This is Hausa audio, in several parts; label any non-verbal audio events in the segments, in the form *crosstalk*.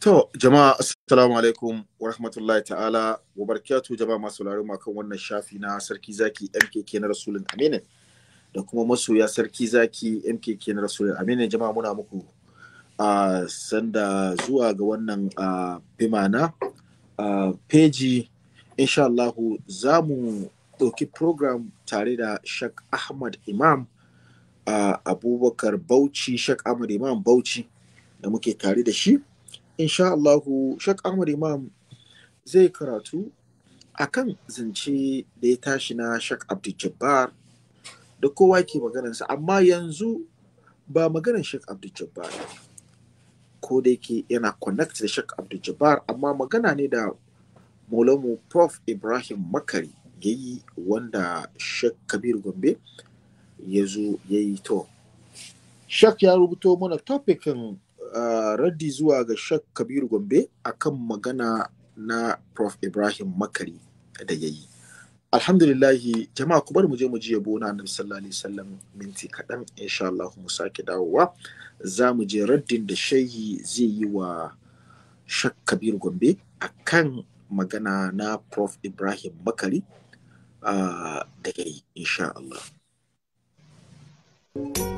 To, jama'a assalamu alaikum wa rahmatullahi ta'ala wa barakatuhu jama'a masu mu kan wannan shafi na sarki zaki MKK na Rasulun Aminin da kuma masoya sarki zaki MKK na Rasulun Aminin jama'a muna muku a sanda zuwa ga wannan uh, bimana a peji insha Allahu za mu ɗauki program tare da Shak Ahmad Imam a Abubakar Bauchi Shak Ahmad Imam Bauchi da muke tare da shi insha Allahu Sheikh Ahmad Imam zai karatu akan zance da ya tashi na Sheikh Abdul Jabbar da kowa ke maganarsa amma yanzu ba maganar Sheikh Abdul Jabbar ko da yake yana connect da Sheikh Abdul Jabbar amma magana ne da Maulamu Prof Ibrahim Makari ya wanda Sheikh Kabir Gombe ya zo to. Sheikh ya rubuto mana topikin Uh, raddi zuwa ga Shak Kabiru Gombe akan magana na Prof Ibrahim Makari da ya yi. Alhamdulillahi jama'a ku bar mu je mu ji yabo na Annabi sallallahu alaihi wasallam minti kaɗan insha Allah mu sake dawowa za mu je raddin da shayi zai yi wa Shak kabir Gombe akan magana na Prof Ibrahim Makari uh, da ya yi insha Allah. thank you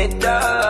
it does.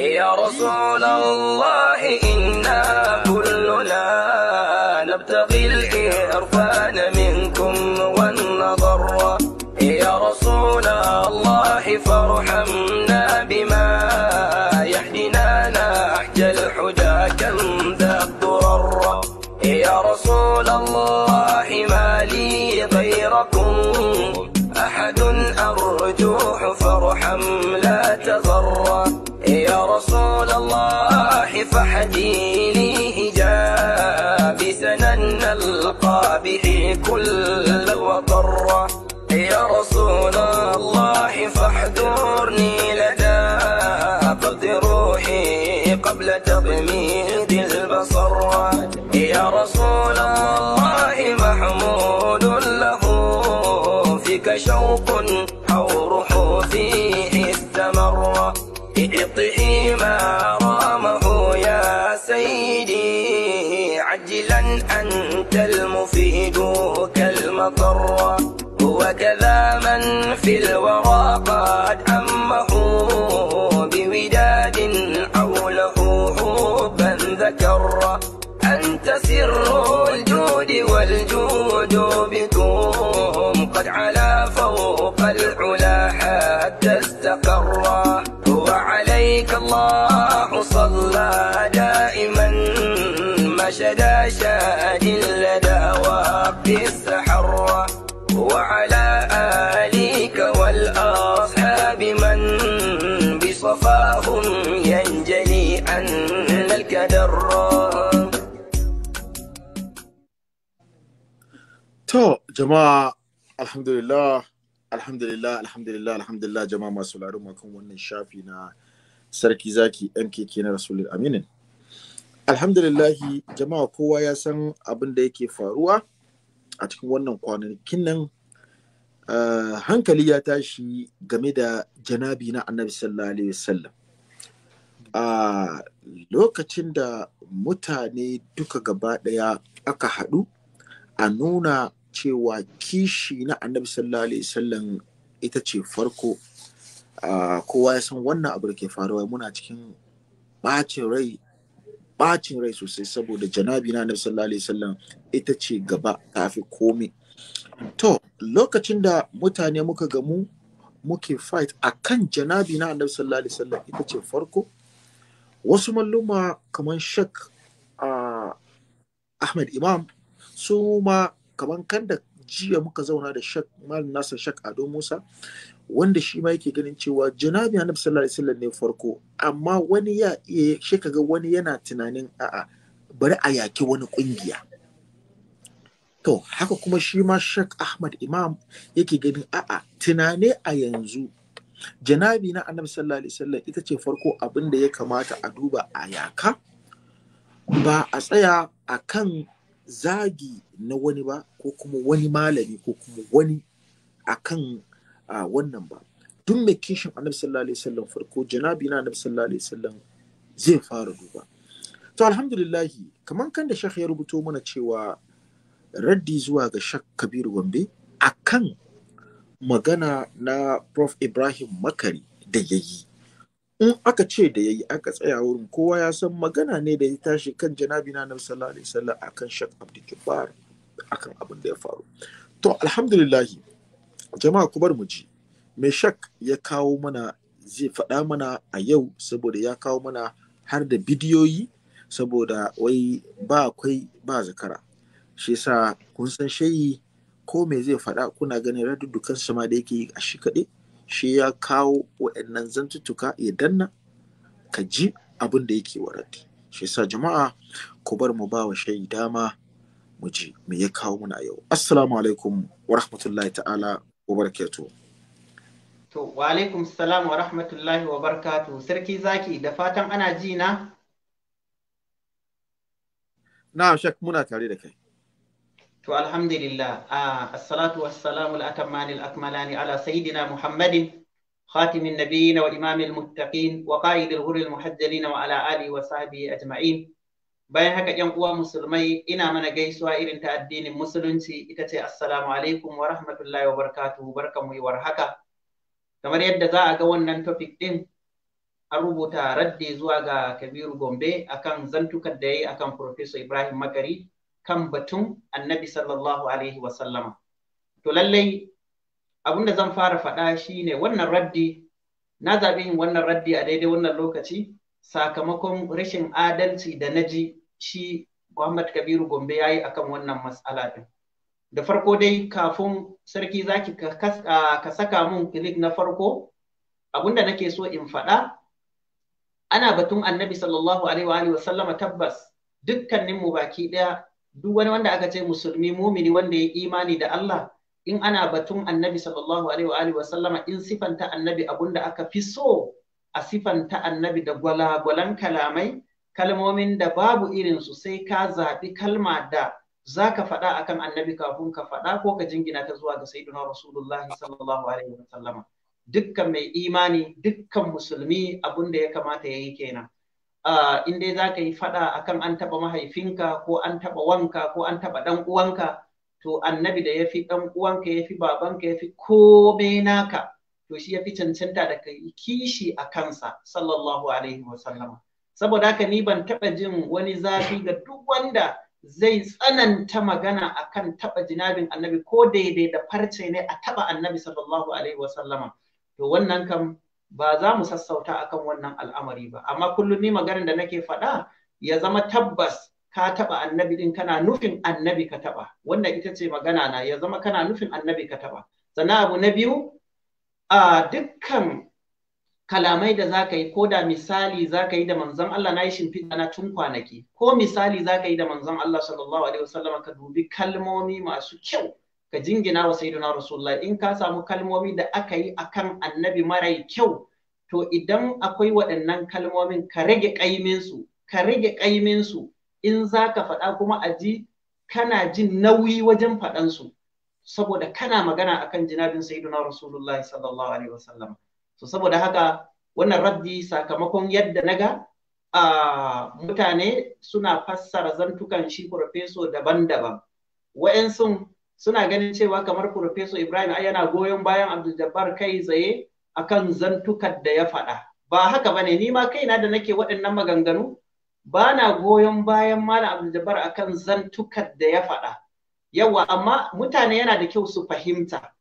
يا رسول الله إنا كلنا نبتغي الإرفان منكم والنظر يا رسول الله فارحمنا بما يحدنا نحج الحجا كم ذا الضرر يا رسول الله ما لي غيركم أحد أرجوح فارحم لا تغر فحدي لي جابسنا نلقى به كل وضرة يا رسول الله فاحذرني لدى قد روحي قبل تضميد البصر يا رسول الله محمود له فيك شوق أو روح فيه استمر اطهي ما من في الورى قد أمه بوداد حوله حبا ذكر أنت سر الجود والجود بكم قد على فوق العلا حتى استقر وعليك الله صلى دائما مشدى شاد لدى وقت السحر وعلى آلك والأصحاب من بصفاهم ينجلي عن الكدر To jama'a alhamdulillah alhamdulillah alhamdulillah alhamdulillah jama'a masu larin makon wannan shafi na sarki zaki mkk na rasulul aminin Alhamdulillah, jama'a kowa ya san abin da yake faruwa a cikin wannan kwanakin nan eh, hankali ya tashi game da janabi na annabi sallallahu alaihi wasallam a lokacin da mutane duka gaba ɗaya aka haɗu a nuna cewa kishi na annabi sallallahu alaihi wasallam ita ce farko kowa ya san wannan abu da ke faruwa muna cikin ɓacin rai bacin rai sosai saboda janabi na sallallahu alaihi wasallam ita ce gaba tafi komai to lokacin da mutane muka gamu muke fight akan janabi na annabi sallallahu alaihi ita ce farko wasu malluma kamar shek uh, ahmed imam su ma kamar kan da jiya muka zauna da shek mal nasa shak ado musa wanda shi ma yake ganin cewa janabi annabi sallallahu alaihi ne farko amma wani ya iya shi kaga wani yana tunanin a'a bari a yaki wani kungiya to haka kuma shi ma shak Ahmad Imam yake ganin a'a tunane a yanzu janabi na annabi sallallahu alaihi ita ce farko abin da ya kamata a duba a yaka ba a tsaya a kan zagi na wani ba ko kuma wani malami ko kuma wani akan a wannan ba duk mai kishin annabi sallallahu alaihi wasallam farko janabi na annabi sallallahu alaihi wasallam zai fara duba to alhamdulillahi kamar kan da shekh ya rubuto mana cewa raddi zuwa ga shak kabir gombe akan magana na prof ibrahim makari da yayi in aka ce da yayi aka tsaya wurin kowa ya san magana ne da ya tashi kan janabi na annabi sallallahu alaihi wasallam akan shak abdul akan abin da ya faru to alhamdulillahi jama'a ku bar mu ji me shak ya kawo mana zai faɗa mana a yau saboda ya kawo mana har da bidiyoyi saboda wai ba akwai ba zakara shi yasa kun san shayi ko me zai faɗa kuna ganin raduddukan sama da yake yi a shi kaɗai shi ya kawo wa'annan zantuttuka ya danna ka ji abin da yake warati shi yasa jama'a ku bar mu ba wa shayi dama mu ji me ya kawo mana a yau assalamu alaikum wa rahmatullahi ta'ala wabarakatuh to wa alaikum salam wa rahmatullahi wa barkatu. sarki zaki da fatan ana ji na na'am shak muna tare da kai to alhamdulillah assalatu wassalamu al-atammani al-akmalani ala sayyidina muhammadin خاتم wa وإمام المتقين وقائد الغر المحجلين وعلى آله وصحبه ajma'in bayan haka yan uwa musulmai ina mana gaisuwa irin ta addinin musulunci ita ce assalamu alaikum wa rahmatullahi wa barakatuhu barkamu yi haka kamar yadda za a ga wannan topic din an rubuta radde zuwa ga kabiru gombe akan zantukar da yayi akan professor ibrahim makari kan batun annabi sallallahu alaihi wasallama to lallai abinda zan fara faɗa shine wannan raddi na zaɓi yin wannan raddi a daidai wannan lokaci sakamakon rashin adalci da na ji shi Muhammad Kabiru Gombe ya yi a kan wannan matsala ɗin. Da farko dai kafin sarki zaki ka saka mun kilik na farko abinda nake so in faɗa ana batun annabi sallallahu alaihi wa sallama tabbas dukkanin mu baki ɗaya duk wani wanda aka ce musulmi mumini wanda ya imani da Allah in ana batun annabi sallallahu alaihi wa sallama in sifanta annabi abinda aka fi so a sifanta annabi da gwala-gwalan kalamai kalmomin da babu irin su sai ka zaɓi kalma da za ka faɗa a kan annabi kafin ka faɗa ko ka jingina ta zuwa ga sayyidina rasulullah sallallahu alaihi wa sallama dukkan mai imani dukkan musulmi abun da ya kamata ya yi kenan in dai za ka yi faɗa akan an taɓa mahaifinka ko an taɓa wanka ko an taɓa ɗan uwanka to annabi da ya fi ɗan uwanka ya fi babanka ya fi komai naka to shi ya fi cancanta da ka kishi a kansa sallallahu alaihi wa sallama saboda haka ni ban taɓa jin wani zafi ga duk wanda zai tsananta magana akan taɓa jinabin annabi ko daidai da farce ne a taɓa annabi sallallahu alaihi wasallama to wannan kam ba za mu sassauta akan wannan al'amari ba amma kullum ni maganar da nake faɗa ya zama tabbas ka taɓa annabi din kana nufin annabi ka taɓa wannan ita ce magana na ya zama kana nufin annabi ka taɓa sannan abu na biyu a dukkan kalamai da zaka yi ko da misali zaka yi da manzon Allah na yi shimfiɗa na tun kwanaki ko misali zaka yi da manzon Allah sallallahu alaihi wasallam ka dubi kalmomi masu kyau ka jingina wa sayyidina rasulullah in ka samu kalmomi da aka yi akan annabi marai kyau to idan akwai waɗannan kalmomin ka rage kaimin su ka rage kaimin su in zaka faɗa kuma a ji kana jin nauyi wajen faɗansu su saboda kana magana akan jinabin sayyidina rasulullah sallallahu alaihi wasallam so saboda haka wannan raddi sakamakon yadda naga a mutane suna fassara zantukan shi profeso daban-daban wa'yansu suna ganin cewa kamar profeso ibrahim ai yana goyon bayan abdul jabbar kai tsaye akan zantukan da ya faɗa ba haka bane ni ma kaina da nake waɗannan maganganu ba na goyon bayan malam abdul jabbar akan zantukan da ya faɗa yawa amma mutane yana da kyau su fahimta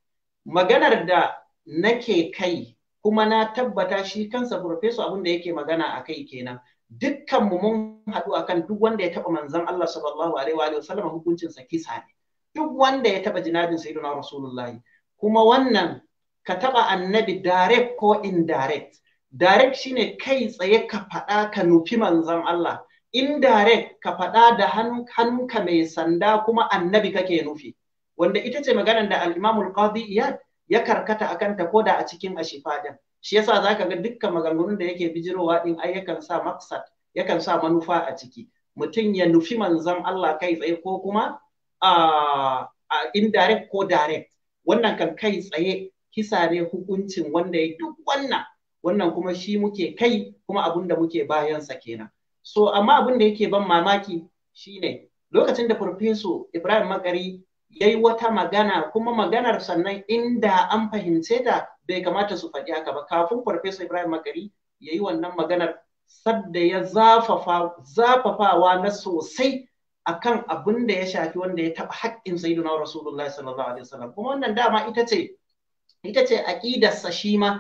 maganar da nake kai kuma na tabbata shi kansa profesor abin da yake magana a kai kenan dukkan mu mun haɗu akan duk wanda ya taɓa manzon Allah sallallahu alaihi wa sallama hukuncin sa kisa ne duk wanda ya taɓa jinabin sayyidina rasulullahi kuma wannan ka taɓa annabi direct ko indirect direct shine kai tsaye ka faɗa ka nufi manzon Allah indirect ka faɗa da hannunka mai sanda kuma annabi kake nufi wanda ita ce maganar da al-Imam al-Qadi Iyad ya karkata a kanta ko da a cikin ashifa shi yasa ka ga dukkan maganganun da yake bijirowa din ai yakan sa maksad yakan sa manufa a ciki mutum ya nufi manzan Allah kai tsaye ko kuma a indirect ko direct wannan kan kai tsaye kisa ne hukuncin wanda ya duk wannan wannan kuma shi muke kai kuma abun da muke bayan bayansa kenan so amma abun da yake ban mamaki shine lokacin da farfeso Ibrahim Makari ya yi wata magana kuma maganar sannan inda an fahimce ta bai kamata su faɗi haka ba kafin farfesa ibrahim makari ya yi wannan maganar sadda ya zafafawa na sosai akan abin da ya shafi wanda ya taɓa haƙƙin sayyidina rasulullahi sallallahu alaihi wasallam kuma wannan dama ita ce ita ce shi ma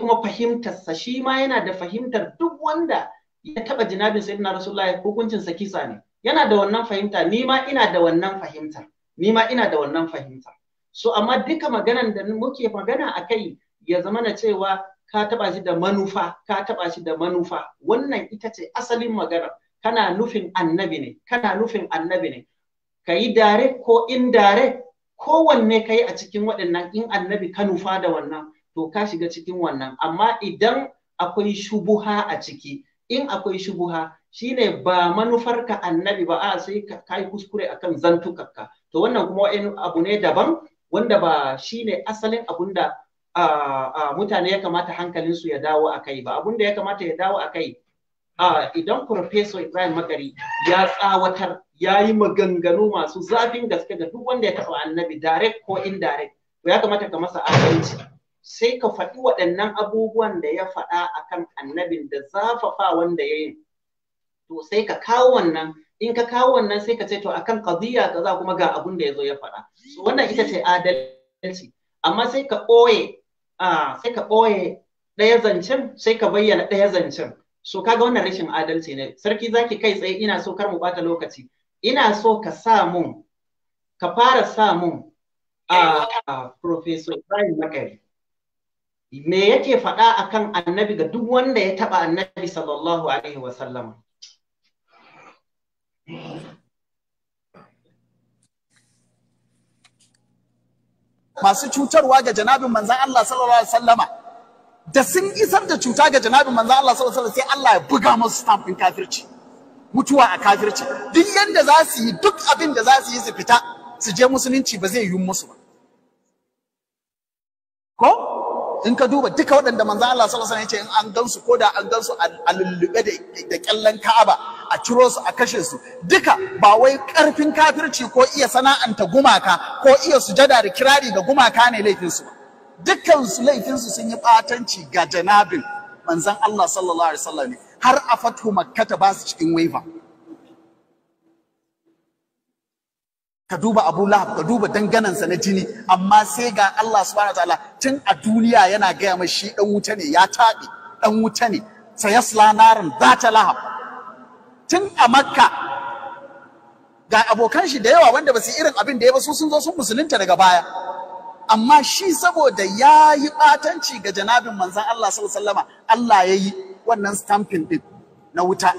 kuma fahimtarsa shi yana da fahimtar duk wanda ya taɓa jinabin sayyidina rasulullahi hukuncin sa kisa ne yana da wannan fahimta ni ma ina da wannan fahimtar ni ma ina da wannan fahimta so amma duka maganan da muke magana a kai ya zama na cewa ka taba shi da manufa ka taba shi da manufa wannan ita ce asalin magana kana nufin annabi ne kana nufin annabi ne ka yi dare ko indare kowanne ka yi a cikin waɗannan in annabi ka nufa da wannan to ka shiga cikin wannan amma idan akwai shubuha a ciki in akwai shubuha shine ba manufarka annabi ba a sai ka yi kuskure akan zantukanka to wannan kuma abu ne daban wanda ba shi ne asalin abun da mutane ya kamata hankalinsu ya dawo a kai ba abun da ya kamata ya dawo a kai idan Professor Ibrahim Makari ya tsawatar ya yi maganganu masu zafin gaske da duk wanda ya taɓa annabi direct ko indirect to ya kamata ka masa adalci sai ka faɗi waɗannan abubuwan da ya faɗa akan annabin da zafafa wanda ya yi to sai ka kawo wannan in ka kawo wannan sai ka ce to akan qadiyya kaza kuma ga abun da yazo ya faɗa so wannan ita ce adalci amma sai ka ɓoye sai ka zancen sai ka bayyana ɗayazancen. zancen so kaga wannan rashin adalci ne sarki zaki kai tsaye ina so kar mu bata lokaci ina so ka sa mun ka fara sa mun a professor Ibrahim Makari me yake faɗa akan annabi ga duk wanda ya taɓa annabi sallallahu alaihi wa sallam masu cutarwa ga janabin manzan Allah sallallahu alaihi wasallama da sun isar da cuta ga janabin manzan Allah sallallahu alaihi wasallama sai Allah ya buga musu stamp din kafirci mutuwa a kafirci duk yanda za su yi duk abin da za su yi su fita su je musulunci ba zai yi musu ba ko in ka duba duka waɗanda manzo Allah sallallahu alaihi wasallam ya ce in an gansu ko da an gansu a lullube da kyallan Ka'aba a ciro su a kashe su duka ba wai karfin kafirci ko iya sana'anta gumaka ko iya sujada da kirari ga gumaka ne laifin su dukkan su laifin su sun yi batanci ga janabin manzon Allah sallallahu alaihi wasallam har a fatu makkata ba su cikin waiva. ka duba Abu Lahab ka duba danganansa na jini amma sai ga Allah subhanahu wataala tun a duniya yana gaya mai shi dan wuta ne ya taɓe dan wuta ne sayasla narin zata lahab tun a makka ga abokan shi da yawa wanda ba su irin abin da ya ba su sun zo sun musulunta daga baya amma shi saboda ya yi ɓatanci ga janabin manzan Allah sallallahu Allah ya yi wannan stamping din na wuta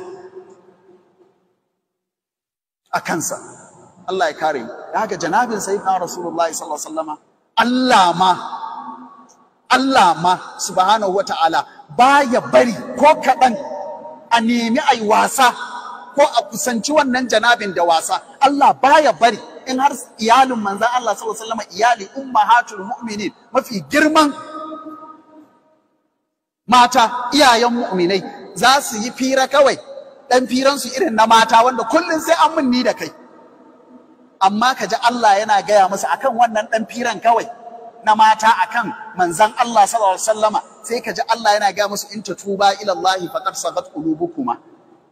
a kansa. Allah ya kare da haka janabin sayyidina rasulullahi sallallahu alaihi wasallama Allah ma Allah ma subhanahu wataala baya bari ko kaɗan a nemi ai wasa ko a kusanci wannan janabin da wasa Allah baya bari in har iyalin manzan Allah sallallahu alaihi wasallam iyali ummahatul mu'minin mafi girman mata iyayen mu'minai za su yi fira kawai dan firan su irin na mata wanda kullun sai an mun ni da kai amma ka ji Allah yana gaya musu akan wannan ɗan firan kawai na mata akan manzan Allah sallallahu alaihi wasallama sai ka ji Allah yana gaya musu in tatuba ila Allah faqad sagat qulubukuma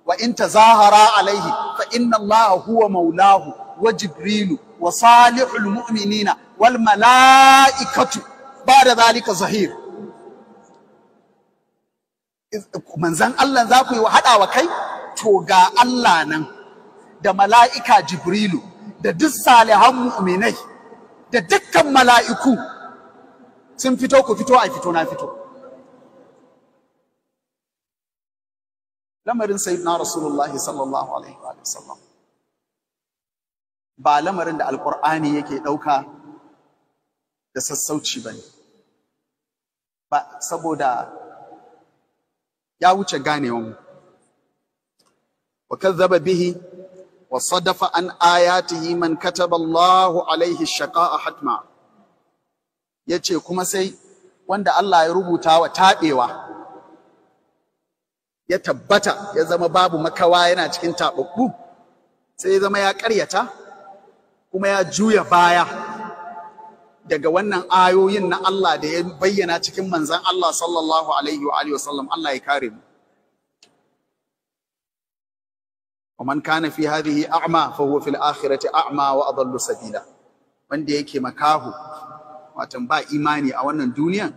wa in tazahara alaihi fa inna Allah huwa maulahu wa jibrilu wa salihul mu'minina wal mala'ikatu ba'da zalika zahir manzan Allah za ku yi wa haɗa wa kai to ga Allah nan da mala'ika jibrilu da duk salihan mu'minai da dukkan mala'iku sun fito ku fito a fito na fito lamarin sayyidina rasulullah sallallahu alaihi wa sallam ba lamarin da alqur'ani yake dauka da sassauci bane ba saboda ya wuce ganewan wa kazzaba bihi وصدف an آياته من كتب الله عليه الشقاء حتما yace kuma sai wanda Allah ya rubuta wa taɓewa ya tabbata ya zama babu makawa yana cikin taɓaɓɓu sai ya zama ya ƙaryata kuma ya juya baya daga wannan ayoyin na Allah da ya bayyana cikin manzan Allah sallallahu alaihi wa sallam Allah ya kare mu ومن كان في هذه أعمى فهو في الآخرة أعمى وأضل سبيلا wanda yake makahu watan ba imani a wannan duniyan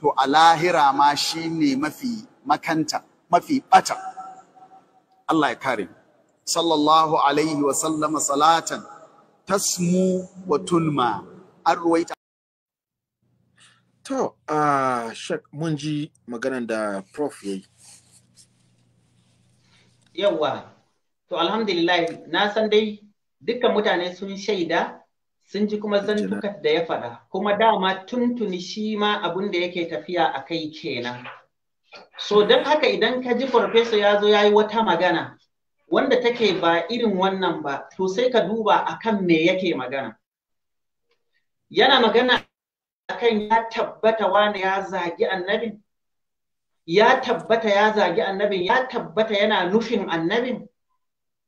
to a lahira ma shine mafi makanta mafi bata Allah ya kare sallallahu alaihi wa sallama salatan tasmu wa tulma an ruwaita to a shek mun ji maganan da prof yayi yawa To alhamdulillah na san dai dukkan mutane sun shaida sun ji kuma duka da ya faɗa kuma dama tuntuni shi ma abun da yake tafiya a kai kenan. So don haka idan ka ji farfesa ya zo ya yi wata magana wanda take ba irin wannan ba to sai ka duba akan me yake magana. Yana magana akan ya tabbata wani ya zagi annabin, ya tabbata ya zagi annabin, ya tabbata yana nufin annabi?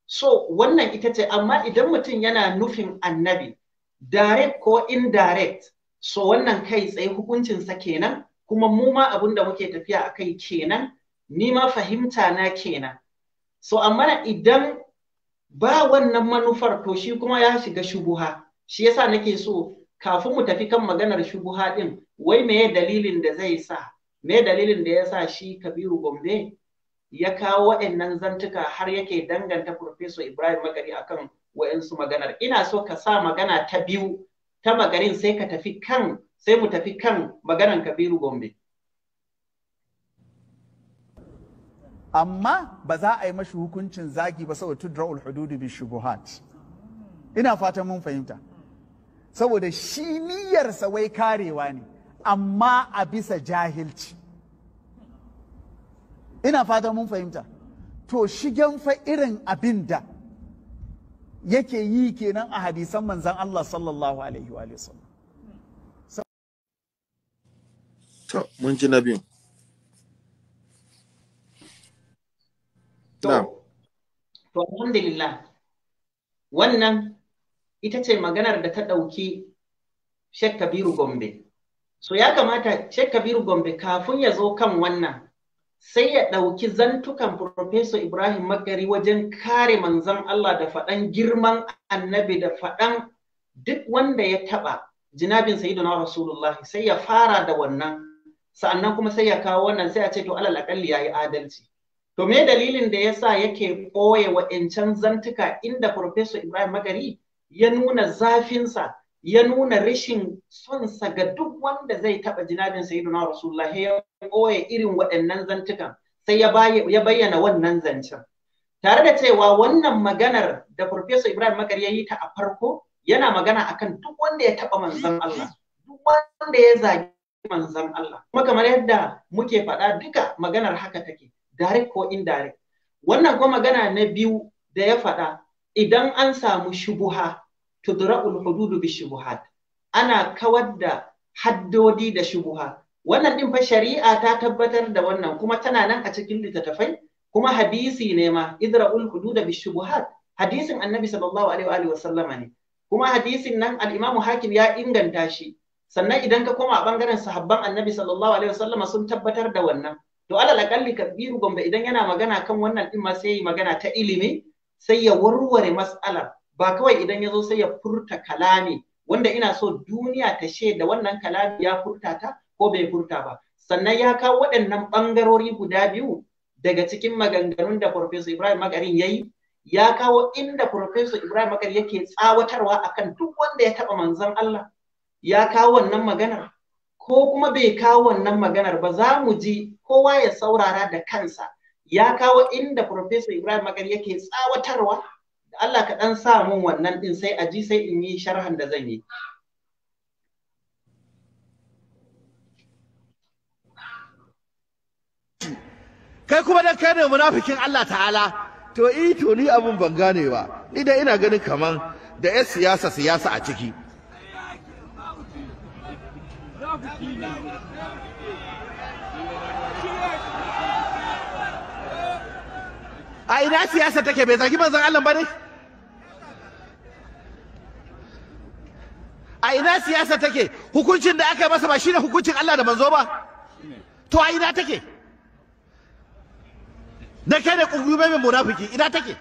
so wannan ita ce amma idan mutum yana nufin annabi direct ko indirect so wannan kai tsaye hukuncinsa kenan kuma mu ma abin da muke tafiya a kai kenan ni ma fahimta na kenan so amma idan ba wannan manufar to shi kuma ya shiga shubuha shi yasa nake so kafin mu tafi kan maganar shubuha ɗin wai me dalilin da zai sa me dalilin da ya sa shi kabiru gombe ya kawo waɗannan zantuka har yake danganta Profeso Ibrahim Magari akan wa'insu maganar. Ina so ka sa magana ta biyu ta magarin sai ka tafi kan sai mu tafi kan maganar Kabiru Gombe. Amma ba za a yi mashi hukuncin zagi ba saboda tudra'ul hududu bi shubuhat. Ina fatan mun fahimta. Saboda shi niyyarsa wai karewa ne, amma a bisa jahilci. ina fatan mun fahimta to shigen fa irin abin da yake yi kenan a hadisan manzan Allah sallallahu alaihi wa sallam to mun ji na biyun to alhamdulillah wannan ita ce maganar da ta ɗauki Sheikh Kabiru Gombe so ya kamata Sheikh Kabiru Gombe kafin ya zo kan wannan sai ya ɗauki zantukan Profesor Ibrahim Magari wajen kare manzan Allah da faɗan girman annabi da faɗan duk wanda ya taɓa jinabin Sayyidina Rasulullah sai ya fara da wannan sa'annan kuma sai ya kawo wannan sai a ce to alal aƙalli ya yi adalci. To me dalilin da yasa yake ɓoye wayancan zantuka inda Profesor Ibrahim Magari ya nuna zafinsa ya nuna rashin son sa ga duk wanda zai taba jinabin sayyiduna rasulullah ya koya irin waɗannan zantukan sai ya bayyana wannan zancen tare da cewa wannan maganar da Professor Ibrahim Makar ya yi ta a farko yana magana akan duk wanda ya taba manzon Allah duk wanda ya zagi manzon Allah kuma kamar yadda muke faɗa duka maganar haka take direct ko indirect wannan kuma magana na biyu da ya faɗa idan an samu shubuha tudra'ul hududu bi shubuhat ana kawar da haddodi da shubuha wannan din fa shari'a ta tabbatar da wannan kuma tana nan a cikin littattafai kuma hadisi ne ma idra'ul hududa bi shubuhat hadisin annabi sallallahu alaihi wa sallama ne kuma hadisin nan al-imamu hakim ya inganta shi sannan idan ka koma a bangaren sahabban annabi sallallahu alaihi wa sun tabbatar da wannan to alal akalli kabiru gombe idan yana magana kan wannan din ma sai magana ta ilimi sai ya warware mas'alar ba kawai idan ya zo sai ya furta kalami wanda ina so duniya ta shaida wannan kalami ya furta ta ko bai furta ba sannan ya kawo waɗannan ɓangarori guda biyu daga cikin maganganun da Professor Ibrahim Makarin ya yi ya kawo inda Professor Ibrahim Makar yake tsawatarwa akan duk wanda ya taɓa manzon Allah ya kawo wannan maganar ko kuma bai kawo wannan maganar ba za mu ji kowa ya saurara da kansa ya kawo inda Professor Ibrahim Makar yake tsawatarwa Allah ka ɗan sa min wannan ɗin sai a ji sai in yi sharhan da zan yi. Kai kuma dan kai ne munafikin Allah ta'ala to i eh, to ni abun ban gane ba idan ina ganin kaman da ya siyasa siyasa a ciki. a ina siyasa take bai zaki manzon Allah ba ne a ina siyasa take hukuncin da aka masa ba shine hukuncin Allah da manzo ba to a ina take da kai da kungiyoyi mai munafiki ina take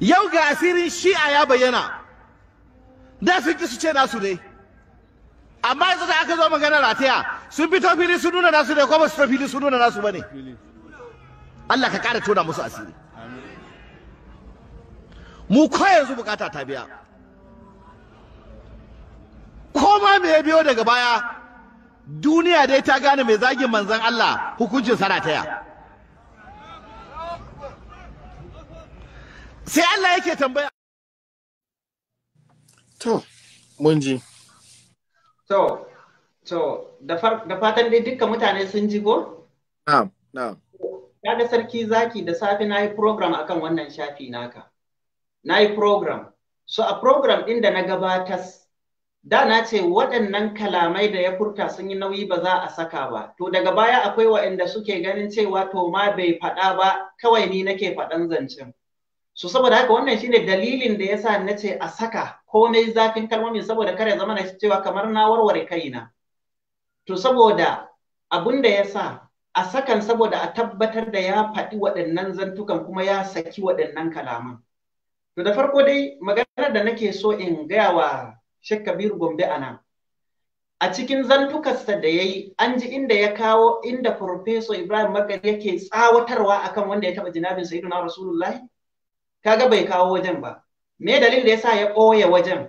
yau ga asirin shi'a ya bayyana da su ki su ce nasu ne amma yanzu da aka zo magana rataya sun fito fili sun nuna nasu ne ko ba su fito fili sun nuna nasu ba ne Allah ka ƙara tona musu asiri mu ko yanzu bukata ta biya koma ma ya biyo daga baya duniya dai ta gane mai zagin manzan Allah hukuncin sarataya sai Allah yake tambaya to mun ji to to da fatan dai dukkan mutane sun ji ko na'am na'am Kaga sarki zaki da safe na yi program akan wannan shafi naka. Na yi program. So a program ɗin da na gabatas, da na ce waɗannan kalamai da ya furta sun yi nauyi ba za a saka ba. To daga baya akwai waɗanda suke ganin cewa to ma bai faɗa ba kawai ni nake faɗan zancen. So saboda haka wannan shine dalilin da yasa na ce a saka komai zafin kalmomin saboda kare zama na cewa kamar na warware kaina. To saboda abun da ya sa a sakan saboda a tabbatar da ya faɗi waɗannan zantukan kuma ya saki waɗannan kalaman. To da farko dai maganar da nake so in gaya wa Sheikh Kabir Gombe a nan. A cikin zantukarsa da ya yi, an ji inda ya kawo inda Farfeso Ibrahim Makar yake tsawatarwa akan wanda ya taɓa jinabin na Rasulullahi? Kaga bai kawo wajen ba. Me dalilin da ya sa ya ɓoye wajen?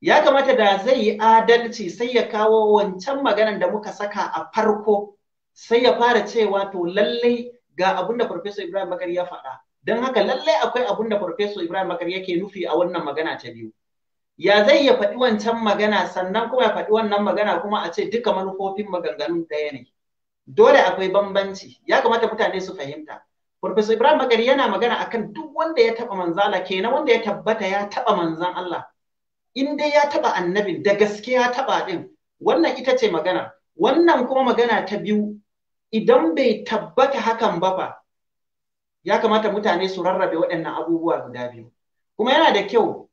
Ya kamata da zai yi adalci sai ya kawo wancan maganar da muka saka a farko sai ya fara cewa to lallai ga abin da Ibrahim Bakar ya faɗa. Don haka lallai akwai abin da Farfesa Ibrahim Bakar yake nufi a wannan magana ta biyu. Ya zai ya faɗi wancan magana sannan kuma ya faɗi wannan magana kuma a ce duka manufofin maganganun ɗaya ne. Dole akwai bambanci, ya kamata mutane su fahimta. Farfesa Ibrahim Bakar yana magana akan duk wanda ya taɓa manzala kenan wanda ya tabbata ya taɓa manzan Allah. In dai ya taɓa annabin da gaske ya taɓa ɗin, wannan ita ce magana. Wannan kuma magana ta biyu idan bai tabbata hakan ba fa ya kamata mutane su rarrabe waɗannan abubuwa guda biyu kuma yana da kyau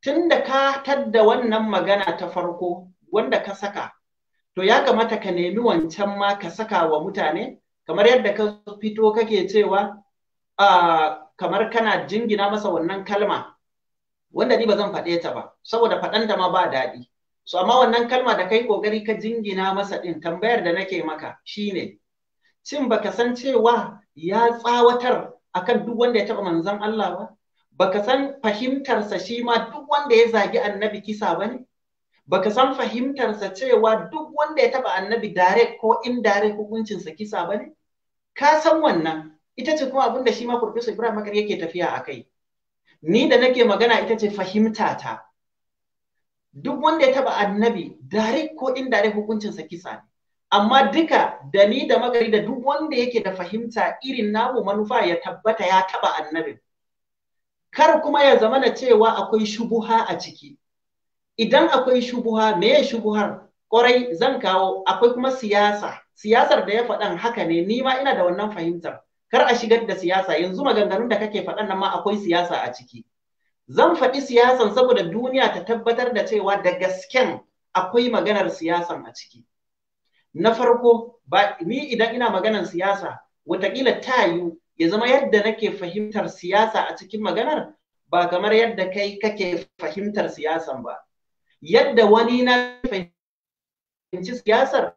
tun da ka tadda wannan magana ta farko wanda ka saka to ya kamata ka nemi wancan ma ka saka wa mutane kamar yadda ka fito kake cewa kamar kana jingina masa wannan kalma wanda ni ba zan faɗe ta ba saboda faɗanta ma ba daɗi so amma wannan kalma da kai ƙoƙari ka jingina masa ɗin tambayar da nake maka shine shin baka san cewa ya tsawatar akan duk wanda ya taɓa manzon Allah ba baka san fahimtarsa shi ma duk wanda ya zagi annabi kisa ba ne baka san fahimtarsa cewa duk wanda ya taɓa annabi direct ko indirect hukuncinsa kisa ba ne ka san wannan ita ce kuma abin da shi ma Professor Ibrahim Makar yake tafiya akai ni da nake magana ita ce fahimtata duk wanda ya taɓa annabi direct ko indirect hukuncinsa kisa ne amma duka da ni da magari da duk wanda yake da fahimta irin namu manufa ya tabbata ya taba annabin kar kuma ya zama na cewa akwai shubuha a ciki idan akwai shubuha me ya shubuhar kwarai zan kawo akwai kuma siyasa siyasar da ya faɗan haka ne ni ma ina da wannan fahimtar kar a shigar da siyasa yanzu maganganun da kake faɗan nan ma akwai siyasa a ciki zan faɗi siyasan saboda duniya ta tabbatar da cewa da gasken akwai maganar siyasan a ciki na farko ba ni idan ina maganar siyasa watakila ta yiwu ya zama yadda nake fahimtar siyasa a cikin maganar ba kamar yadda kai kake fahimtar siyasan ba yadda wani na fahimci siyasar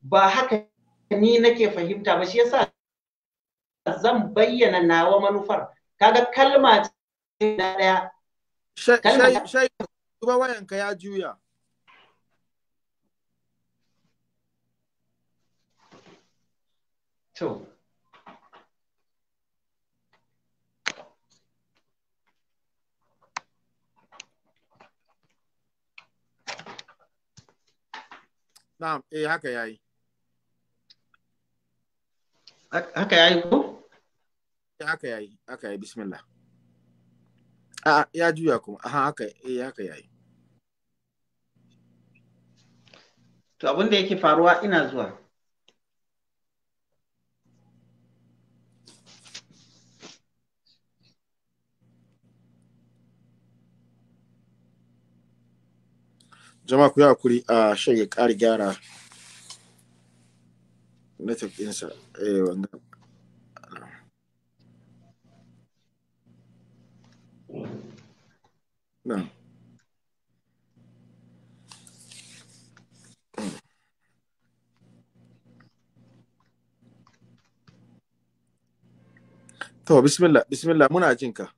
ba haka ni nake fahimta ba shi yasa zan bayyana nawa manufar kaga kalma ta daya shai shai wayanka ya juya two. Naam, eh haka yayi. E, haka yayi ko? Haka yayi, haka yayi bismillah. A ya juya kuma, aha haka eh haka yayi. To abin da yake faruwa ina zuwa. jama'a ku yi hakuri a shirya ƙari gyara na tafinsa eh wannan na To, bismillah, bismillah, muna jinka.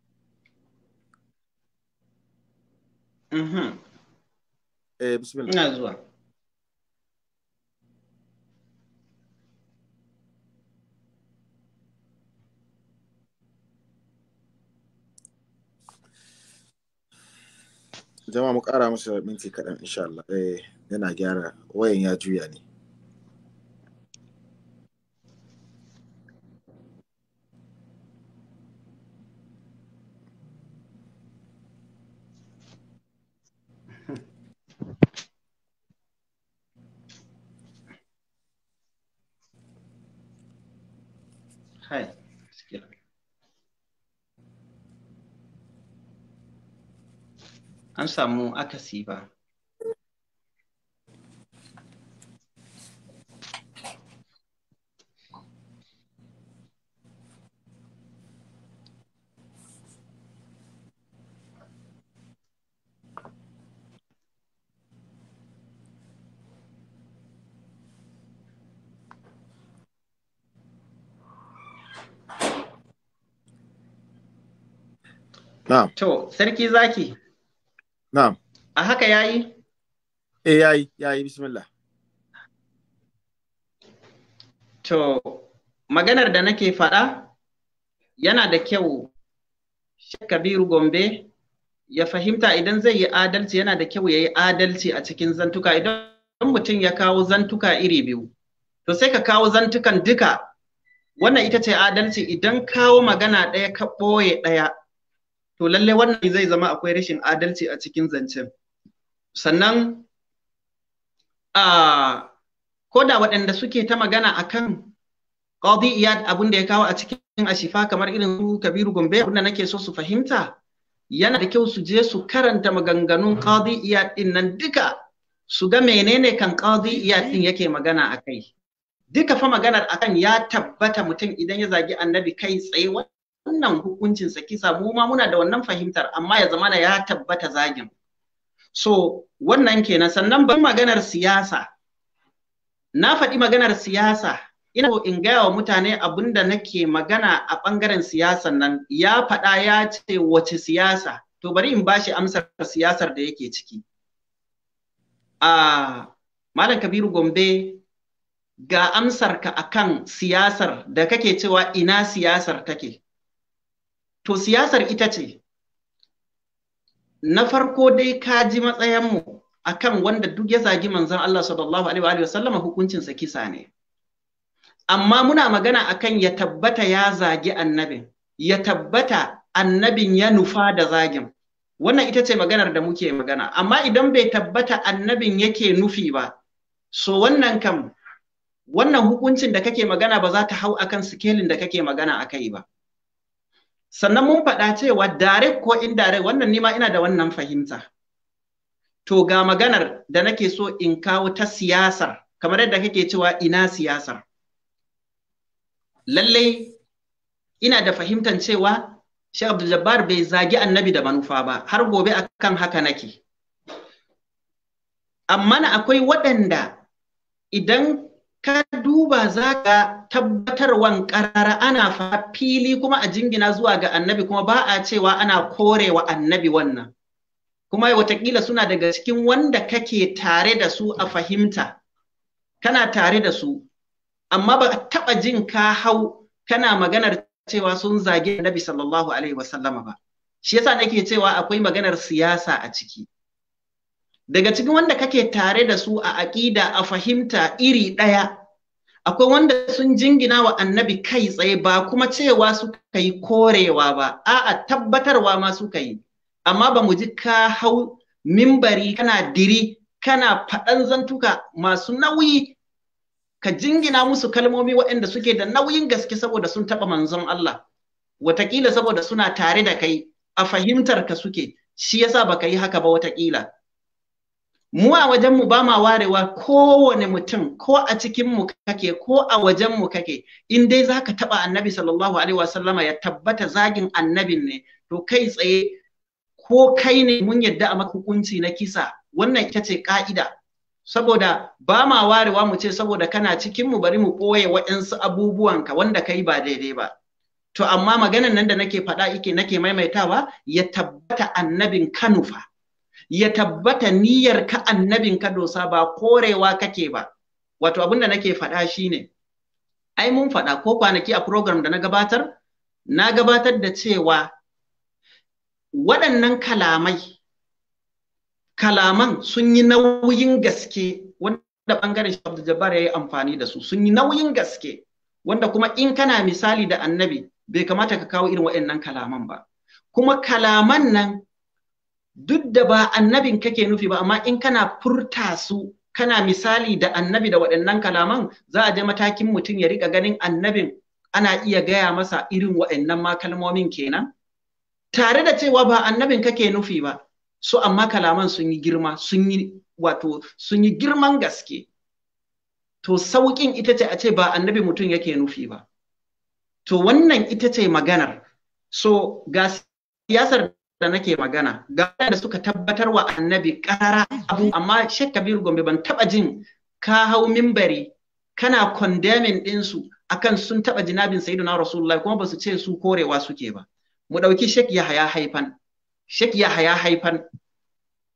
Mm-hmm. eh jama mu kara musu minti kaɗan insha Allah eh yana gyara wayan ya juya ne an samu akasi ba To, sarki zaki. na'am a haka yayi eh yayi yayi bismillah to maganar da nake faɗa yana da kyau Kabiru Gombe ya fahimta idan zai yi adalci yana da kyau ya yi adalci a cikin zantuka idan mutum ya kawo zantuka iri biyu to sai ka kawo zantukan duka wannan ita ce adalci idan kawo magana ɗaya ka ɓoye ɗaya to lalle wannan zai zama akwai rashin adalci a cikin zancen sannan a ko da waɗanda suke ta magana akan qadi iyad abin da ya kawo a cikin ashifa kamar irin su kabiru gombe abin da nake so su fahimta yana da kyau su je su karanta maganganun qadi iyad din nan duka su ga menene kan qadi iyad din yake magana akai duka fa maganar akan ya tabbata mutum idan ya zagi annabi kai tsaye wannan hukuncin sa kisa mu ma muna da wannan fahimtar amma ya zamana ya tabbata zagin so wannan kenan sannan ban maganar siyasa na faɗi maganar siyasa ina so in gaya wa mutane abin da nake magana a ɓangaren siyasan nan ya faɗa ya ce wace siyasa to bari in bashi amsar siyasar da yake ciki a malam kabiru gombe ga amsarka akan siyasar da kake cewa ina siyasar take To siyasar ita ce, na farko dai ka ji matsayanmu a kan wanda duk ya zagi manzan Allah sallallahu Alaihi wasallama hukuncinsa kisa ne. Amma muna magana a kan ya tabbata ya zagi annabin, ya tabbata annabin ya nufa da zagin. Wannan ita ce maganar da muke magana, amma idan bai tabbata annabin yake nufi ba, so wannan kam, wannan hukuncin da kake magana ba za ta hau akan sikelin da kake magana a kai ba. sannan mun faɗa cewa direct ko indirect wannan nima ina da wannan fahimta to ga maganar da nake so in kawo ta siyasar kamar yadda kake cewa ina siyasar lallai ina da fahimtar cewa shi Abdul bai zagi annabi da manufa ba har gobe akan haka nake amma na akwai waɗanda idan ka duba za ka tabbatarwan ƙarara ana fili kuma a jingina zuwa ga annabi kuma ba a cewa ana korewa annabi wannan kuma watakila suna daga cikin wanda kake tare da su a fahimta kana tare da su amma ba taɓa jin ka hau kana maganar cewa sun zage annabi sallallahu alaihi wasallama ba shi yasa nake cewa akwai maganar siyasa a ciki daga cikin wanda kake tare da su a aƙida a fahimta iri ɗaya akwai wanda sun jingina wa annabi kai tsaye ba kuma cewa suka yi korewa ba a'a tabbatarwa ma suka yi amma ba mu ji ka hau mimbari kana diri kana faɗan zantuka masu nauyi ka jingina musu kalmomi waɗanda suke da nauyin gaske saboda sun taɓa manzon Allah Wataƙila saboda suna tare da kai a fahimtar ka suke shi yasa baka yi haka ba wataƙila. mu a wajen mu ba ma warewa kowane mutum ko a cikinmu kake ko a wajen mu kake in dai za ka taɓa annabi sallallahu alaihi wasallama ya tabbata zagin annabin ne to kai tsaye ko kai ne mun yadda a maka hukunci na kisa wannan ita ce ka'ida saboda ba ma warewa mu ce saboda kana cikin mu bari mu ɓoye waɗansu ka wanda kai ba daidai ba to amma maganan nan da nake faɗa ike nake maimaitawa ya tabbata annabin kanufa ya tabbata niyyar ka annabin ka dosa ba korewa kake ba wato abin da nake faɗa shine ai mun faɗa ko kwanaki a program da na gabatar na gabatar da cewa waɗannan kalamai kalaman sun yi nauyin gaske wanda ɓangaren Abdul Jabbar ya yi amfani da su sun yi nauyin gaske wanda kuma in kana misali da annabi bai kamata ka kawo irin waɗannan kalaman ba kuma kalaman nan duk da ba annabin kake nufi ba amma in kana furta su kana misali da annabi da waɗannan kalaman za a je matakin mutum ya riƙa ganin annabin ana iya gaya masa irin waɗannan ma kalmomin kenan tare da cewa ba annabin kake nufi ba su amma kalaman sun yi girma sun yi wato sun yi girman gaske to sauƙin ita ce a ce ba annabi mutum yake nufi ba to wannan ita ce maganar so ga siyasar da nake magana ga da suka tabbatar wa annabi ƙara abu amma Sheikh Kabir Gombe ban taba jin ka hau mimbari kana condemning ɗinsu akan sun taba jinabin sayyiduna Rasulullahi kuma ba su ce su korewa suke ba mu ɗauki ya haya Haifan ya Yahaya Haifan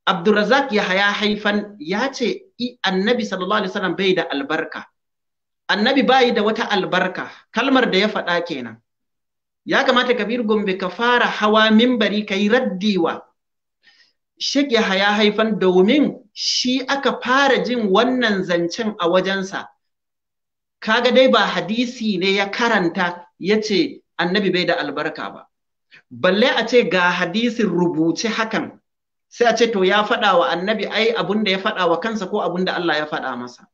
Abdurrazak haya Haifan ya ce annabi sallallahu alaihi wasallam bai da albarka annabi bai da wata albarka kalmar da ya faɗa kenan ya kamata kabir gombe ka fara hawa mimbari ka yi raddiwa ya Yahaya haifan domin shi aka fara jin wannan zancen a wajensa kaga dai ba hadisi ne ya karanta ya ce annabi bai da albarka ba balle a ce ga hadisin rubuce hakan sai a ce to ya faɗa wa annabi ai abun da ya faɗa wa kansa ko abun da Allah ya faɗa masa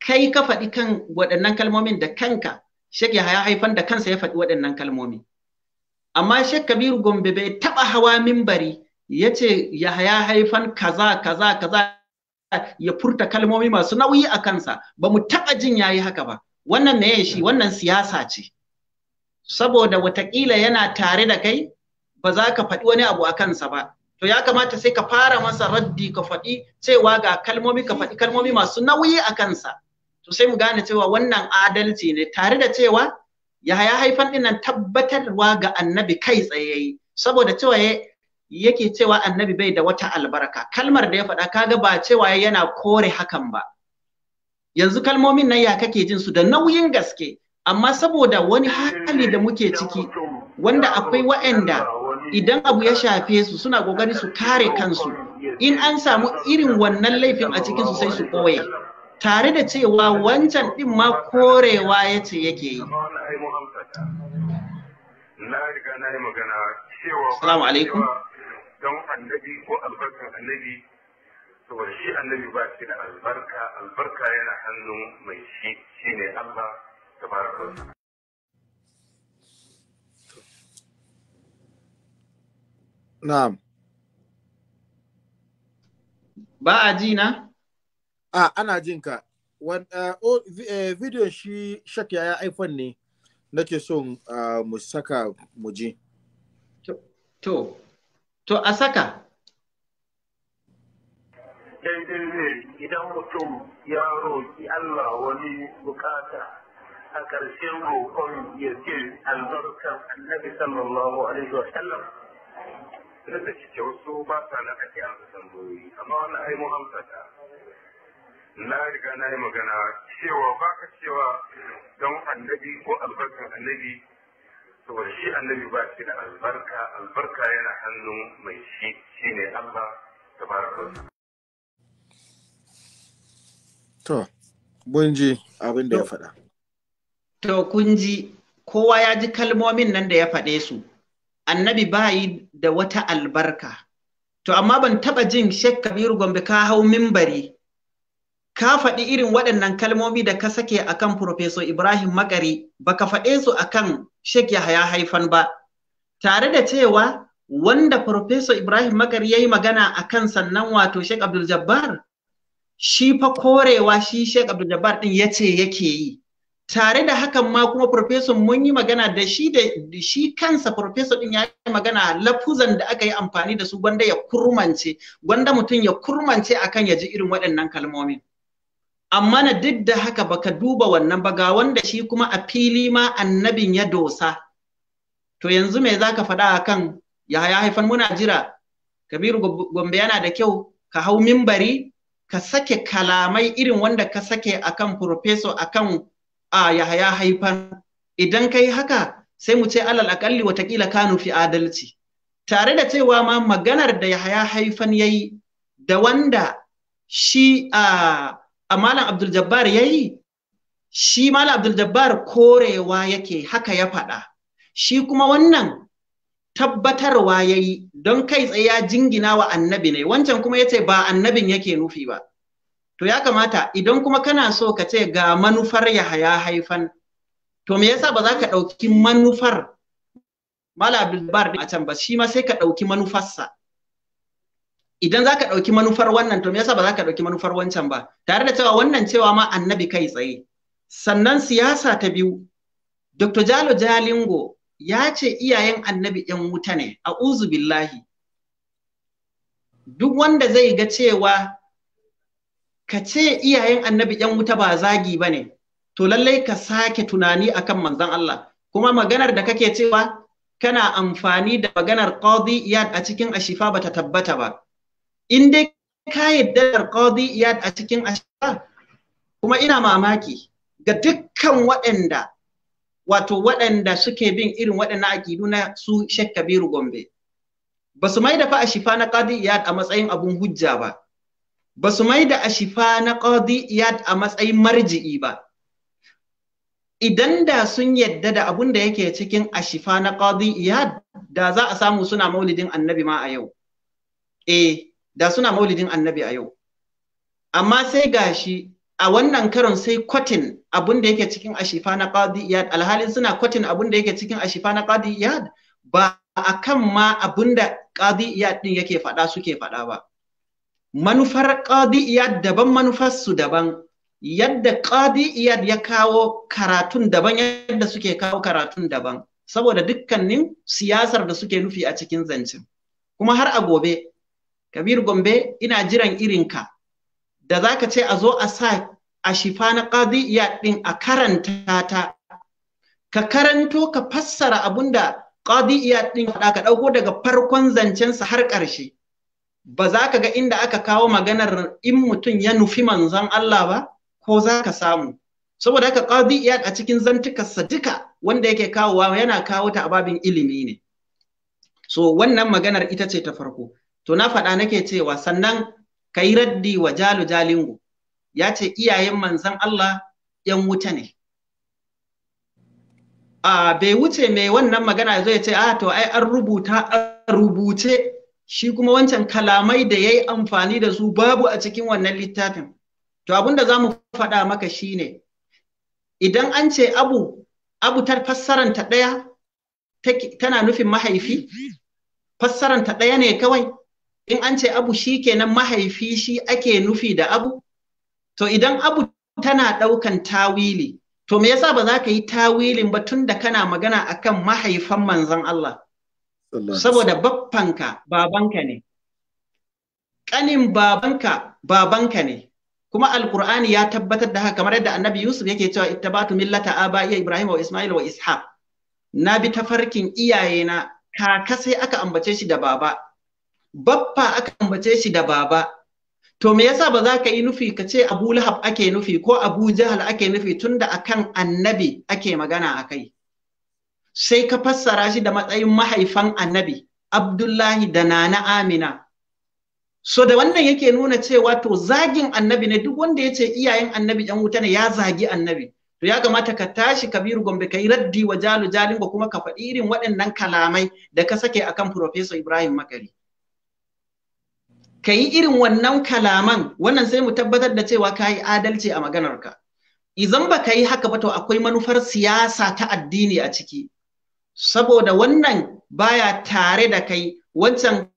kai ka faɗi kan waɗannan kalmomin da kanka Sheikh Yahaya haifan da kansa ya faɗi waɗannan kalmomi. Amma Sheikh Kabiru Gombe bai taɓa hawa mimbari ya ce Yahaya haifan kaza kaza kaza ya furta kalmomi masu nauyi a kansa ba mu taɓa jin ya yi haka ba. Wannan ne shi wannan siyasa ce. Saboda watakila yana tare da kai ba za ka faɗi wani abu a kansa ba. To ya kamata sai ka fara masa raddi ka faɗi cewa ga kalmomi ka faɗi kalmomi masu nauyi a kansa. to sai mu gane cewa wannan adalci ne tare da cewa ya haifan dinnan tabbatarwa ga annabi kai tsaye saboda cewa yake cewa annabi bai da wata albarka kalmar da ya faɗa kaga ba cewa yana kore hakan ba yanzu kalmomin nan ya kake jin su da nauyin gaske amma saboda wani hali da muke ciki wanda akwai wa'anda idan abu ya shafe su suna kokari su kare kansu in an samu irin wannan laifin a cikin su sai su koye tare da cewa wancan ɗin ma korewa ya ce yake yi. Salamu alaikum. Don annabi ko albarkar annabi, saboda shi annabi ba shi da albarka, albarka yana hannun mai shi, shi ne Allah ta fara Na'am. Ba a ji na? a ana jin ka bidiyon e, shi shak ya iphone ne na ke son mu saka mu ji to to a saka daidai ne idan mutum ya roƙi Allah wani bukata a ƙarshen roƙon ya ce albarkar annabi sallallahu alaihi wa sallam da take wasu ba sa na kake amsa tambayoyi amma wani ai mu amsa ta na riga na yi magana cewa ba ka cewa don annabi ko albarkar annabi saboda shi annabi ba shi da albarka albarka yana hannun mai shi shi ne Allah tabaraka to bun ji abin da ya faɗa to kun ji kowa ya ji kalmomin nan da ya faɗe su annabi ba yi da wata albarka to amma ban taɓa jin shek kabiru gombe ka hau mimbari ka faɗi irin waɗannan kalmomi da ka sake a kan Profeso Ibrahim Makari ka faɗe su akan Sheikh Yahaya Haifan ba tare da cewa wanda Profeso Ibrahim Makari yi magana a kan sannan wato Sheikh Abdul Jabbar shi fa korewa shi Sheikh Abdul Jabbar ɗin ya ce yake yi tare da hakan ma kuma profeso mun yi magana da shi da shi kansa profeso ɗin ya yi magana lafuzan da aka yi amfani da su gwanda ya kurmance gwanda mutum ya kurmance akan ya ji irin waɗannan kalmomin amma na duk da haka baka duba wannan ba ga wanda shi kuma a fili ma annabin ya dosa to yanzu me zaka faɗa akan kan ya haifan muna jira kabiru gombe yana da kyau ka hau mimbari ka sake kalamai irin wanda ka sake akan professor akan a ya ya haifan idan kai haka sai mu ce alal akalli watakila ka nufi adalci tare da cewa ma maganar da ya haifan yayi da wanda shi a a malam abdul jabbar ya yi shi malam abdul jabbar korewa yake haka ya faɗa shi kuma wannan tabbatarwa ya yi don kai tsaye ya jingina wa annabi ne wancan kuma ya ce ba annabin yake nufi ba to ya kamata idan kuma kana so ka ce ga manufar Yahaya haifan to me yasa ba za ka ɗauki manufar Malam Abdul jabbar a can ba shi ma sai ka ɗauki manufarsa idan za ka ɗauki manufar wannan to me yasa ba za ka ɗauki manufar wancan ba tare da cewa wannan cewa ma annabi kai tsaye sannan siyasa ta biyu dr jalo jalingo ya ce iyayen annabi yan wuta ne a uzu billahi duk wanda zai ga cewa ka ce iyayen annabi yan wuta ba zagi ba ne to lallai ka sake tunani akan manzon Allah kuma maganar da kake cewa kana amfani da maganar qadi iyad a cikin ashifa bata tabbata ba in dai ka yadda qadi iyad a cikin ashara kuma ina mamaki ga dukkan waɗanda wato waɗanda suke bin irin waɗannan aƙidu na su Sheikh Kabiru Gombe ba su mai da fa ashifa na qadi iyad a matsayin abun hujja ba ba su mai da ashifa na qadi iyad a matsayin marji'i ba idan da sun yadda da abun da yake cikin ashifa na qadi iyad da za a samu suna maulidin annabi ma a yau eh da suna maulidin annabi a yau amma sai gashi a wannan karon sai kwatin abin da yake cikin ashifa na qadi iyad alhalin suna kwatin abin da yake cikin ashifa na qadi iyad ba kan ma abin da qadi iyad din yake faɗa suke faɗa ba manufar qadi iyad daban manufar su daban yadda qadi iyad ya kawo karatun daban yadda suke kawo karatun daban saboda dukkanin siyasar da suke nufi a cikin zancen kuma har a gobe Kabir Gombe ina jiran irinka da za ka ce a zo a sa a shifa na ƙadiyya ɗin a karanta ta, ka karanto ka fassara abun da ƙadiyya ɗin faɗa ka ɗauko daga farkon zancensa har ƙarshe. Ba za ka ga inda aka kawo maganar in mutum ya nufi manzon Allah ba, ko za ka samu. Saboda haka ƙadiyya a cikin zantukarsa duka wanda yake kawowa yana kawo ta a babin ilimi ne. So wannan maganar ita ce ta farko. to na faɗa nake cewa sannan ka yi raddi wa jalu jalingo ya ce iyayen manzan Allah ‘yan wuta ne. A bai wuce mai wannan magana ya zo ce, a ah, to ai an rubuta a rubuce shi kuma wancan kalamai da ya yi amfani da su babu a cikin wannan littafin. To abinda da za mu faɗa maka shi ne, idan an ce abu, abu ta fassaranta ɗaya tana nufin mahaifi, fassaranta ɗaya ne kawai. in an ce abu shi kenan mahaifi shi ake nufi da abu to idan abu tana ɗaukan tawili to me yasa ba za ka yi tawilin ba tun da kana magana akan mahaifan manzon Allah saboda baffanka babanka ne ƙanin babanka babanka ne kuma alkur'ani ya tabbatar da haka kamar yadda annabi yusuf yake cewa ittabatu millata abaiya ibrahim wa isma'il wa ishaq na bi tafarkin iyayena kaka sai aka ambace shi da baba baffa aka ambace shi da baba to me yasa ba za ka yi nufi ka ce abu lahab ake nufi ko abu jahal ake nufi tunda akan annabi ake magana a kai sai ka fassara shi da matsayin mahaifan annabi abdullahi da nana amina so da wannan yake nuna cewa to zagin annabi ne duk wanda ya ce iyayen annabi yan wuta ne ya zagi annabi to ya kamata ka tashi kabiru gombe ka yi raddi wa jalu kuma ka faɗi irin waɗannan kalamai da ka sake akan Profesa ibrahim makari ka yi irin wannan kalaman wannan sai mu tabbatar da cewa ka yi adalci a maganarka idan ba ka yi haka ba to akwai manufar siyasa ta addini a ciki saboda wannan baya tare da kai wancan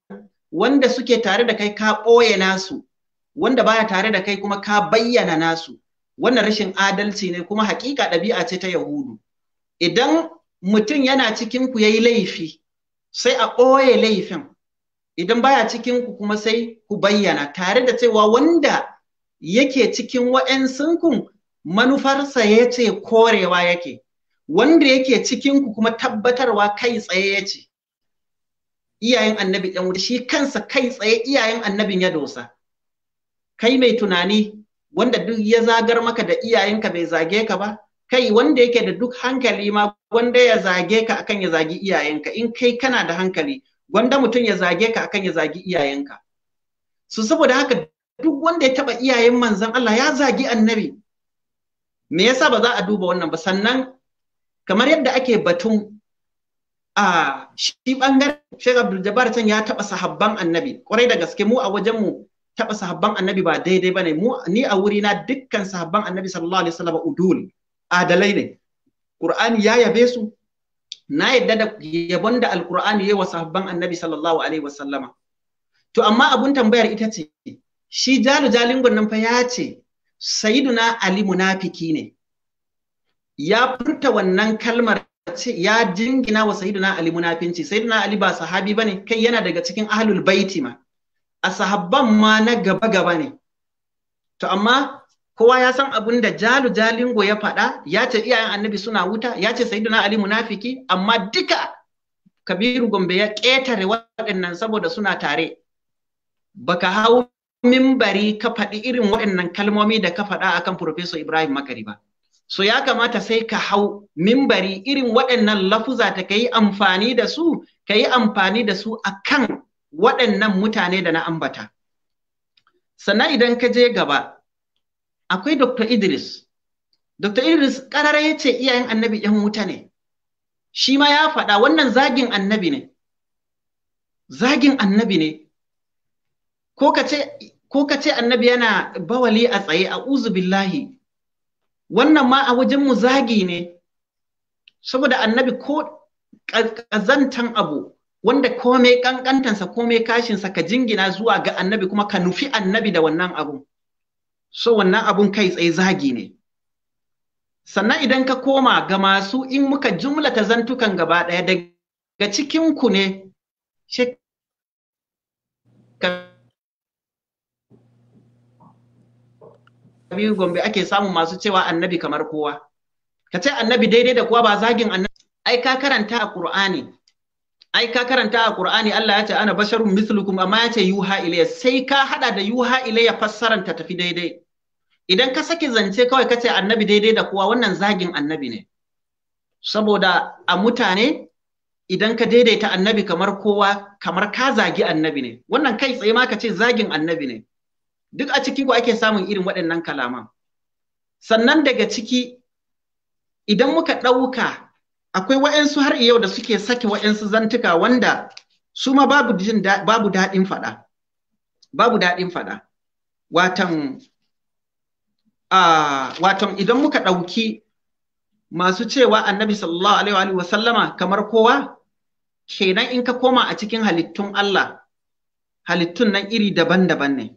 wanda suke tare da kai ka ɓoye nasu wanda baya tare da kai kuma ka bayyana nasu wannan rashin adalci ne kuma hakika ɗabi'a ce ta yahudu idan mutum yana cikin ku yayi laifi sai a ɓoye laifin idan baya cikin ku kuma sai ku bayyana tare da cewa wanda yake cikin wa'ansun manufarsa ya ce korewa yake wanda yake cikin ku kuma tabbatarwa kai tsaye ya ce iyayen annabi ɗan wuta shi kansa kai tsaye iyayen annabin ya dosa kai mai tunani wanda duk ya zagar maka da iyayenka bai zage ka ba kai wanda yake da duk hankali ma wanda ya zage ka akan ya zagi iyayenka in kai kana da hankali gwanda mutum ya zage ka akan ya zagi iyayenka su saboda haka duk wanda ya taba iyayen manzon Allah ya zagi annabi me yasa ba za a duba wannan ba sannan kamar yadda ake batun a shi bangaren Sheikh Abdul Jabbar can ya taba sahabban annabi kwarai da gaske mu a wajen mu taba sahabban annabi ba daidai bane mu ni a wuri na dukkan sahabban annabi sallallahu alaihi wasallam udul adalai ne Qur'ani ya yabe su na yadda da yabon da alkur'ani yi wa sahabban annabi sallallahu alaihi wasallama to amma abun tambayar ita ce shi jalu jalingon nan fa ya ce na ali munafiki ne ya furta wannan kalmar ya jingina wa na ali munafinci na ali ba sahabi bane kai yana daga cikin ahlul baiti ma a sahabban ma na gaba gaba ne to amma kowa ya san abin da jalu jalingo ya faɗa ya ce iyayen annabi suna wuta ya ce sayyiduna ali munafiki amma duka kabiru gombe ya ƙetare waɗannan saboda suna tare baka hau mimbari ka faɗi irin waɗannan kalmomi da ka faɗa akan Profeso Ibrahim Makari ba. So ya kamata sai ka hau mimbari irin waɗannan lafuza ta ka yi amfani da su, ka amfani da su akan waɗannan mutane da na ambata. Sannan idan ka je gaba, akwai Dr. Idris. Dr. Idris ƙarara ya ce iyayen annabi ‘yan wuta ne, shi ma ya faɗa wannan zagin annabi ne, zagin annabi ne, ko ka ce annabi yana bawali a tsaye a uzu billahi, wannan ma a wajenmu zagi ne, saboda annabi ko ƙazantan abu wanda komai ƙanƙantansa komai kashinsa ka jingina zuwa ga annabi kuma ka nufi annabi da wannan abu. so wannan abun kai tsaye zagi ne sannan idan ka koma ga masu in muka jumla ta zantukan gaba ɗaya daga cikinku ne biyu gombe ake samun masu cewa annabi kamar kowa ka ce annabi daidai da kowa ba zagin annabi ai ka karanta a ƙur'ani ai ka karanta a Qur'ani Allah ya ce ana basharun mislukum amma ya ce yuha ilayya sai ka hada da yuha ilayya fassaran ta tafi daidai idan ka saki zance kawai ka ce annabi daidai da kowa wannan zagin annabi ne saboda a mutane idan ka daidaita annabi kamar kowa kamar ka zagi annabi ne wannan kai tsaye ma ka ce zagin annabi ne duk a ciki ko ake samun irin waɗannan kalaman sannan daga ciki idan muka ɗauka akwai wa'yansu har yau da suke sake wa'yansu zantuka wanda su ma babu jin babu daɗin faɗa babu daɗin faɗa watan watan idan muka ɗauki masu cewa annabi sallallahu alaihi wa sallama kamar kowa kenan in ka koma a cikin halittun Allah halittun nan iri daban-daban ne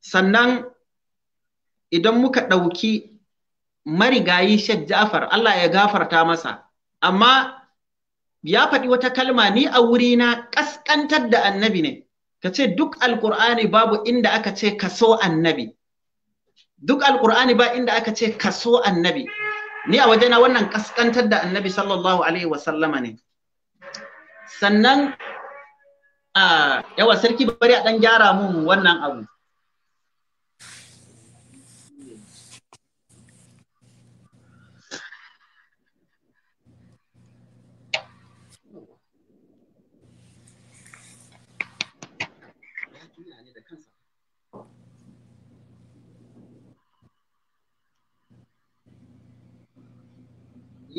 sannan idan muka ɗauki marigayi Sheikh Ja'far Allah ya gafarta masa amma ya faɗi wata kalma ni a wurina ƙasƙantar da annabi ne ka ce duk alƙur'ani babu inda aka ce kaso annabi duk alƙur'ani ba inda aka ce kaso annabi ni a wajena wannan ƙasƙantar da annabi sallallahu alaihi wasallama ne sannan a yawa sarki bari a ɗan gyara mun wannan abu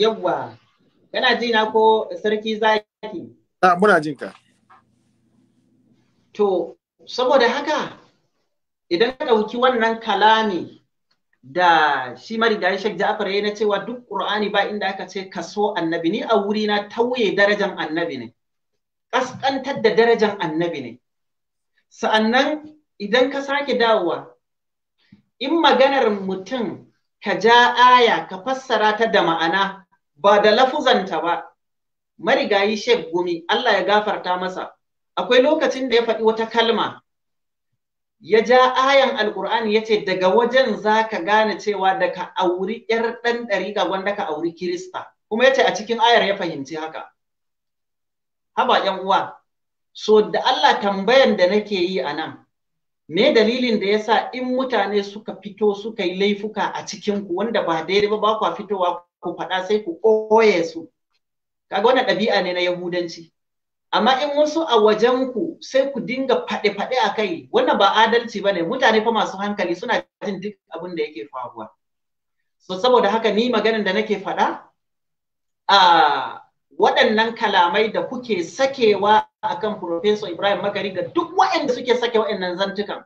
yawwa kana ji na ko sarki zaki a muna jin ka to saboda haka idan ka ɗauki wannan kalami da shi mari da shek Ja'far ya na cewa duk Qur'ani ba inda aka ce kaso annabi ni a wuri na tauye darajan annabi ne kaskantar da darajan annabi ne sa'annan idan ka sake dawowa in maganar mutum ka ja aya ka fassara ta da ma'ana ba da lafuzanta ba marigayi shek Gumi Allah ya gafarta masa akwai lokacin da ya faɗi wata kalma ya ja ayan alkur'ani ya ce daga wajen za ka gane cewa da ka auri ‘yar ɗan ga wanda ka auri Kirista, kuma ya ce a cikin ayar ya fahimci haka. Haba ‘yan uwa, so da Allah tambayan da nake yi a nan, me dalilin da ya sa in mutane suka fito suka yi laifuka a cikinku wanda ba daidai ba ba fitowa ku faɗa sai ku koye su kaga wannan ɗabi'a ne na yahudanci amma in wasu a wajen ku sai ku dinga faɗe-faɗe a kai wannan ba adalci ba ne mutane fa masu hankali suna jin duk abin da yake faruwa so saboda haka ni maganin da nake faɗa a waɗannan kalamai da kuke sakewa a kan Professor Ibrahim Magari ga duk waɗanda suke sake waɗannan zantukan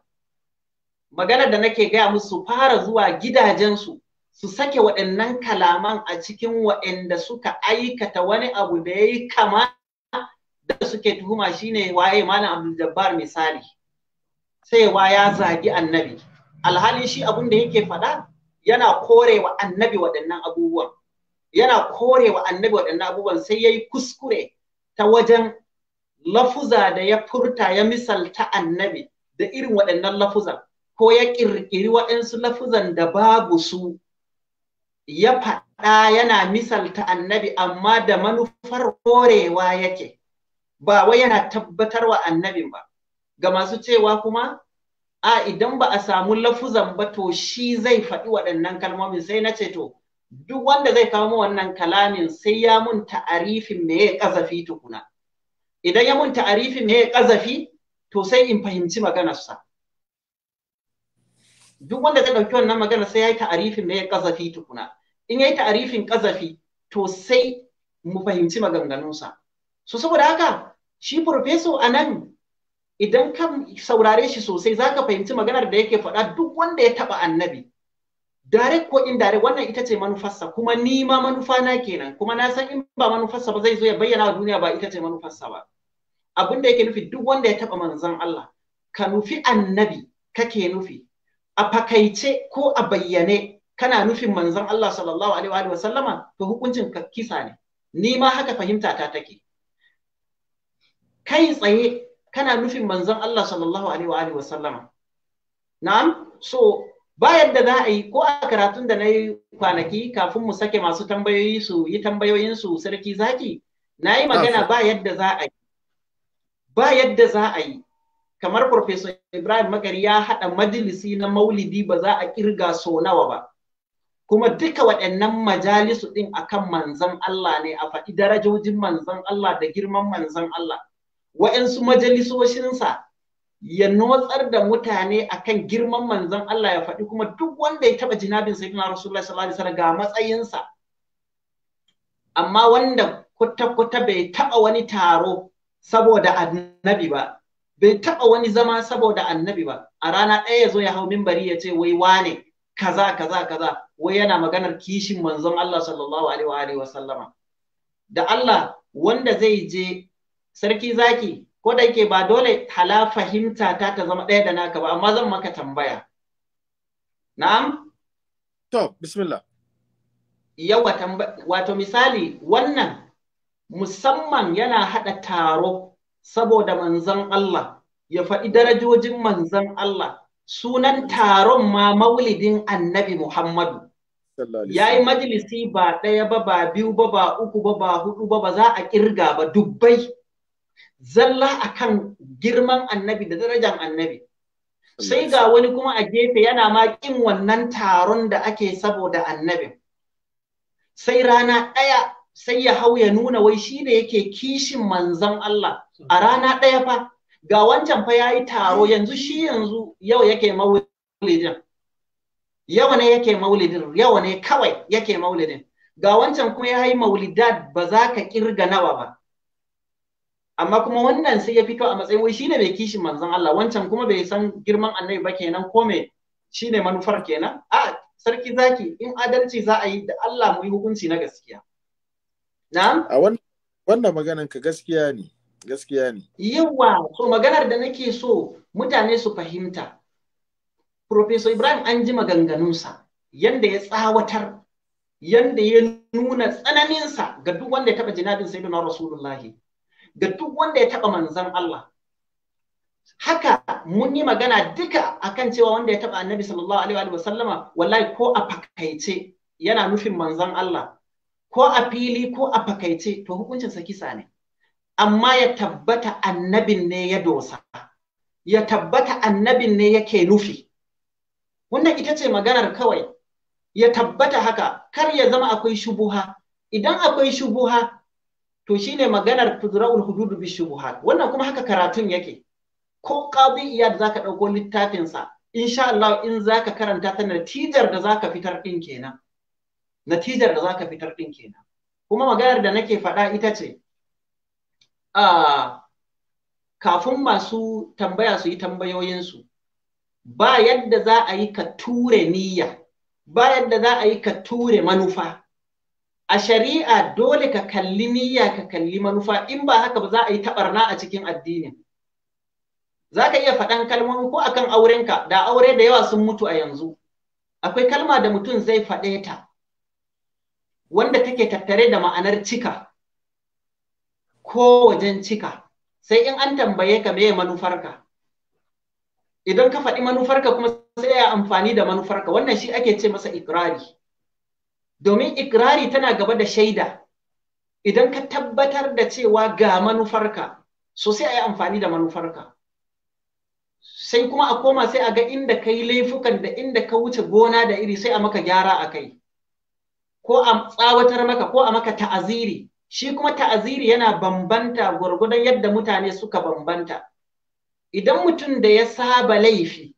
maganar da nake gaya musu fara zuwa gidajensu su sake waɗannan kalaman a cikin waɗanda suka aikata wani abu da ya yi kama da suke tuhuma shine waye malam abdul misali sai wa ya zagi annabi alhali shi abun da yake faɗa yana korewa annabi waɗannan abubuwan yana korewa annabi waɗannan abubuwan sai ya yi kuskure ta wajen lafuza da ya furta ya misalta annabi da irin waɗannan lafuzan ko ya ƙirƙiri waɗansu lafuzan da babu su ya faɗa yana misalta annabi amma da manufar horewa yake ba wai yana tabbatar wa annabin ba ga masu cewa kuma a idan ba a samu lafuzan ba to shi zai faɗi waɗannan kalmomin sai na ce to duk wanda zai kawo wannan kalamin sai ya mun ta'arifin me ya ƙazafi tukuna idan ya mun ta'arifin me ya ƙazafi to sai in fahimci maganarsa duk wanda zai ɗauki wannan magana sai ya yi ta'arifin ne ya kazafi tukuna in ya yi ta'arifin kazafi to sai mu fahimci maganganunsa so saboda haka shi farfeso a nan idan ka saurare shi sosai za ka fahimci maganar da yake faɗa duk wanda ya taɓa annabi Dare ko dare wannan ita ce manufarsa kuma ni ma manufa na kenan kuma na san in ba manufarsa ba zai zo ya bayyana wa duniya ba ita ce manufarsa ba abin da yake nufi duk wanda ya taɓa manzon Allah ka nufi annabi kake nufi a fakaice ko a bayyane kana nufin manzon Allah sallallahu alaihi wa sallama to hukuncin kisa ne ni ma haka fahimta ta take kai tsaye kana nufin manzon Allah sallallahu alaihi wa sallama na'am so ba yadda za a yi ko a karatun da na yi kwanaki kafin mu sake masu tambayoyi su yi tambayoyin su sarki zaki na yi magana ba yadda za a yi ba yadda za a yi kamar Professor Ibrahim Magari ya haɗa majalisi na maulidi ba za a kirga so nawa ba. Kuma duka waɗannan majalisu ɗin akan manzan Allah ne a faɗi darajojin manzan Allah da girman manzan Allah. Wa'yansu majalisoshinsa ya notsar da mutane akan girman manzan Allah ya faɗi kuma duk wanda ya taɓa jinabin na Rasulullah sallallahu alaihi wasallam ga matsayinsa. Amma wanda kuta-kuta bai taɓa wani taro saboda annabi ba bai taɓa wani zama saboda annabi ba a rana ɗaya ya zo ya hau mimbari ya ce wai wane kaza kaza kaza wai yana maganar kishin manzon Allah sallallahu alaihi wa sallama da Allah wanda zai je sarki zaki ko da yake ba dole hala fahimta ta ta zama ɗaya da naka ba amma zan maka tambaya na'am to bismillah yawa wato misali wannan musamman yana haɗa taro saboda manzan Allah ya faɗi darajojin manzan Allah sunan taron ma maulidin annabi Muhammadu ya yi majalisi ba ɗaya ba ba biyu ba ba uku ba ba hudu ba ba za a kirga ba dubbai zalla akan girman annabi da darajan annabi sai ga wani kuma a gefe yana ma wannan taron da ake saboda Annabi. sai rana ɗaya sai ya hau ya nuna wai shi ne yake kishin manzon Allah a rana ɗaya fa ga wancan fa ya yi taro yanzu shi yanzu yau yake maulidin yau ne yake maulidin yau ne kawai yake maulidin ga wancan kuma ya yi maulidat ba za ka kirga nawa ba amma kuma wannan sai ya fito a matsayin wai shine mai kishin manzon Allah wancan kuma bai san girman annabi ba kenan ko me shine manufar kenan a sarki zaki in adalci za a yi da Allah mu yi hukunci na gaskiya Na'am? A wannan maganan ka gaskiya ne, gaskiya ne. Yawwa, so maganar da nake so mutane su fahimta. Profesor Ibrahim an ji maganganunsa, yanda ya tsawatar, yanda ya nuna tsananinsa ga duk wanda ya taɓa sai na Rasulullahi, ga duk wanda ya taɓa manzan Allah. Haka mun yi magana duka akan cewa wanda ya taɓa annabi sallallahu alaihi wa sallama wallahi ko a fakaice yana nufin manzan Allah ko a fili ko a fakaice to hukuncinsa kisa ne amma ya tabbata annabin ne ya dosa ya tabbata annabin ne yake nufi wannan ita ce maganar kawai ya tabbata haka kar ya zama akwai shubuha idan akwai shubuha to shine maganar tuzra'ul hudud bi shubuha wannan kuma haka karatun yake ko qadi iyad zaka dauko littafin sa insha Allah in zaka karanta sanar tijar da zaka fitar din kenan natijar da zaka fitar din kenan kuma maganar da nake faɗa ita ce kafin masu tambaya su yi tambayoyinsu ba yadda za a yi ka ture niyya ba yadda za a yi ka ture manufa a shari'a dole ka kalli niyya ka kalli manufa in ba haka ba za a yi taɓarna a cikin addinin za ka iya faɗan kalmomi ko akan aurenka da aure da yawa sun mutu a yanzu akwai kalma da mutum zai faɗe ta wanda take tattare da ma'anar cika ko wajen cika sai in an tambaye ka meye manufarka idan ka faɗi manufarka kuma sai ya amfani da manufarka wannan shi ake ce masa ikirari domin ikirari tana gaba da shaida idan ka tabbatar da cewa ga manufarka so sai a yi amfani da manufarka sai kuma a koma sai a ga inda ka yi laifukan da inda ka wuce gona da iri sai a maka gyara a kai ko a tsawatar maka ko a maka ta'aziri shi kuma ta'aziri yana bambanta gwargwadon yadda mutane suka bambanta idan mutum da ya saba laifi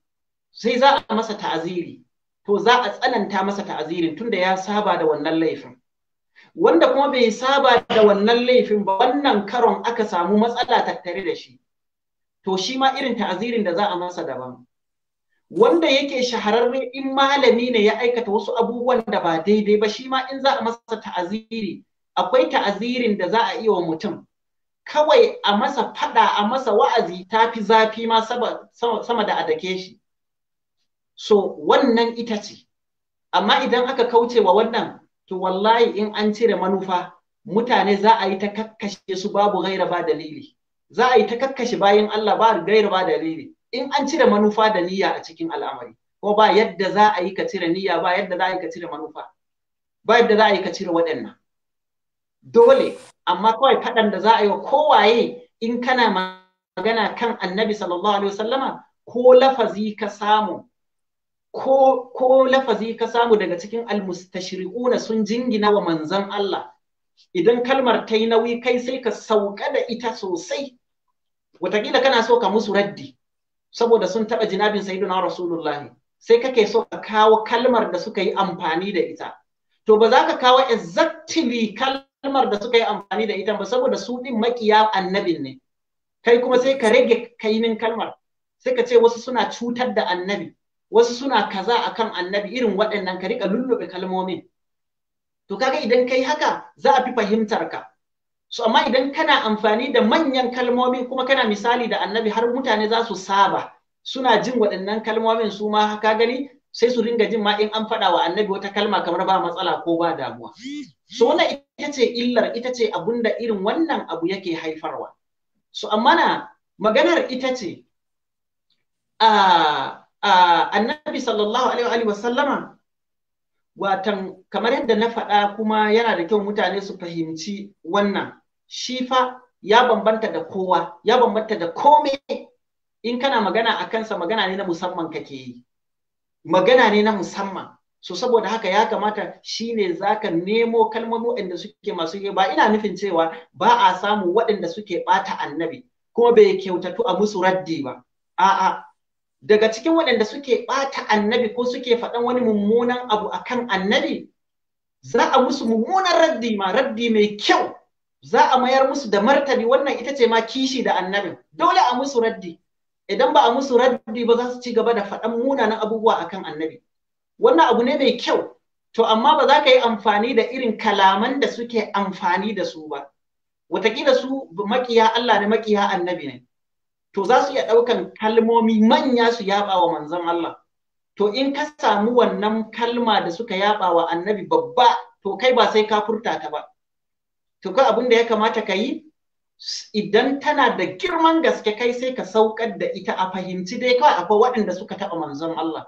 sai za a masa ta'aziri to za a tsananta masa ta'azirin tunda ya saba da wannan laifin wanda kuma bai saba da wannan laifin ba wannan karon aka samu matsala tattare da shi to shi ma irin ta'azirin da za a masa daban wanda yake shahararre in malami ne ya aikata wasu abubuwan da ba daidai ba shi ma in za a masa ta'aziri akwai ta'azirin da za a iya wa mutum kawai a masa fada a masa wa'azi ta fi zafi ma sama da a shi so wannan ita ce amma idan aka kauce wa wannan to wallahi in an cire manufa mutane za a yi ta kakkashe su babu gaira ba dalili za a yi ta kakkashe bayan Allah ba gaira ba dalili in an cire manufa da niyya a cikin al'amari ko ba yadda za a yi ka cire niyya ba yadda za a yi ka cire manufa ba yadda za a yi ka cire waɗannan dole amma kawai faɗan da za a yi wa kowaye in kana magana kan annabi sallallahu alaihi wasallama ko lafazi ka samu ko ko lafazi ka samu daga cikin almustashriquna sun jingina wa manzon Allah idan kalmar ta yi nauyi kai sai ka sauka da ita sosai watakila kana so ka musu raddi saboda sun taɓa jinabin sayyiduna rasulullahi sai kake so ka kawo kalmar da suka yi amfani da ita to ba za ka kawo exactly kalmar da suka yi amfani da ita ba saboda su din makiya annabin ne kai kuma sai ka rage kainin kalmar sai ka ce wasu suna cutar da annabi wasu suna kaza akan annabi irin waɗannan ka rika lullube kalmomin to kaga idan kai haka za a fi fahimtar ka so amma idan kana amfani da manyan kalmomi kuma kana misali da annabi har mutane za su saba suna jin waɗannan kalmomin su ma ka gani sai su ringa jin ma in an faɗa wa annabi wata kalma kamar ba matsala ko ba damuwa so wannan ita ce illar ita ce abun da irin wannan abu yake haifarwa so amma na maganar ita ce annabi sallallahu alaihi wa sallama watan kamar yadda na faɗa kuma yana da kyau mutane su fahimci wannan Shifa ya bambanta da kowa ya bambanta da kome in kana magana a kansa magana ne na musamman kake yi magana ne na musamman so saboda haka ya kamata shi ne za ka nemo kalmomi waɗanda suke masu yi ba ina nufin cewa ba a samu waɗanda suke ɓata annabi kuma bai kyautatu a musu raddi ba a'a daga cikin waɗanda suke ɓata annabi ko suke faɗan wani mummunan abu akan annabi za a musu mummunan raddi ma raddi mai kyau za a mayar musu da martani wannan ita ce ma kishi da annabin dole a musu raddi idan ba a musu raddi ba za su ci gaba da faɗan munanan abubuwa akan annabi wannan abu ne mai kyau to amma ba za ka yi amfani da irin kalaman da suke amfani da su ba watakila su maƙiya, Allah ne makiya annabi ne to za su iya ɗaukan kalmomi manya su yaba wa manzan Allah to in ka samu wannan kalma da suka yaɓa wa annabi babba to kai ba sai ka furta ta ba to ka abin da ya kamata ka yi idan tana da girman gaske kai sai ka saukar da ita a fahimci dai kawai akwai waɗanda suka taɓa manzan Allah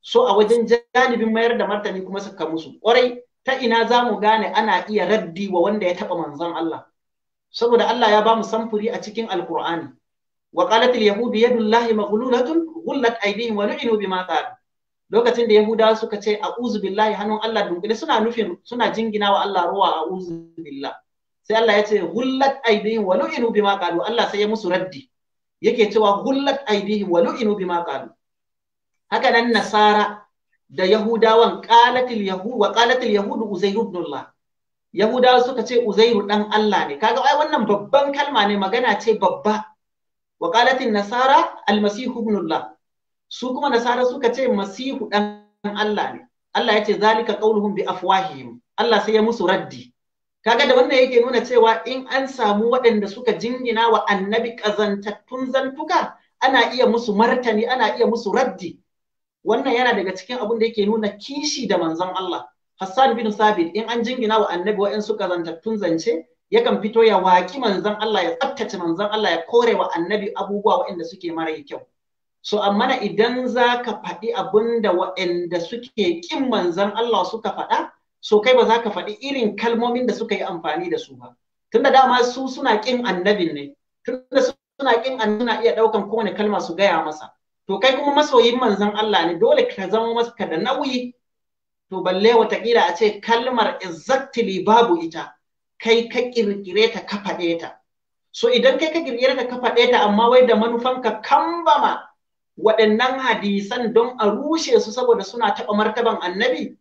so a wajen janibin mayar da martani kuma suka musu ƙwarai ta ina za mu gane ana iya raddi wa wanda ya taɓa manzan Allah saboda Allah ya ba mu samfuri a cikin alkur'ani wa qalat al yahud yadullahi maghlulatun ghullat aydihim wa lu'inu bima qalu lokacin da yahudawa suka ce a'udhu billahi hannun Allah dunkule suna suna jingina wa Allah ruwa a'udhu billah sai Allah ya ce ghullat aydihim wa lu'inu bima qalu Allah sai ya musu raddi yake cewa ghullat aydihim nasara da yahudawan qalatil yahud wa qalatil yahud uzairu ibn Allah yahudawa suka ce uzairu dan Allah ne kaga ai wannan babban kalma ne magana ce babba وقالت النصارى nasara almasihu الله su kuma nasara suka ce masihu dan Allah ne Allah ya ce zalika qauluhum bi afwahihim Allah sai ya musu raddi kaga da wannan yake nuna cewa in an samu waɗanda suka jingina wa annabi kazantattun zantuka ana iya musu martani ana iya musu raddi wannan yana daga cikin abin da yake nuna kishi da manzon Allah Hassan bin Sabit in an jingina wa annabi wa'in suka zance yakan fito ya waki manzon Allah ya tsaftace manzon Allah ya kore wa annabi abubuwa waɗanda suke mara kyau so amma idan za ka faɗi abin da waɗanda suke ƙin manzon Allah suka faɗa so kai ba za ka faɗi irin kalmomin da suka yi amfani da su ba tunda dama su suna ƙin annabin ne tunda suna ƙin annabi suna iya ɗaukan kowane kalma su gaya masa to kai kuma masoyin manzon Allah ne dole ka zama masa da nauyi to balle watakila a ce kalmar exactly babu ita kai ka kirkire ta ka faɗe ta so idan kai ka kirkire ta ka faɗe ta amma wai da manufan ka kambama waɗannan hadisan don a rushe su saboda suna taɓa martaban annabi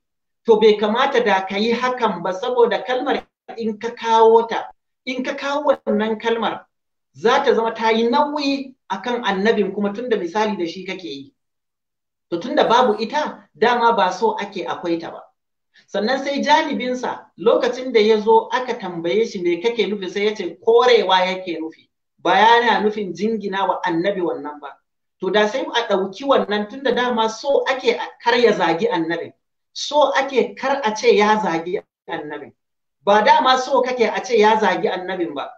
to bai kamata da ka yi hakan ba saboda kalmar in ka kawo ta in ka kawo wannan kalmar za ta zama ta yi nauyi a kan annabin kuma tun da misali da shi kake yi to tun da babu ita dama ba so ake akwai ta ba sannan sai janibinsa lokacin da ya zo aka tambaye shi me kake nufi sai ya ce korewa yake nufi ba yana nufin jingina wa annabi wannan ba to da sai a ɗauki wannan tun da dama so ake kar ya zagi annabi so ake kar a ce ya zagi annabi ba dama so kake a ce ya zagi annabin ba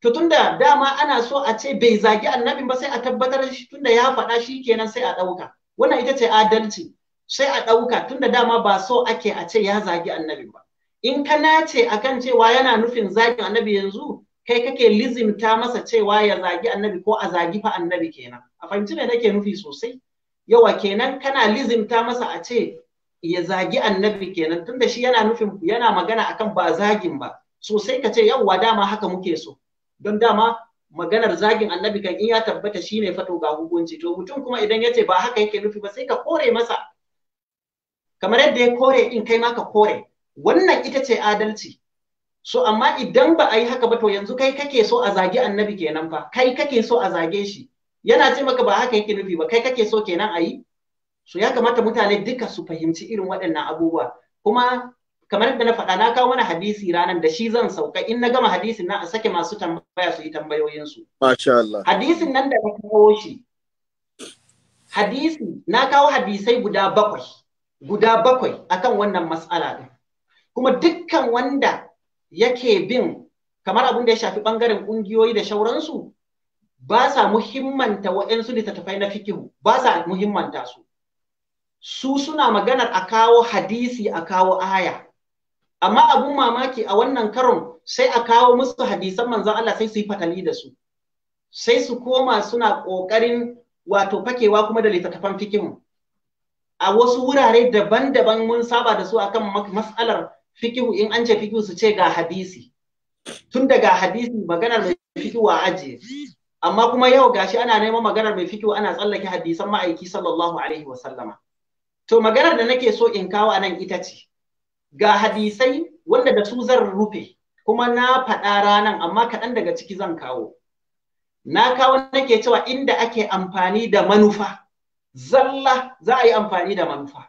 to tunda dama ana so a ce bai zagi annabin ba sai a tabbatar shi tunda ya faɗa shi kenan sai a ɗauka wannan ita ce adalci sai a ɗauka tunda dama ba so ake a ce ya zagi annabi ba in ka nace akan cewa yana nufin zagin annabi yanzu kai kake lizimta masa cewa ya zagi annabi ko a zagi fa annabi kenan a fahimci me nake nufi sosai yawa kenan kana lizimta masa a ce ya zagi annabi kenan tunda shi yana nufin yana magana akan ba zagin ba sosai ka ce yawa dama haka muke so don dama maganar zagin annabi kan in ya tabbata shine to ga hukunci to mutum kuma idan ya ce ba haka yake nufi ba sai ka kore masa kamar yadda ya kore in kai ma ka kore wannan ita ce adalci so amma idan ba a yi haka ba to yanzu kai kake so a zage annabi kenan fa kai kake so a zage shi yana ce maka ba haka yake nufi ba kai kake so kenan a yi so ya kamata mutane duka su fahimci irin waɗannan abubuwa kuma kamar yadda na faɗa na kawo mana hadisi ranar da shi zan sauka in na gama hadisin nan a sake masu tambaya su yi tambayoyinsu. Masha Hadisin nan da na kawo shi. Hadisi na kawo hadisai guda bakwai. guda bakwai akan wannan matsala din kuma dukkan wanda yake bin kamar abin da ya shafi bangaren kungiyoyi da shauransu ba sa muhimmanta waɗansu littattafai na fikihu ba sa muhimmanta su su suna maganar a kawo hadisi a kawo aya amma abun mamaki a wannan karon sai a kawo musu hadisan manzon Allah sai su yi fatali da su sai su koma suna ƙoƙarin wato fakewa kuma da littattafan fikihu a wasu wurare daban-daban mun saba da su akan matsalar fikihu in an ce fikihu su ce ga hadisi tun daga hadisi maganar mai fikihu a ajiye amma kuma yau gashi ana neman maganar mai fikihu ana tsallake hadisan ma'aiki sallallahu alaihi wasallama to maganar da nake so in kawo a nan ita ce ga hadisai wanda da su zan rufe kuma na faɗa ranan amma kaɗan daga ciki zan kawo na kawo nake cewa inda ake amfani da manufa zalla za a yi amfani da manufa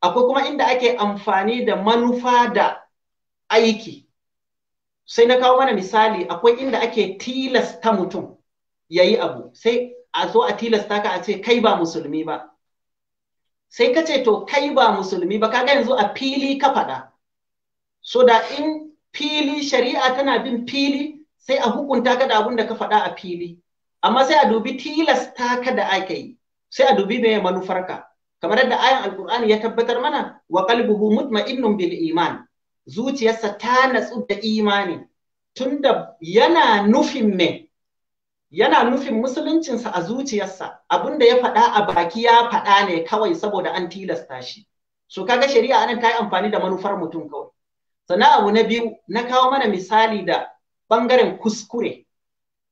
akwai kuma inda ake amfani da manufa da aiki sai na kawo mana misali akwai inda ake tilasta mutum ya yi abu sai a zo a tilasta ka a ce kai ba musulmi ba sai ka ce to kai ba musulmi ba kaga yanzu a fili ka faɗa so da in fili shari'a tana bin fili sai a hukunta ka da abin da ka faɗa a fili amma sai a dubi tilasta ka da ake yi sai a dubi me manufarka kamar yadda ayan alqur'ani ya tabbatar mana wa qalbuhu mutma'innun bil iman zuciyarsa ta natsu da imani tunda yana nufin me yana nufin musuluncinsa a zuciyarsa abinda ya faɗa a baki ya faɗa ne kawai saboda an tilasta shi so kaga shari'a anan ta yi amfani da manufar mutum kawai sannan abu na biyu na kawo mana misali da ɓangaren kuskure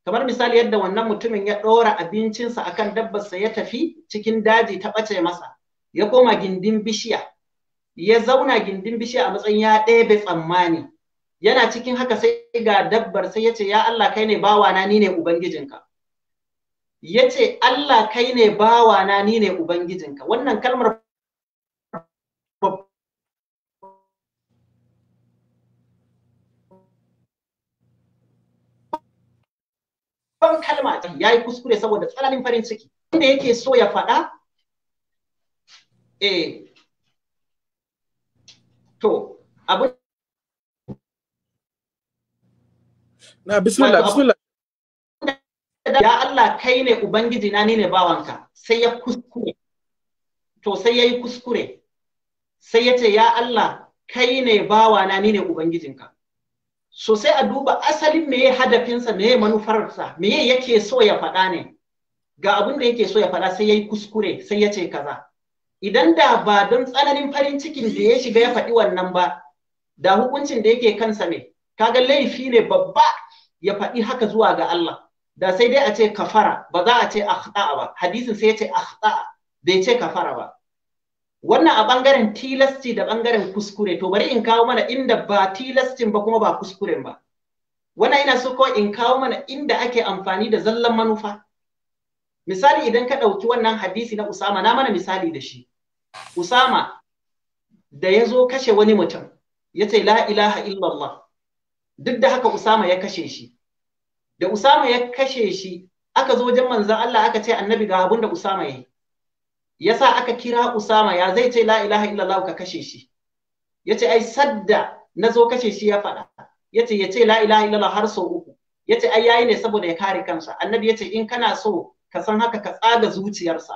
kamar misali yadda wannan mutumin ya ɗora abincinsa akan sa ya tafi cikin daji ta ɓace masa ya koma gindin bishiya ya zauna gindin bishiya a matsayin ya ɗebe tsammani yana cikin haka sai ga dabbar sai ya ce ya Allah kai ne bawana ni ne ubangijinka ya ce Allah kai ne bawana ni ne ubangijinka wannan kalmar babban kalma ta ya yi kuskure saboda tsananin farin ciki inda yake so ya faɗa eh to abu na bismillah bismillah ya Allah kai ne ubangiji na ni ne bawanka sai ya kuskure to sai ya yi kuskure sai ya ce ya Allah kai ne bawana ni ne ubangijinka so sai a duba asalin meye hadafinsa meye manufarsa meye yake so ya faɗa ne ga abin da yake so ya faɗa sai ya yi kuskure sai ya ce kaza idan da ba don tsananin farin cikin da ya shiga ya faɗi wannan ba da hukuncin da yake kansa ne kaga laifi ne babba ya faɗi haka zuwa ga Allah da sai dai a ce kafara ba za a ce akhta ba hadisin sai ya ce da bai ce kafara ba wannan a ɓangaren tilasti da bangaren kuskure to bari in kawo mana inda ba tilastin ba kuma ba kuskuren ba wannan ina so ko in kawo mana inda ake amfani da zallan manufa misali idan ka ɗauki wannan hadisi na usama na mana misali da shi usama da ya zo kashe wani mutum ya ce la ilaha illallah duk da haka usama ya kashe shi da usama ya kashe shi aka zo wajen manzan Allah aka ce annabi ga abin da usama ya yi yasa aka kira Usama ya zai ce la ilaha illallah ka kashe shi yace ai sadda nazo kashe shi ya faɗa yace yace la ilaha illallah har sau uku yace ai yayi ne saboda ya kare kansa annabi yace in kana so ka san haka ka tsaga zuciyarsa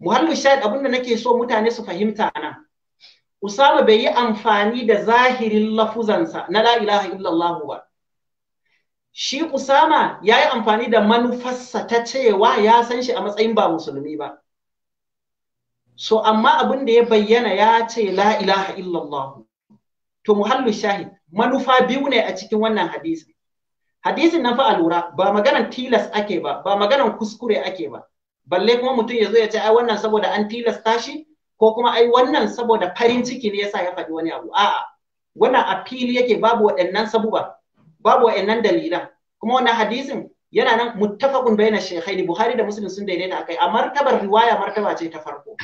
muhallu shahid abinda nake so mutane su fahimta nan Usama bai yi amfani da zahirin lafuzansa na la ilaha illallah ba shi Usama ya yi amfani da manufarsa ta cewa ya san shi a matsayin ba musulmi ba so amma abin da ya bayyana ya ce la ilaha illallah to muhallu shahid manufa biyu ne a cikin wannan hadisi hadisin na fa lura ba maganan tilas ake ba ba maganan kuskure ake ba balle kuma mutum ya zo ya ce ai wannan saboda an tilas tashi, ko kuma ai wannan saboda farin ciki ne yasa ya faɗi wani abu a'a wannan a fili yake babu waɗannan sabuba babu waɗannan dalilan kuma wannan hadisin yana nan muttafaqun bayna shaykhaini buhari da muslim sun daidaita akai a martabar riwaya martaba ce ta farko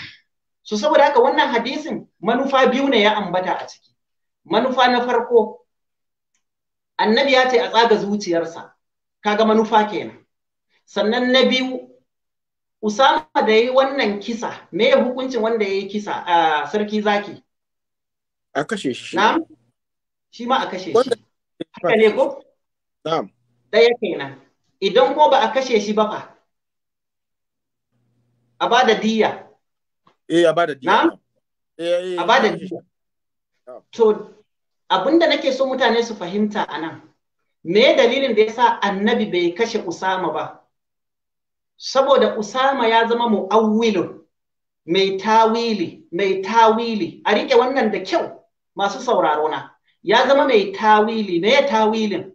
so saboda haka wannan hadisin manufa biyu ne ya ambata a ciki manufa na farko annabi ya ce a tsaga zuciyarsa kaga manufa kenan sannan na biyu Usama da yi wannan kisa me ya hukuncin wanda ya yi kisa a sarki zaki a kashe shi na'am shi ma a kashe shi haka ne ko na'am daya kenan idan ko ba a kashe shi ba fa a ba da diya Eh, eh, eh a bada diya eh a bada to abinda nake so mutane su fahimta anan me dalilin da yasa annabi bai kashe usama ba saboda usama ya zama mu'awwilun mai tawili mai tawili a riƙe wannan da kyau masu sauraro na ya zama mai tawili me ya tawilin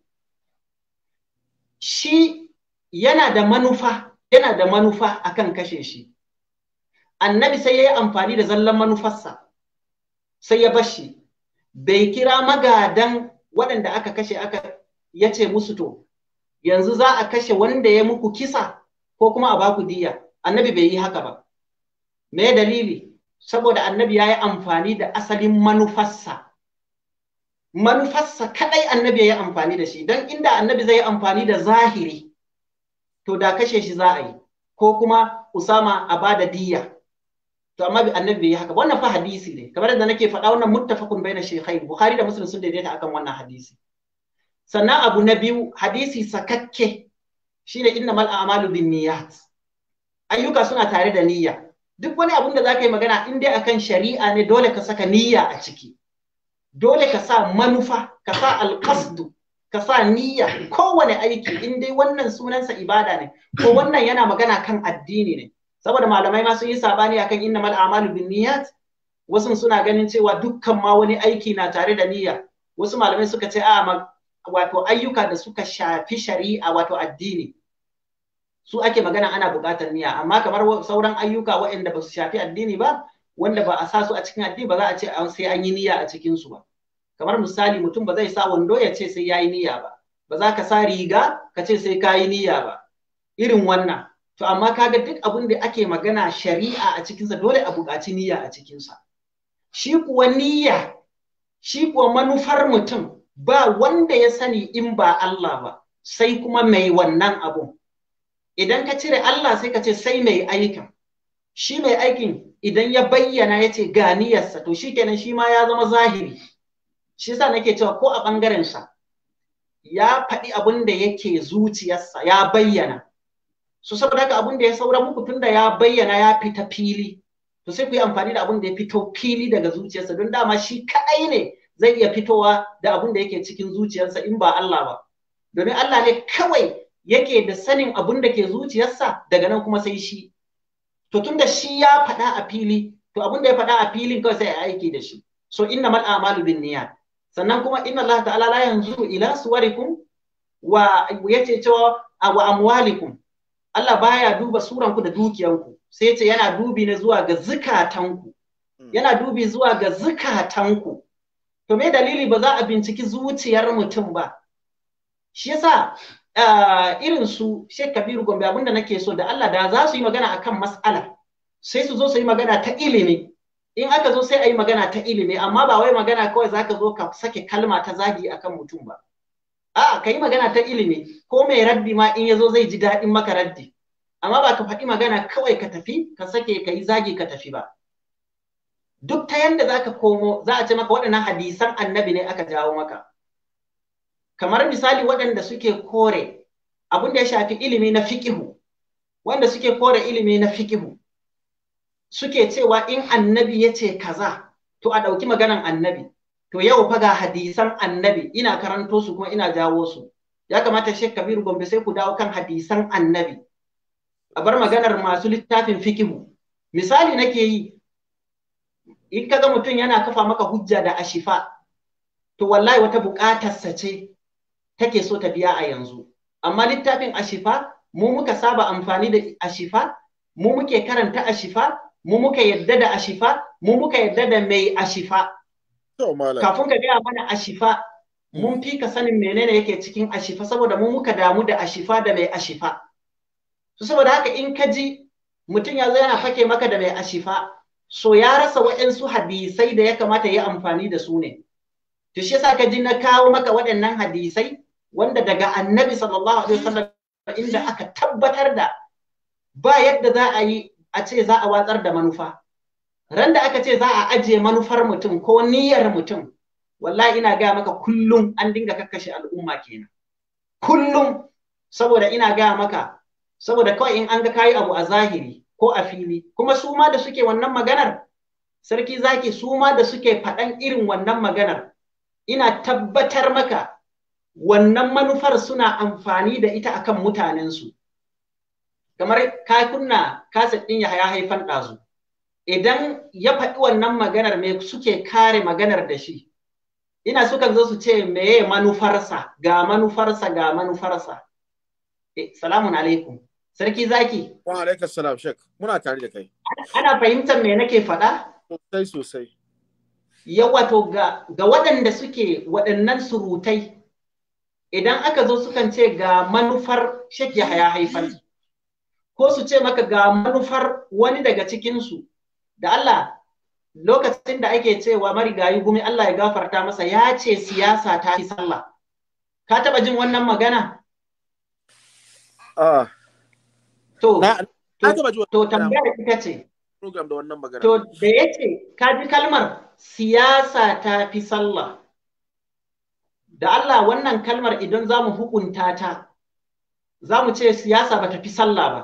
shi yana da manufa yana da manufa akan kashe shi annabi sai ya yi amfani da zallan manufarsa sai ya bashi bai kira magadan waɗanda aka kashe aka ya ce musu to yanzu za a kashe wanda ya muku kisa ko kuma a baku diya annabi bai yi haka ba me dalili saboda annabi ya yi amfani da asalin manufarsa manufarsa kadai annabi ya yi amfani da shi don inda annabi zai yi amfani da zahiri to da kashe shi za a yi ko kuma usama a ba da diya to amma annabi bai yi haka wannan fa hadisi ne kamar yadda nake faɗa wannan muttafaqun baina shaykhai bukhari da muslim sun daidaita akan wannan hadisi sannan abu na biyu hadisi sakakke shine innamal a'malu niyyat ayyuka suna tare da niyya duk wani abun da zaka yi magana in dai akan shari'a ne dole ka saka niyya a ciki dole ka sa manufa ka sa alqasdu ka sa niyya kowane aiki in dai wannan sunansa ibada ne ko wannan yana magana kan addini ne saboda malamai ma sun yi sabani akan mal a'malu binniyat wasu suna ganin cewa dukkan ma wani aiki na tare da niyya wasu malamai suka ce a wato ayyuka da suka shafi shari'a wato addini su ake magana ana buƙatar niyya amma kamar sauran ayyuka waɗanda ba su shafi addini ba wanda ba a sa su a cikin addini ba za a ce sai an yi niyya a cikin su ba kamar misali mutum ba zai sa wando ya ce sai yayi niyya ba ba za ka sa riga ka ce sai ka yi niyya ba irin wannan to amma kaga duk abin da ake magana shari'a a cikinsa dole a buƙaci niyya a cikinsa shi kuwa niyya shi kuwa manufar mutum ba wanda ya sani in ba Allah ba sai kuma mai wannan abun idan ka cire Allah sai ka ce sai mai aikin shi mai aikin idan ya bayyana ya ce ga niyyarsa to shikenan shi ma ya zama zahiri shi yasa nake cewa ko a ɓangarensa. ya faɗi abin da yake zuciyarsa ya bayyana su saboda haka abin da ya saura muku tunda ya bayyana ya fita fili to sai ku yi amfani da abin da ya fito fili daga zuciyarsa don dama shi kaɗai ne zai iya fitowa da abin da yake cikin zuciyarsa in ba Allah ba domin Allah ne kawai yake da sanin abin da ke zuciyarsa daga nan kuma sai shi to tunda shi ya faɗa a fili to abin da ya faɗa a filin kawai sai a aiki da shi so inna mal amalu bin niyyah sannan kuma inna Allah ta'ala la yanzu ila suwarikum wa yace cewa wa amwalikum Allah baya duba suranku da dukiyanku sai ya ce yana dubi na zuwa ga zukatanku hmm. yana dubi zuwa ga zukatanku to me dalili ba za a binciki zuciyar mutum ba shi yasa uh, irin su Sheikh kabir Gombe abinda nake so da Allah da za su yi magana akan mas'ala sai su zo su yi magana ta ilimi in aka zo sai a yi magana ta ilimi amma ba wai magana kawai zaka zo ka sake kalma ta zagi akan mutum ba a ka yi magana ta ilimi ko mai raddi ma in ya zo zai ji daɗin maka raddi amma ba ka faɗi magana kawai ka tafi ka sake ka yi zagi ka tafi ba duk ta yanda za ka komo za a ce maka waɗannan hadisan annabi ne aka jawo maka kamar misali waɗanda suke kore abin da ya shafi ilimi na fikihu wanda suke kore ilimi na fikihu suke cewa in annabi ya ce kaza to a ɗauki maganan annabi to yau fa ga hadisan annabi ina karanto su kuma ina jawo su ya kamata Sheikh Kabiru Gombe sai ku dawo kan hadisan annabi a bar maganar masu littafin fikihu misali nake yi in ka ga mutum yana kafa maka hujja da ashifa to wallahi wata buƙatarsa ce take so ta biya a yanzu amma littafin ashifa mu muka saba amfani da ashifa mu muke karanta ashifa mu muka yadda da ashifa mu muka yarda da mai ashifa Kafin ka gaya mana ashifa, hmm. mun fi ka sanin menene yake cikin ashifa saboda mu muka damu da ashifa da mai ashifa. So saboda haka in ka ji mutum ya zo yana fake maka da mai ashifa, so ya rasa waɗansu hadisai da ya kamata ya amfani da su ne. To shi yasa ka ji na kawo maka waɗannan hadisai wanda daga annabi sallallahu alaihi wasallam inda aka tabbatar da ba yadda za a yi a ce za a watsar da manufa. Randa aka ce za a ajiye manufar mutum ko niyyar mutum wallahi ina gaya maka kullum an dinga kakkashe al'umma kenan kullum saboda ina gaya maka saboda kawai in an ga kayi abu a zahiri ko a fili kuma su ma da suke wannan maganar sarki zaki su ma da suke faɗan irin wannan maganar ina tabbatar maka wannan manufar suna amfani da ita akan mutanensu kamar ka kunna kasa ɗin ya haifan ɗazu idan ya faɗi wannan maganar me suke kare maganar da shi ina sukan zo su ce meye manufarsa ga manufarsa ga manufarsa Salamu eh, salamun alaikum sarki zaki wa alaikum salam shek muna tare da kai ana fahimtar me nake faɗa sosai sosai yawa ga, ga waɗanda suke waɗannan surutai idan aka zo sukan ce ga manufar shek ya haifar ko su ce maka ga manufar wani daga cikinsu da Allah lokacin da ake cewa marigayi gumi Allah ya gafarta masa ya ce siyasa ta fi sallah ka taba jin wannan magana ah. to to tambayar ita ce program da wannan magana to da yace ka ji kalmar siyasa ta fi sallah da Allah wannan kalmar idan za mu hukunta ta za mu ce siyasa ba ta fi sallah ba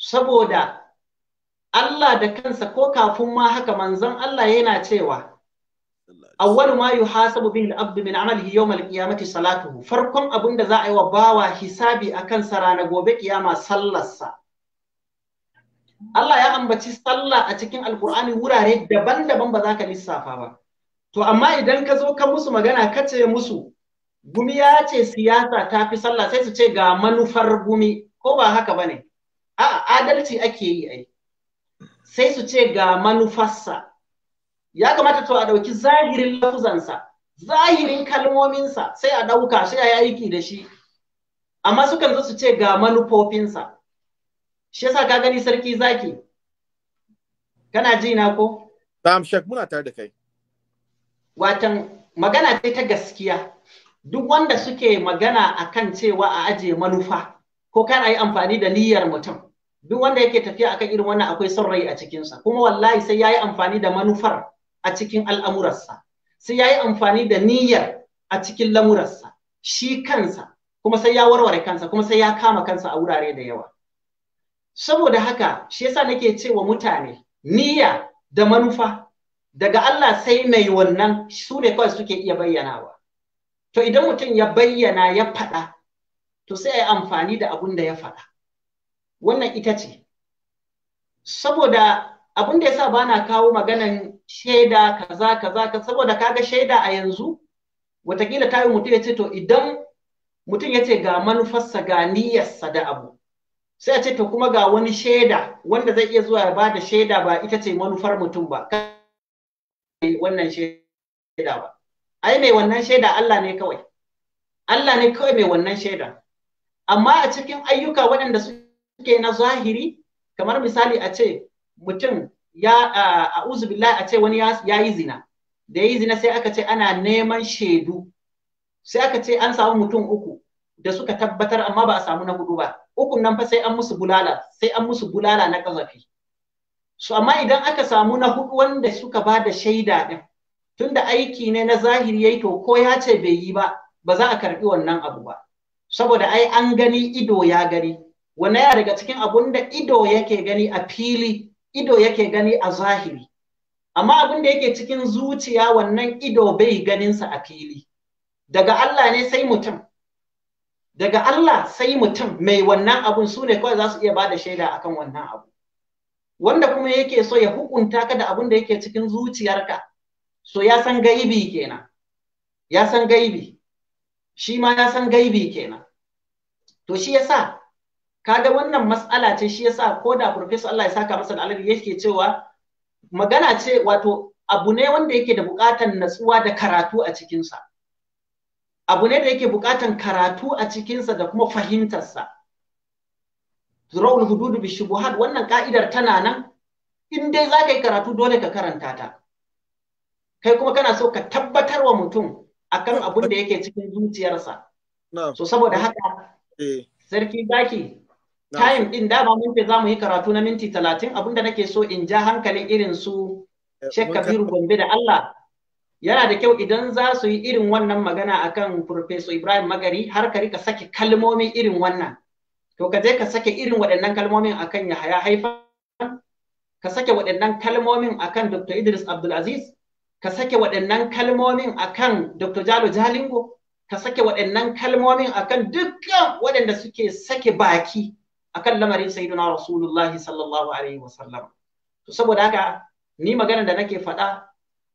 saboda Allah da kansa ko kafin ma haka manzon Allah yana cewa awwalu ma yuhasabu bihi al-abdu min amalihi yawm al-qiyamati salatuhu farkon abin da za a yi wa bawa hisabi akan sa ranar gobe kiyama sallarsa Allah ya ambaci sallah a cikin alkur'ani wurare daban-daban ba za ka lissafa ba to amma idan ka zo ka musu magana ka ce musu gumi ya ce siyasa ta fi sallah sai su ce ga manufar gumi ko ba haka bane a'a adalci ake yi ai sai su ce ga manufarsa ya kamata to a ɗauki zahirin lafuzansa zahirin kalmominsa sai a ɗauka shi a aiki da shi amma sukan zo su ce ga manufofinsa shi yasa ka gani sarki zaki kana ji na ko na'am shek muna tare da kai watan magana ce ta gaskiya duk wanda suke magana akan cewa a aje manufa ko kana yi amfani da niyyar mutum duk wanda yake tafiya akan irin wannan akwai son rai a cikinsa kuma wallahi sai yayi amfani da manufar a cikin al'amuransa sai yayi amfani da niyyar a cikin lamurarsa, shi kansa kuma sai ya warware kansa kuma sai ya kama kansa a wurare da yawa saboda haka shi yasa nake cewa mutane niyya da manufa daga Allah sai mai wannan su ne kawai suke iya bayyanawa to idan mutum ya bayyana ya faɗa to sai ya amfani da abun da ya faɗa wannan ita ce saboda abin da yasa bana kawo maganan shaida kaza kaza ka saboda kaga shaida a yanzu watakila ta yi mutum ya ce to idan mutum ya ce ga manufarsa ga niyarsa da abu sai a ce to kuma ga wani shaida wanda zai iya zuwa ya ba da shaida ba ita ce manufar mutum ba wannan shaida ba ai mai wannan shaida Allah ne kawai Allah ne kawai mai wannan shaida amma a cikin ayyuka waɗanda su suke na zahiri kamar misali a ce mutum ya uzu billahi a ce wani ya yi zina da ya yi zina sai aka ce ana neman shaidu sai aka ce an samu mutum uku da suka tabbatar amma ba a samu na hudu ba ukun nan fa sai an musu bulala sai an musu bulala na kazafi su amma idan aka samu na hudu wanda suka ba da shaida din tunda aiki ne na zahiri yayi to ko ya ce bai yi ba ba za a karbi wannan abu ba saboda ai an gani ido ya gani wannan ya daga cikin abun da ido yake gani a fili ido yake gani a zahiri amma abin da yake cikin zuciya wannan ido bai ganinsa a fili daga Allah ne sai mutum daga Allah sai mutum mai wannan abun su ne kawai za su iya bada da shaida akan wannan abu wanda kuma yake so ya hukunta ka da abin da yake cikin zuciyarka so ya san gaibi kenan ya san gaibi shi ma ya san gaibi kenan to shi yasa kaga wannan matsala ce shi yasa ko da professor Allah ya saka masa da alheri yake cewa magana ce wato abu ne wanda yake da bukatan natsuwa da karatu a cikinsa abu ne da yake bukatan karatu a cikinsa da kuma fahimtarsa zurawul hududu bi shubuhat wannan ka'idar tana nan in dai za ka yi karatu dole ka karanta ta kai kuma kana so ka tabbatar wa mutum akan abin da yake cikin zuciyarsa so saboda haka eh. sarki baki. time din ba mun za mu yi karatu na minti talatin abinda nake so in ja hankalin irin su eh, Sheikh Kabiru Gombe da Allah yana da kyau idan za su yi irin wannan magana akan Professor Ibrahim Magari har ka rika sake kalmomi irin wannan to ka je ka sake irin waɗannan kalmomin akan Yahaya Haifa ka sake waɗannan kalmomin akan Dr. Idris Abdulaziz ka sake waɗannan kalmomin akan Dr. Jalo Jalingo ka sake waɗannan kalmomin akan dukkan waɗanda suke sake baki akan lamarin sayyidina rasulullahi sallallahu alaihi wasallam to saboda haka ni magana da nake faɗa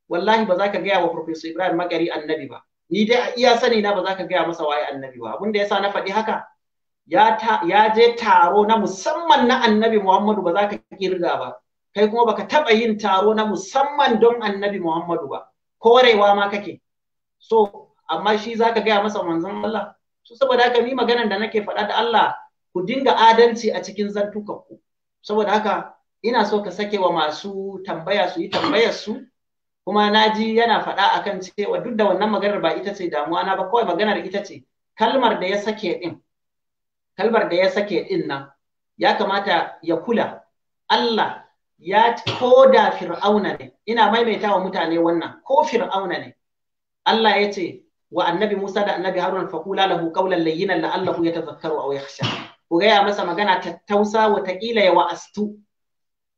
wallahi ba za ka gaya wa professor Ibrahim Magari annabi ba ni dai a iya sani na ba za ka gaya masa waye annabi ba abinda yasa na faɗi haka ya ta, ya je taro na musamman na annabi Muhammadu ba za ka kirga ba kai kuma baka taba yin taro na musamman don annabi Muhammadu ba korewa ma kake so amma shi za ka gaya masa manzon Allah so saboda haka ni maganar da nake faɗa da Allah ku dinga adalci a cikin zantukanku saboda haka ina so ka sake wa masu tambaya su yi tambayar su kuma naji yana faɗa akan cewa duk da wannan maganar ba ita ce damuwa na ba kawai maganar ita ce kalmar da ya sake din kalmar da ya sake din nan ya kamata ya kula Allah ya koda fir'auna ne ina maimaita wa mutane wannan ko fir'auna ne Allah ya ce wa annabi Musa da annabi Harun faqula lahu qawlan layyinan la'allahu yatazakkaru aw yakhsha ku gaya masa magana tattausa watakila ya wa'astu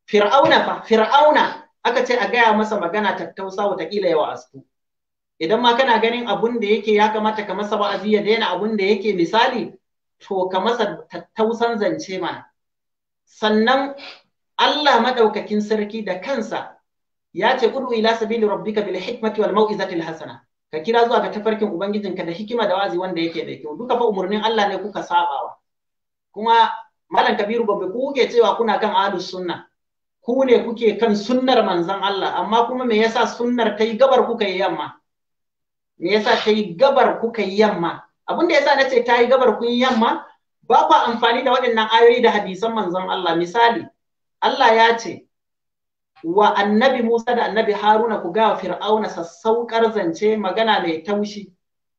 fir'auna fa fir'auna aka ce a gaya masa magana tattausa watakila ya wa'astu idan ma kana ganin abun da yake ya kamata ka masa wa'azi ya daina abun da yake misali to ka masa tattausan zance ma sannan Allah madaukakin sarki da kansa ya ce udu ila sabili rabbika bil hikmati wal mau'izati al hasana ka kira zuwa ga tafarkin ubangijinka da hikima da wazi wanda yake da kyau duka fa umurnin Allah ne kuka sabawa kuma malam kabiru babbe ku kuke cewa kuna kan adu sunna ku ne kuke kan sunnar manzan Allah amma kuma me yasa sunnar ta yi gabar kuka yi yamma me yasa ta yi gabar kuka yi yamma abinda yasa na ce ta yi gabar kun yamma ba kwa amfani da waɗannan ayoyi da hadisan manzan Allah misali Allah ya ce wa annabi Musa da annabi Haruna ku ga Fir'auna sassaukar zance magana mai taushi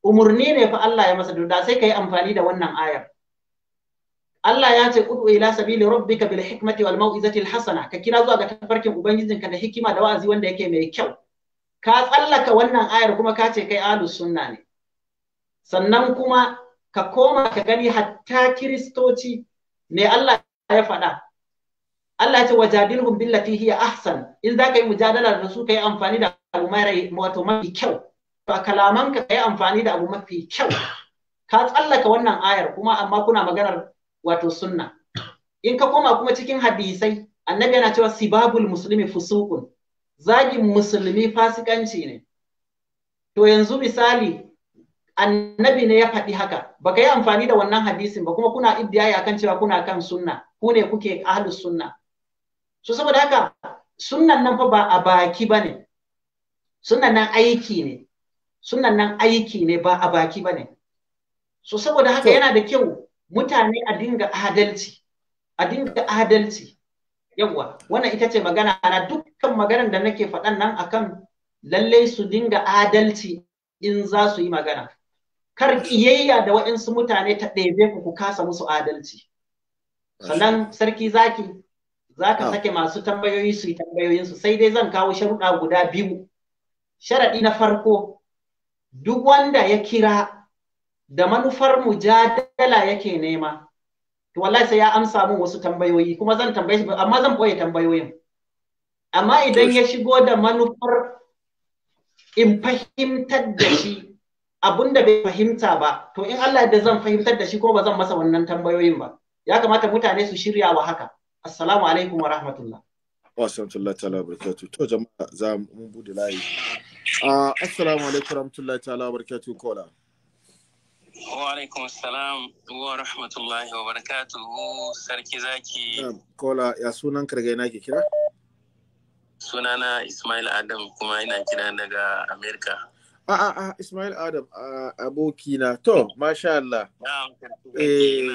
umurni ne fa Allah ya masa da sai ka yi amfani da wannan ayar Allah ya ce udu ila sabili rabbika bil hikmati wal mau'izati al hasana ka kira zuwa ga tafarkin ubangijinka da hikima da wa'azi wanda yake mai kyau ka tsallaka wannan ayar kuma ka ce kai ahlus sunna ne sannan kuma ka koma ka gani hatta kiristoci me Allah ya faɗa Allah ya ce wajadilhum billati hiya ahsan in za ka yi mujadala da su ka yi amfani da abu wato mafi kyau to a kalamanka ka yi amfani da abu mafi kyau ka tsallaka wannan ayar kuma amma kuna maganar wato sunna in ka koma kuma cikin hadisai annabi yana cewa sibabul muslimi fusuqun zagin musulmi fasikanci ne to yanzu misali annabi ne ya faɗi haka baka yi amfani da wannan hadisin ba kuma kuna ya kan cewa kuna kan sunna ku ne kuke ahlus sunna so saboda haka sunnan nan fa ba a baki bane sunnan nan aiki ne sunnan nan aiki ne ba a baki bane so saboda haka yana da kyau mutane a dinga adalci a dinga adalci yawa wannan ita ce magana Ana dukkan maganar da nake faɗan nan akan lallai su dinga adalci in za su yi magana kar kiyayya da waɗansu mutane ta ɗebe ku ku kasa musu adalci sannan sarki zaki za ka ah. sake masu tambayoyi su yi tambayoyinsu sai dai zan kawo sharuɗa guda biyu sharaɗi na farko duk wanda ya kira da manufar mujada dala yake nema to wallahi sai ya amsa min wasu tambayoyi kuma zan tambaye shi amma zan boye tambayoyin amma idan ya shigo da manufar in fahimtar da shi abun da bai fahimta ba to in Allah da zan fahimtar da shi ko ba zan masa wannan tambayoyin ba ya kamata mutane su shirya wa haka assalamu alaikum wa rahmatullah wa sallallahu ta'ala barakatu to jama'a za mu bude layi ah, assalamu alaikum wa rahmatullah ta'ala barakatu kola Wa alaikum salam wa rahmatullahi wa barakatuhu sarki zaki. Kola ya sunan kargai na ke kira? Sunana Ismail Adam kuma ina kira daga Amerika. A ah, a ah, a ah, Ismail Adam abokina to masha Allah. Eh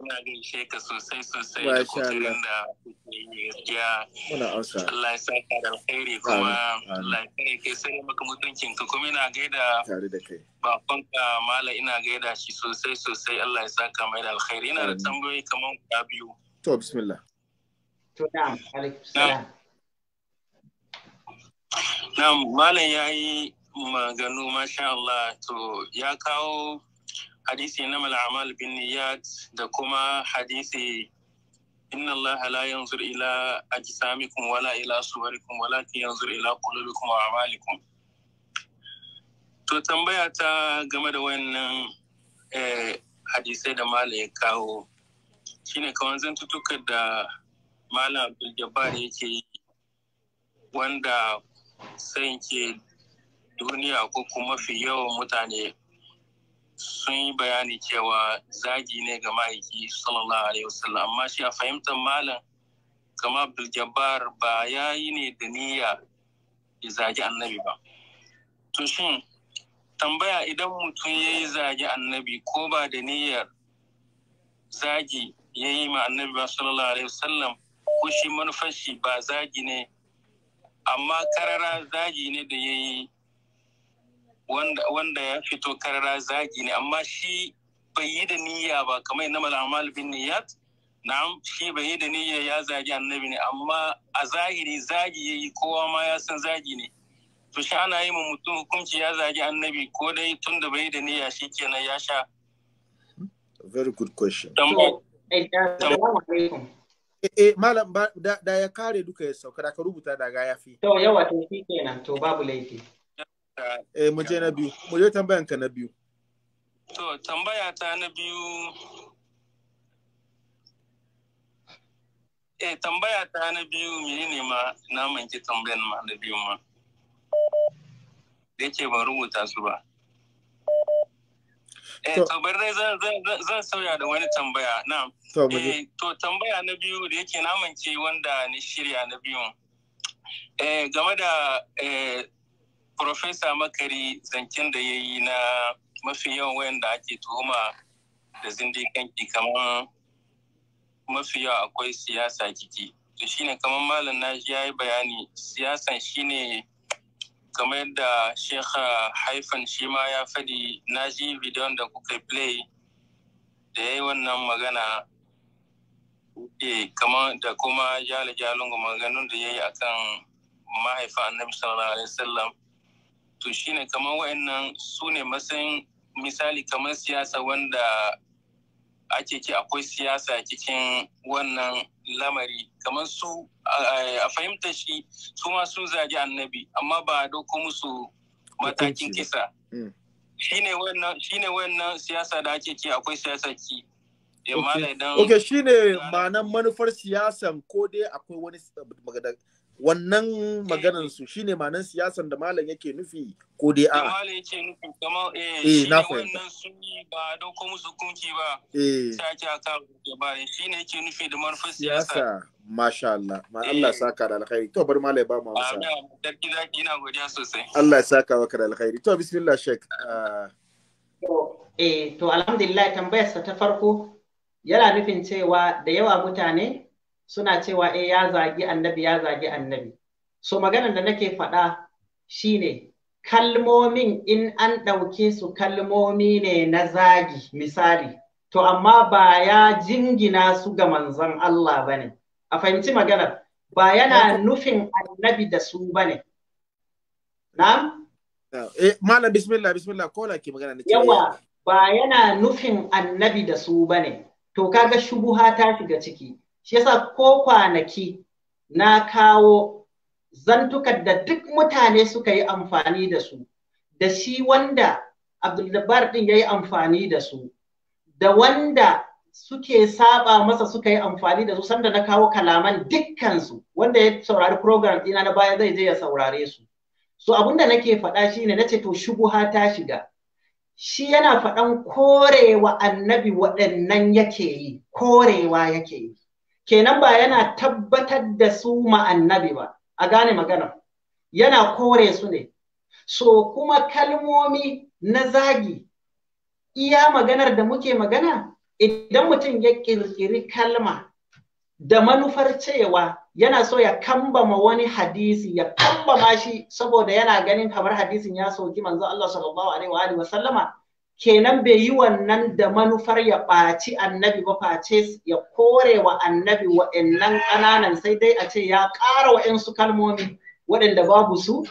Ina gaishe ka sosai sosai da kokarin da kuke yi gaskiya. Allah ya sa ka da alkhairi kuma Allah ya kare kai sai maka mutuncin ka kuma ina gaida tare da kai. Bakon ka mala ina gaida shi sosai sosai Allah ya sa ka mai da alkhairi. Ina da tambayoyi kamar guda biyu. To bismillah. To na'am alaikum salam. Na'am malam yayi maganu masha Allah to ya kawo hadisi na mal'amal bin niyat da kuma hadisi inna Allah la yanzur ila ajsamikum wala ila suwarikum ki yanzur ila qulubikum wa a'malikum to tambaya ta game da wannan eh, hadisai da mala ya kawo shine kawan tutuka da mala Abdul Jabbar yake yi wanda sai ke duniya ko kuma fi yawan mutane sun yi bayani cewa zagi ne ga ma'aiki sallallahu alaihi wasallam amma shi a fahimtar malam kama abdul jabbar ba ya yi ne da niyya ya zagi annabi ba to shin tambaya idan mutum ya yi zagi annabi ko ba da niyyar zagi ya yi ma annabi ba sallallahu alaihi wasallam ko shi manufar shi ba zagi ne amma karara zagi ne da ya yi wanda ya fito karara zagi ne amma shi bai yi da niyya ba kamar na malamal bin niyyat na'am shi bai yi da niyya ya zagi annabi ne amma a zahiri zagi ya yi kowa ma ya san zagi ne to sha ana yi ma mutum hukunci ya zagi annabi ko dai tun da bai yi da niyya shi kenan ya sha very good question eh, eh, eh, eh malam da ya kare duka ya sauka da ka rubuta daga ya fi. to yawa to shi kenan to babu laifi Eh, mu je na biyu. Mu je tambayan ka na biyu. To, tambaya ta na biyu. Eh, tambaya ta na biyu ne ma na manke tambayan ma na biyu ma. Da yake ban rubuta su ba. Eh, to bari dai zan sauya da wani tambaya. Na. Eh, to tambaya na biyu da yake na manke wanda ni shirya na Eh, game da eh, Profesa Makari zancen da ya yi na mafi yawan wayanda ake tuhuma da zindikanki kamar mafi yawa akwai siyasa kiki. To shine kamar Malam na ya yi bayani siyasan shine kamar yadda Shekha Haifan shi ma ya faɗi ji bidiyon da kuka play da ya yi wannan magana eh, kamar da kuma jale jalungu maganganun da ya yi akan mahaifa annabi sallallahu alaihi wasallam to shine kamar wa'annan su ne matsayin misali kamar siyasa wanda ake ki akwai siyasa cikin wannan lamari kamar su eh, a fahimta shi su ma sun zagi annabi amma ba a doko musu matakin kisa mm. shine wannan siyasa da ake ki akwai siyasa ki eh, ok shine ma'anar manufar siyasan ko dai akwai wani wannan maganan su shine manan siyasan da malam yake nufi ko dai a malam yake nufi kamar eh, eh na fahimta wannan sun yi ba ko musu kunki ba eh sake aka ba shine yake nufi da manufar siyasa masha Allah ma eh. Allah saka da alkhairi to bar malam ba mu amsa sarki zaki ina godiya sosai Allah ya saka maka da alkhairi to bismillah shek ah. eh to alhamdulillah tambayar sa ta farko yana nufin cewa da yawa mutane suna cewa eh ya zagi annabi ya zagi annabi so maganar da nake faɗa shine kalmomin in an ɗauke su kalmomi ne na zagi misali to amma ba ya jingina su ga manzon Allah ba ne a fahimci maganar ba yana nufin annabi da su ba ne eh malam bismillah bismillah kola ki magana ne yawa ba yana nufin annabi da su ba ne to kaga shubuha ta shiga ciki shi yasa ko kwanaki na kawo zantukan da duk mutane suka yi amfani da su da shi wanda abdulbar din ya yi amfani da su da wanda suke saba masa suka yi amfani da su sanda na kawo kalaman dukkansu wanda ya saurari program ɗina na baya zai je ya saurare su so da nake faɗa shi shine ce to shubuha ta shiga shi yana faɗan korewa annabi waɗannan yake yi korewa yake yi kenan ba yana tabbatar da su ma'annabi ba a gane magana yana kore su ne so kuma kalmomi na zagi iya maganar da muke magana idan mutum ya kirkiri kalma da manufar cewa yana so ya kambama wani hadisi ya kambama shi saboda yana ganin kamar hadisin ya soki manzo Allah sallallahu alaihi wa alihi wa sallama kenan bai yi wannan da manufar ya ɓaci annabi ba face ya kore wa annabi wa'annan ƙananan sai dai a ce ya ƙara wa'insu kalmomi waɗanda babu su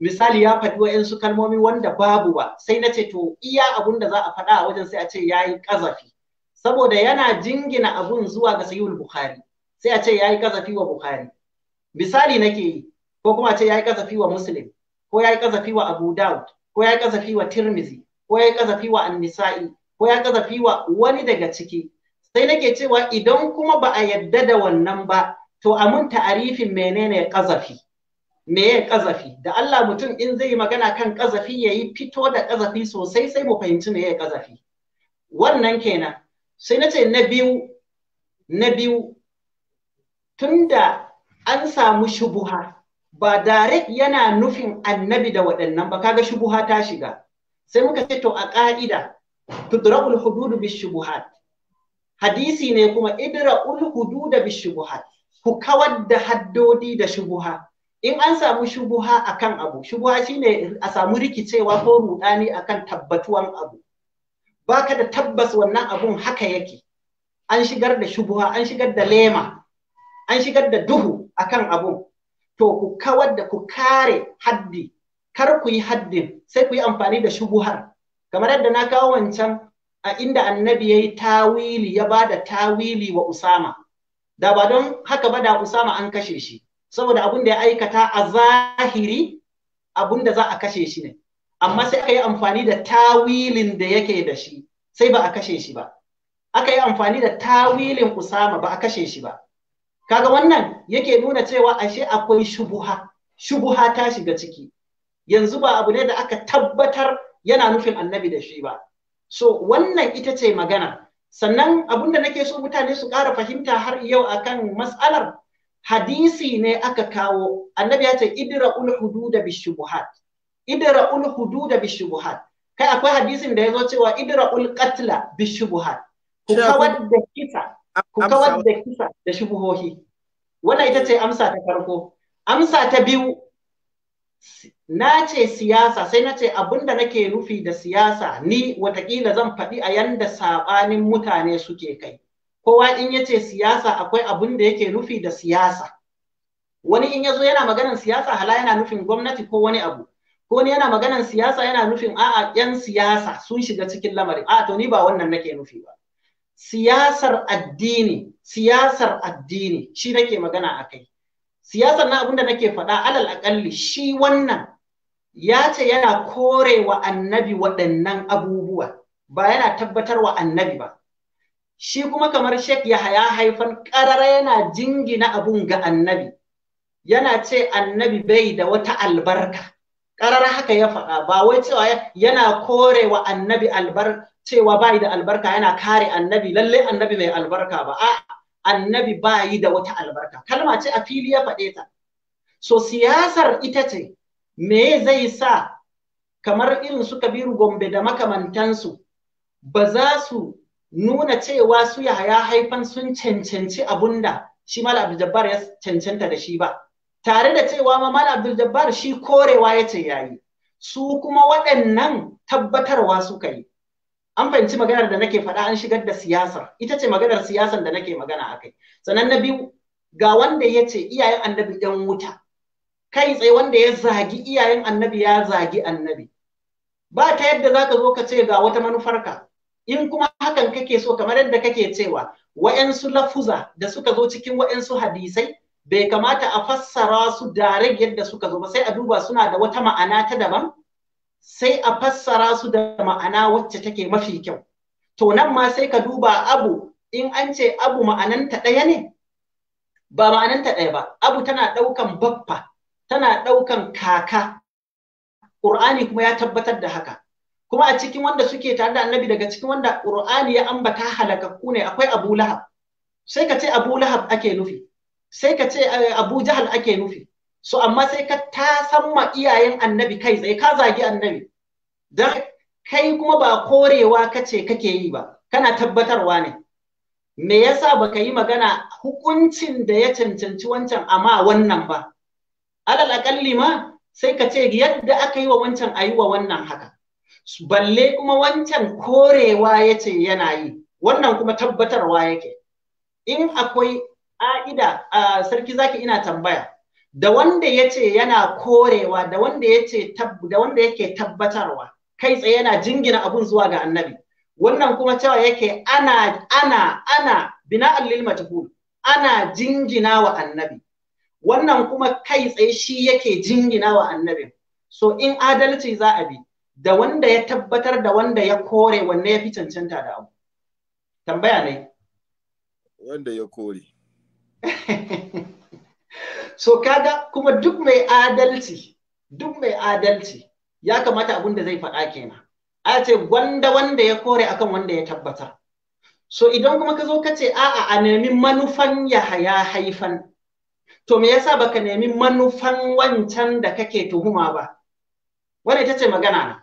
misali ya faɗi wa'insu kalmomi wanda babu ba sai na ce to iya abun da za a faɗa a wajen sai a ce ya yi ƙazafi saboda yana jingina abun zuwa ga sayyul bukhari sai a ce ya yi ƙazafi wa bukhari misali nake yi ko kuma a ce ya yi ƙazafi wa muslim ko ya yi ƙazafi wa abu daud ko ya yi ƙazafi wa tirmizi ko ya kazafi wa annisa'i ko ya kazafi wa wani daga ciki sai nake cewa idan kuma ba a yadda da wannan ba to a mun ta'arifin menene kazafi ya kazafi da Allah mutum in zai magana kan kazafi yayi fito da kazafi sosai sai mu fahimci me ya kazafi wannan kenan sai nace na biyu na biyu tunda an samu shubuha ba direct yana nufin annabi da waɗannan ba kaga shubuha ta shiga sai muka ce to a ƙa'ida tudra'ul hududu shubuhat hadisi ne kuma idra'ul hududa shubuhat ku kawar da haddodi da shubuha in an samu shubuha akan abu shubuha shine a samu rikicewa ko rudani akan tabbatuwan abu baka da tabbas wannan abun haka yake an shigar da shubuha an shigar da lema an shigar da duhu akan abu to ku kawar da ku kare haddi kar ku yi haddin sai ku yi amfani da shubuhar kamar yadda na kawo wancan a inda annabi ya yi tawili ya ba da tawili wa usama da ba don haka ba da usama an kashe shi saboda abin da ya aikata a zahiri abin da za a kashe shi ne amma sai aka yi amfani da tawilin da yake da shi sai ba a kashe shi ba aka yi amfani da tawilin usama ba a kashe shi ba kaga wannan yake nuna cewa ashe akwai shubuha shubuha ta shiga ciki yanzu ba abu ne da aka tabbatar yana nufin annabi da shi ba so wannan ita ce magana sannan abunda da nake so mutane su ƙara fahimta har yau akan mas'alar hadisi ne aka kawo annabi ya ce idra'ul hududa bishubuhat idra'ul hududa bishubuhat kai akwai hadisin da ya zo cewa idra'ul qatla bishubuhat ku kawar da kisa ku kawar da kisa da shubuhohi wannan ita ce amsa ta farko amsa ta biyu na ce siyasa sai na ce abinda nake rufi da siyasa ni watakila zan faɗi a yanda saɓanin mutane suke kai kowa in ya ce siyasa akwai abin da yake nufi da siyasa wani in ya yana maganan siyasa hala yana nufin gwamnati ko wani abu ko ni yana maganan siyasa yana nufin a'a yan siyasa sun shiga cikin lamarin a to ni ba wannan nake nufi ba siyasar addini siyasar addini shi nake magana a kai siyasar na abinda nake faɗa alal akalli, shi wannan ya ce yana kore wa annabi waɗannan abubuwa ba yana tabbatar wa annabi ba shi kuma kamar ya Yahaya haifan ƙarara yana jingina abun ga annabi yana ce annabi bai da wata albarka ƙarara haka ya faɗa ba wai cewa yana kore wa annabi albar cewa bai da albarka yana kare annabi lallai annabi mai albarka ba a'a annabi ba yi da wata albarka kalma ce a fili ya faɗe ta so siyasar ita ce me zai sa kamar irin su kabiru gombe da makamantansu ba za su nuna cewa su yahaya haifan sun cancanci abun da shi mal abdul ya cancanta da shi ba tare da cewa ma mal abdul shi korewa ya ce yayi su kuma waɗannan tabbatarwa suka yi an fahimci maganar da nake faɗa an shigar da siyasar ita ce maganar siyasar da nake magana a kai sannan na biyu ga wanda ya ce iyayen annabi ɗan wuta kai tsaye wanda ya zagi iyayen annabi ya zagi annabi ba ta yadda za ka zo ka ce ga wata manufarka in kuma hakan kake so kamar yadda kake cewa wa'yansu lafuza da suka zo cikin wa'yansu hadisai bai kamata a fassara su da yadda suka zo ba sai a duba suna da wata ma'ana ta daban sai a fassara su da ma'ana wacce take mafi kyau to nan ma sai ka duba abu in an ce abu ma'ananta ɗaya ne ba ma'ananta ɗaya ba abu tana ɗaukan baffa tana ɗaukan kaka ƙur'ani kuma ya tabbatar da haka kuma a cikin wanda suke tare da annabi daga cikin wanda ƙur'ani ya ambata halakakku ne akwai abu lahab sai ka ce abu lahab ake nufi sai ka ce eh, abu jahal ake nufi so amma sai ka ta san ma iyayen annabi kai tsaye ka zagi annabi don kai kuma ba korewa kace kake yi ba kana tabbatarwa ne me yasa baka yi magana hukuncin da ya cancanci wancan amma wannan ba alal akalli ma sai ka ce yadda aka yi wa wancan a yi wa wannan haka balle kuma wancan korewa ya ce yana yi wannan kuma tabbatarwa yake in akwai a'ida a sarki zaki ina tambaya da wanda ya ce yana korewa da wanda ya ce da wanda yake tabbatarwa kai tsaye yana jingina abun zuwa ga annabi wannan kuma cewa yake ana ana ana bina allil majhul ana jingina wa annabi wannan kuma kai tsaye shi yake jingina wa annabi so in adalci za a bi da wanda ya tabbatar da wanda ya kore wanne ya fi cancanta da abu tambaya ne wanda ya kore *laughs* so kaga kuma duk mai adalci duk mai adalci ya kamata abin da zai faɗa kenan a ce gwanda wanda ya kore akan wanda ya tabbatar so idan kuma ka zo ka ce a'a a nemi manufan ya haya haifan to me yasa baka nemi manufan wancan da kake tuhuma ba Wani ita ce magana na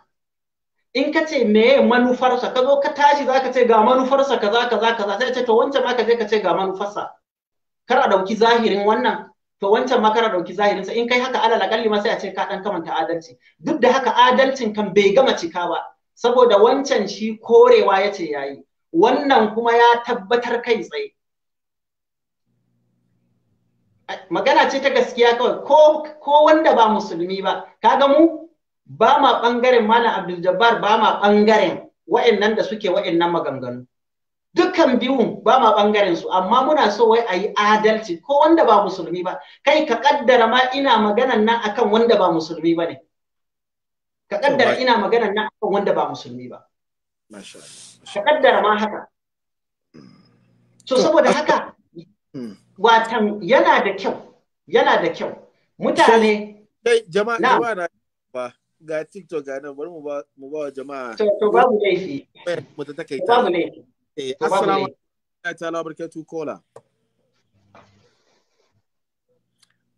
in ka ce me manufarsa ka zo ka tashi za ka ce ga manufarsa kaza kaza kaza sai ce to wancan ma ka je ka ce ga manufarsa kar a ɗauki zahirin wannan to wancan makara dauki zahirin sa in kai haka alal akalli ma sai a ce ka dan kamanta adalci duk da haka adalcin kan bai gama cika ba saboda wancan shi korewa yace yayi wannan kuma ya tabbatar kai tsaye magana ce ta gaskiya kawai ko ko wanda ba musulmi ba kaga mu ba ma bangaren malam Abdul Jabbar ba ma bangaren wa'annan da suke wa'annan maganganu dukkan biyun ba ma bangaren su amma muna so wai a yi adalci ko wanda ba musulmi ba kai ka kaddara ma ina maganan nan akan wanda ba musulmi ba ne ka kaddara ina maganan nan akan wanda ba musulmi ba ka kaddara ma haka so saboda haka hmm. watan yana da kyau yana da kyau mutane jama'a jama'a ba ga tiktok ga nan bari mu ba ba jama'a to babu laifi mu ta takaita babu laifi Eh, assalamu alaikum ta'ala kola.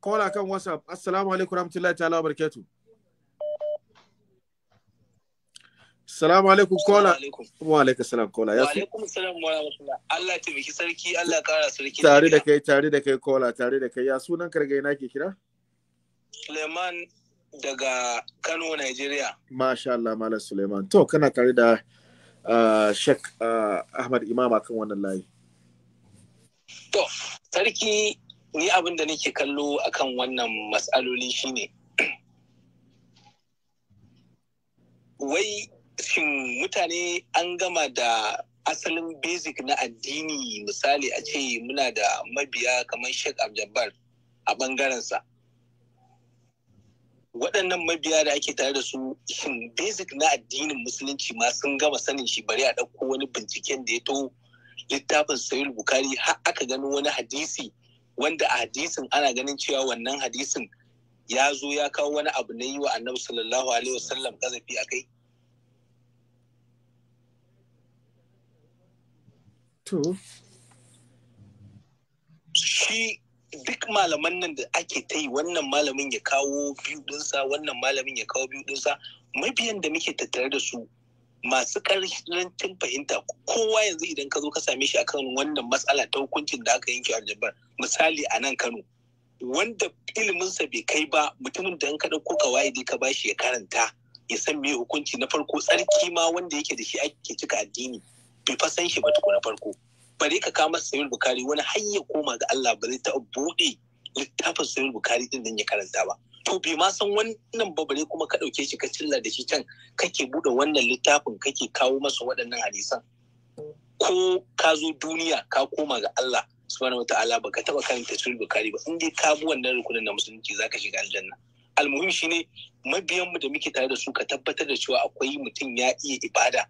Kola kan WhatsApp. Assalamu alaikum rahmatullahi ta'ala barkatu. Salamu alaikum kola. Wa alaikum salam kola. Wa alaikum salam wa rahmatullah. Allah ta biki sarki, Allah kara sarki. Tare da kai, tare da kai kola, tare da kai. Ya sunan karga ina ke kira? Suleiman daga Kano, Nigeria. Masha Allah, Malam Suleiman. To, kana tare da Uh, Sheikh uh, Ahmad Imama kan wannan layi. To, sarki ni abin da nake kallo akan wannan matsaloli shi ne. *clears throat* wai shin mutane an gama da asalin basic na addini misali a ce muna da mabiya kamar Sheikh Abjabbar a ɓangarensa. waɗannan mabiya da ake tare da su shin basic na addinin musulunci ma sun gama sanin shi bari a ɗauko wani binciken da ya to littafin sayul bukari har aka gano wani hadisi wanda a hadisin ana ganin cewa wannan hadisin ya zo ya kawo wani abu na yi wa annabi sallallahu alaihi wasallam kazafi a kai shi duk malaman nan da ake ta yi wannan malamin ya kawo biyu dinsa wannan malamin ya kawo biyu ɗinsa mabiyan da muke tattare da su masu karancin fahimta kowa yanzu idan ka zo ka same shi akan wannan matsala ta hukuncin da aka yanke aljabar misali a nan kano wanda iliminsa bai kai ba mutumin da an ka ɗauko kawai ka bashi ya karanta ya san me hukunci na farko tsarki ma wanda yake da shi ake cika addini bai fasan shi ba tukuna farko Bari ka kama sayar bukari wani hanya koma ga Allah ba zai taɓa buɗe littafin sayar bukari din nan ya karanta ba to bai ma san wannan ba bare kuma ka ɗauke shi ka cilla da shi can kake buɗe wannan littafin kake kawo masa waɗannan hadisan ko ka zo duniya ka koma ga Allah subhanahu wataala baka taɓa karanta sayar bukari ba in dai ka bi wannan rukunin na musulunci zaka shiga aljanna almuhim shine mabiyanmu da muke tare da su ka tabbatar da cewa akwai mutum ya iya ibada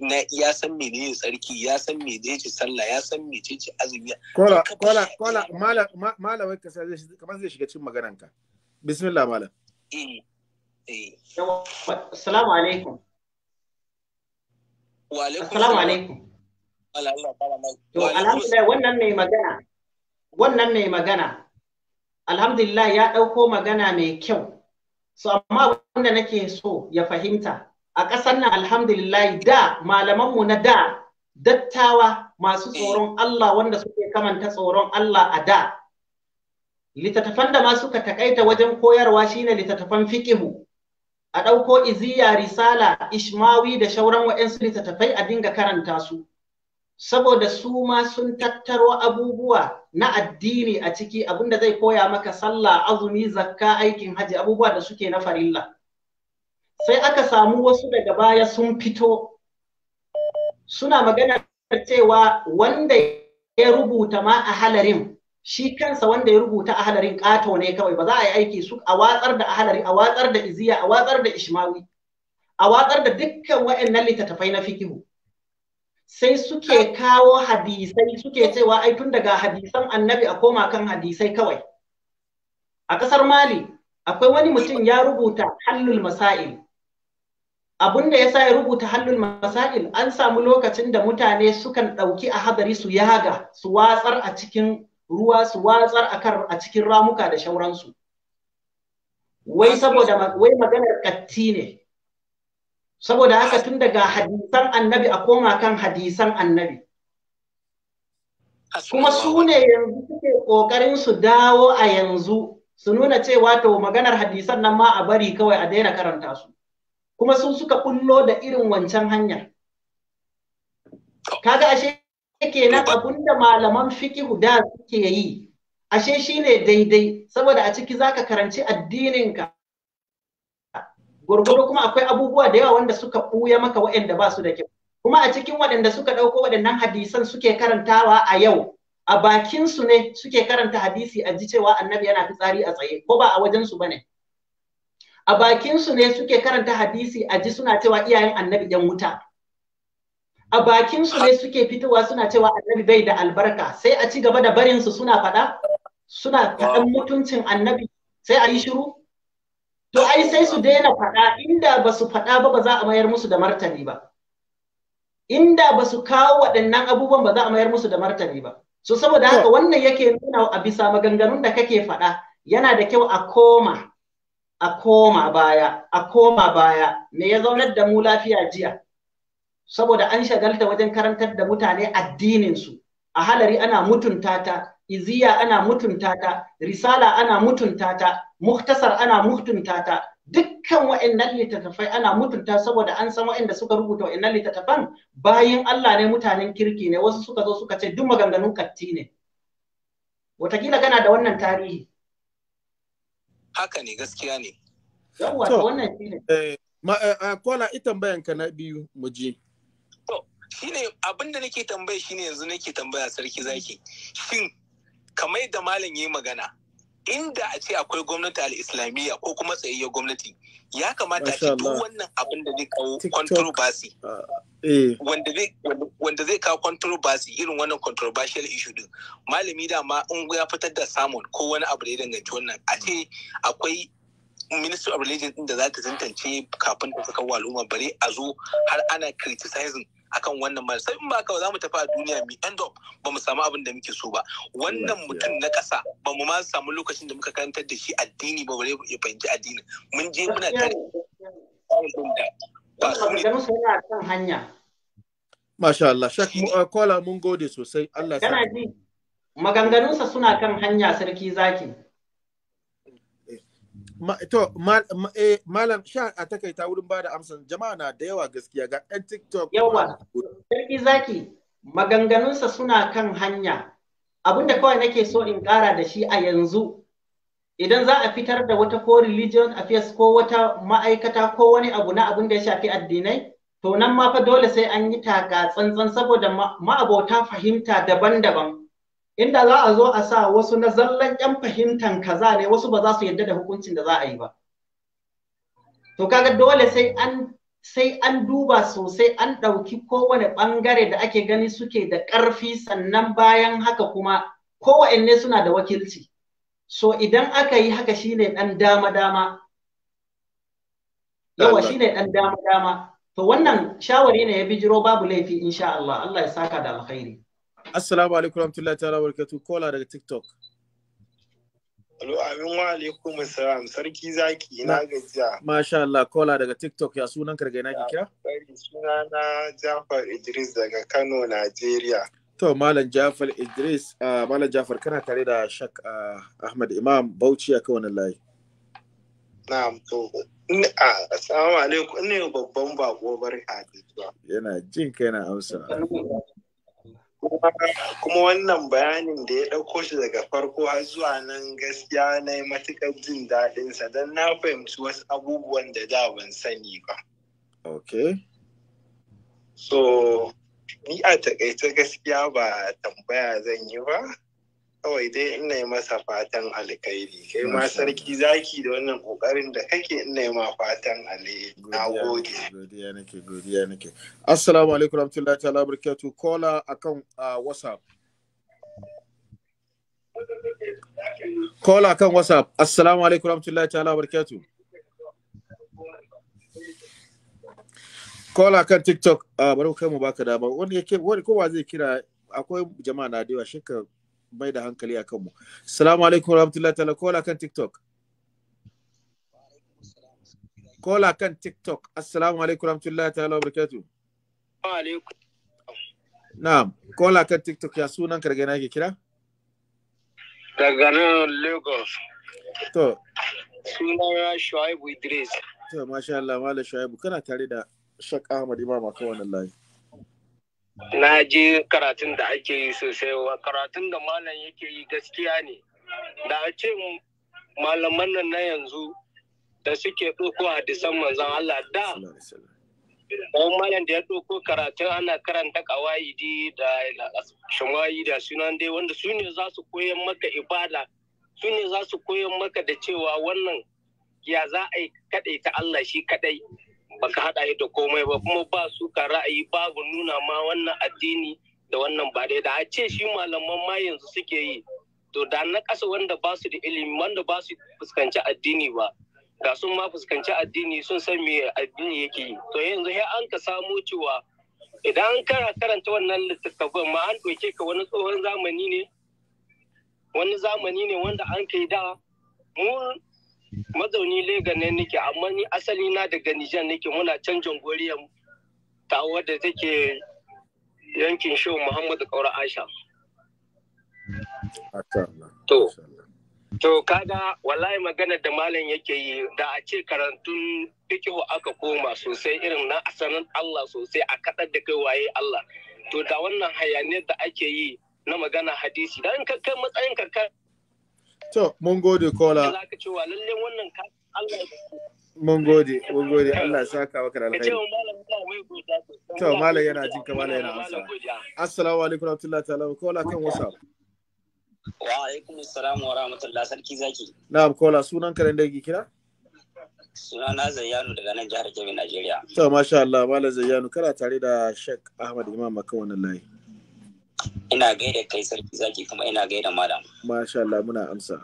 na ya san ne tsarki ya san menene sallah ya san ce azumi kola kola kola malam malam ka sai kamar zai shiga cikin maganar ka bismillah malam eh eh assalamu alaikum wa alaikum assalamu alaikum to alhamdulillah wannan ne magana wannan ne magana alhamdulillah ya dauko magana mai kyau so amma wanda nake so ya fahimta a ƙasar nan alhamdulillah da malamanmu na da dattawa masu tsoron Allah wanda suke kamanta tsoron Allah a da littattafan da ma suka takaita wajen koyarwa shine littattafan mu. a ɗauko iziya risala ishmawi da shauran waɗansu littattafai a dinga karanta su saboda su ma sun tattaro abubuwa na addini a ciki abinda zai koya maka sallah azumi zakka aikin haji abubuwa da suke na farilla sai aka samu wasu daga baya sun fito suna magana cewa wanda ya rubuta ma a halarin shi kansa wanda ya rubuta a halarin ƙato ne kawai ba za a yi aiki su a watsar da halari a watsar da iziya a watsar da ishmawi a watsar da dukkan wa'annan littattafai na fikihu sai suke kawo hadisai suke cewa ai tun daga hadisan annabi a koma kan hadisai kawai a ƙasar mali akwai wani mutum ya rubuta hallul masail abin da ya sa ya rubuta hannun masail an samu lokacin da mutane sukan ɗauki a hadari su yaga su watsar a cikin ruwa su watsar a cikin ramuka da shauransu wai saboda wai maganar katti ne saboda haka tun daga hadisan annabi a koma kan hadisan annabi kuma su ne yanzu suke ƙoƙarin su dawo a yanzu su nuna cewa to maganar hadisan nan ma a bari kawai a daina karanta su kuma sun suka bullo da irin wancan hanyar kaga ashe abun da malaman fikihu da suke yi ashe shine daidai saboda a ciki zaka karanci addininka gurgudu kuma akwai abubuwa da yawa wanda suka ɓuya maka waɗanda ba su da kyau kuma a cikin waɗanda suka ɗauko waɗannan hadisan suke karantawa a yau a bakinsu ne suke karanta hadisi a ji cewa annabi yana fitsari a tsaye ko ba a wajen su bane a bakin su ne suke karanta hadisi a ji suna cewa iyayen annabi yan wuta a bakin su ne suke fitowa suna cewa annabi bai da albarka sai a ci gaba da barin su suna faɗa suna kaɗan mutuncin annabi sai a yi shiru to ai sai su daina faɗa inda ba su faɗa ba ba za a mayar musu da martani ba inda ba su kawo waɗannan abubuwan ba za a mayar musu da martani ba so saboda haka wannan yake nuna a bisa maganganun da kake faɗa yana da kyau a koma a koma baya a koma baya me ya zaunar da mu lafiya jiya saboda an shagalta wajen karantar da mutane addininsu, a halari ana mutunta ta iziya ana mutunta ta risala ana mutunta ta muhtasar ana mutunta ta dukkan wa'annan littattafai ana mutunta saboda an san wa'anda suka rubuta wa'annan littattafan bayan Allah ne mutanen kirki ne wasu suka zo suka ce duk maganganun katti ne watakila kana da wannan tarihi haka ne gaskiya ne yawwa eh, eh, eh kola ita ka na biyu mu je to shi ne abinda nake tambaya shine yanzu nake tambaya sarki zaki shin kamai da malam yi magana inda a ce akwai gwamnati al-islamiyya ko kuma tsayayyar gwamnati ya kamata a duk wannan abin da zai kawo controversy ah, eh. wanda zai kawo controversy irin wannan controversial issue din malami dama in ya fitar da samun ko wani abu da ya danganci wannan a ce akwai ministry of religion din da za ta tantance kafin ta saka wa al'umma bare a zo har ana criticizing akan wannan mara sai in ba ka za mu tafi a duniya mi end up ba mu samu abin da muke so ba wannan mutum na ƙasa ba mu ma samu lokacin da muka karantar da shi addini ba bare ya fahimci addini mun je muna tare ba su ne hanya masha Allah shak uh, kola mun gode sosai Allah kana ji maganganunsa suna kan hanya sarki zaki to eh, malam sha a takaita wurin ba da amsan jama'a na da yawa gaskiya ga ɗan TikTok. Yawa, sarki zaki maganganunsa suna kan hanya. Abin da kawai nake so in ƙara da shi a yanzu idan za a fitar da wata ko religion affairs ko wata ma'aikata ko wani abu na abin da ya shafi addinai to nan ma fa dole sai an yi taka tsantsan saboda ma'abota fahimta daban-daban inda za a zo a sa wasu na zallan yan fahimtan kaza ne wasu ba za su yarda da hukuncin da za a yi ba to kaga dole sai an sai an duba sosai an ɗauki kowane ɓangare da ake gani suke da ƙarfi sannan bayan haka kuma kowanne suna da wakilci so idan aka yi haka shine ɗan dama-dama yawa shine ɗan dama-dama to wannan shawari ne ya bijiro babu laifi insha Allah Allah ya saka da alkhairi Assalamu alaikum warahmatullahi ta'ala barkatu kola daga TikTok. Alo amin wa alaikum assalam sarki zaki na gajiya. Masha Allah kola daga TikTok ya sunan karga ina ki kira? Suna na Jafar Idris daga Kano Nigeria. To Malam Jafar Idris ah, Malam Jafar kana tare da Shak ah, Ahmad Imam Bauchi a kan wannan layi. Na'am to Assalamu alaikum ne babban bako barka da Yana jin kai na amsa. kuma wannan bayanin da ya ɗauko shi daga farko har zuwa nan gaskiya na yi matuƙar jin daɗinsa don na fahimci wasu abubuwan da da ban sani ba. Ok. So, ni a taƙaice gaskiya ba tambaya zan yi ba. kawai dai ina yi masa fatan alkhairi kai ma sarki zaki da wannan kokarin da kake ina yi ma fatan alkhairi na gode godiya nake godiya nake assalamu alaikum rahmatullahi ta'ala barakatuh kola akan uh, whatsapp kola akan whatsapp assalamu alaikum rahmatullahi ta'ala barakatuh kola akan tiktok uh, bari kai mu baka dama wanda yake wani ba zai kira akwai jama'a na da yawa shekaru. bai da hankali a kanmu assalamu alaikum warahmatullahi ta'ala kola kan tiktok kola kan tiktok assalamu alaikum warahmatullahi ta'ala wabarakatuh alaikum na'am kola kan tiktok ya sunan karge na ke kira daga nan lagos to suna ya shuaibu idris to masha Allah malam shuaibu kana tare da shak ahmad imam akan wannan layi na ji karatun da ake yi sosai wa karatun da malam yake yi gaskiya ne da a ce malaman nan na yanzu da suke ɗauko hadisan zan Allah da Ɗan malam da ya ɗauko karatun ana karanta kawayidi da shawayi da sunan dai wanda su ne za su koyan maka ibada su ne za su koyan maka da cewa wannan ya za a yi kaɗai ta Allah shi kaɗai baka haɗa da komai ba kuma ba su ka ra'ayi babu nuna ma wannan addini da wannan ba dai da a ce shi malaman ma yanzu suke yi to da na kasa wanda ba su da ilimi wanda ba su fuskanci addini ba ga sun ma fuskanci addini sun san me addini yake yi to yanzu sai an ka samo cewa idan kana karanta wannan littattafan ma an ɗauke ka wani tsohon zamani ne wani zamani ne wanda an kai da mu mazauni lega ne nake amma ni asali na daga Nijar nake muna canjin goriya ta wadda take yankin Shehu Muhammadu Kaura Aisha. To, to kaga wallahi magana da malam yake yi da a ce karantun fikihu aka koma sosai irin na asanin Allah sosai a kadar da kai waye Allah. To da wannan hayaniyar da ake yi na magana hadisi, dan ka kai matsayin karkar To, mun gode kola. Mun gode, mun gode, Allah saka maka da alkhairi. To, malam yana jin ka malam yana amsa. Assalamu alaikum rahmatullahi ta'ala kola kan WhatsApp. Wa alaikum assalam wa rahmatullahi sarki zaki. Na'am kola sunan ka da kira? na Zayyanu daga nan jihar Kebbi, Najeriya. To, masha Allah, malam Zayyanu kana tare da Sheikh Ahmad Imam Makawanan Layi. ina gaida kai sarki zaki kuma ina gaida malam masha Allah muna amsa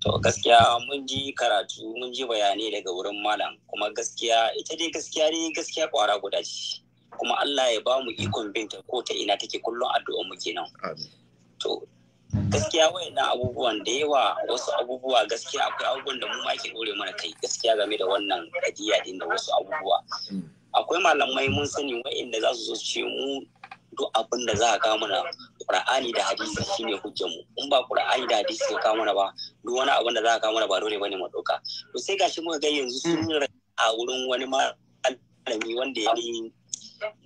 to gaskiya mun ji karatu mun ji bayanai daga wurin malam kuma gaskiya ita dai gaskiya dai gaskiya kwara guda ce kuma Allah ya ba mu ikon binta ko ta ina take kullum addu'o mu kenan to gaskiya wayannan abubuwan da yawa wasu abubuwa gaskiya akwai abubuwan da mu ma ke dore mana kai gaskiya game da wannan kadiya din da wasu abubuwa hmm. akwai malamai mun sani wayanda za su zo ce mu duk abin da za a kawo mana qur'ani da hadisi shine hujjar mu in ba Kur'ani da hadisi ka kawo mana ba duk wani abin da za a kawo mana ba dole bane mu dauka to sai gashi muka ga yanzu sun hmm. a wurin wani malami wanda ya yi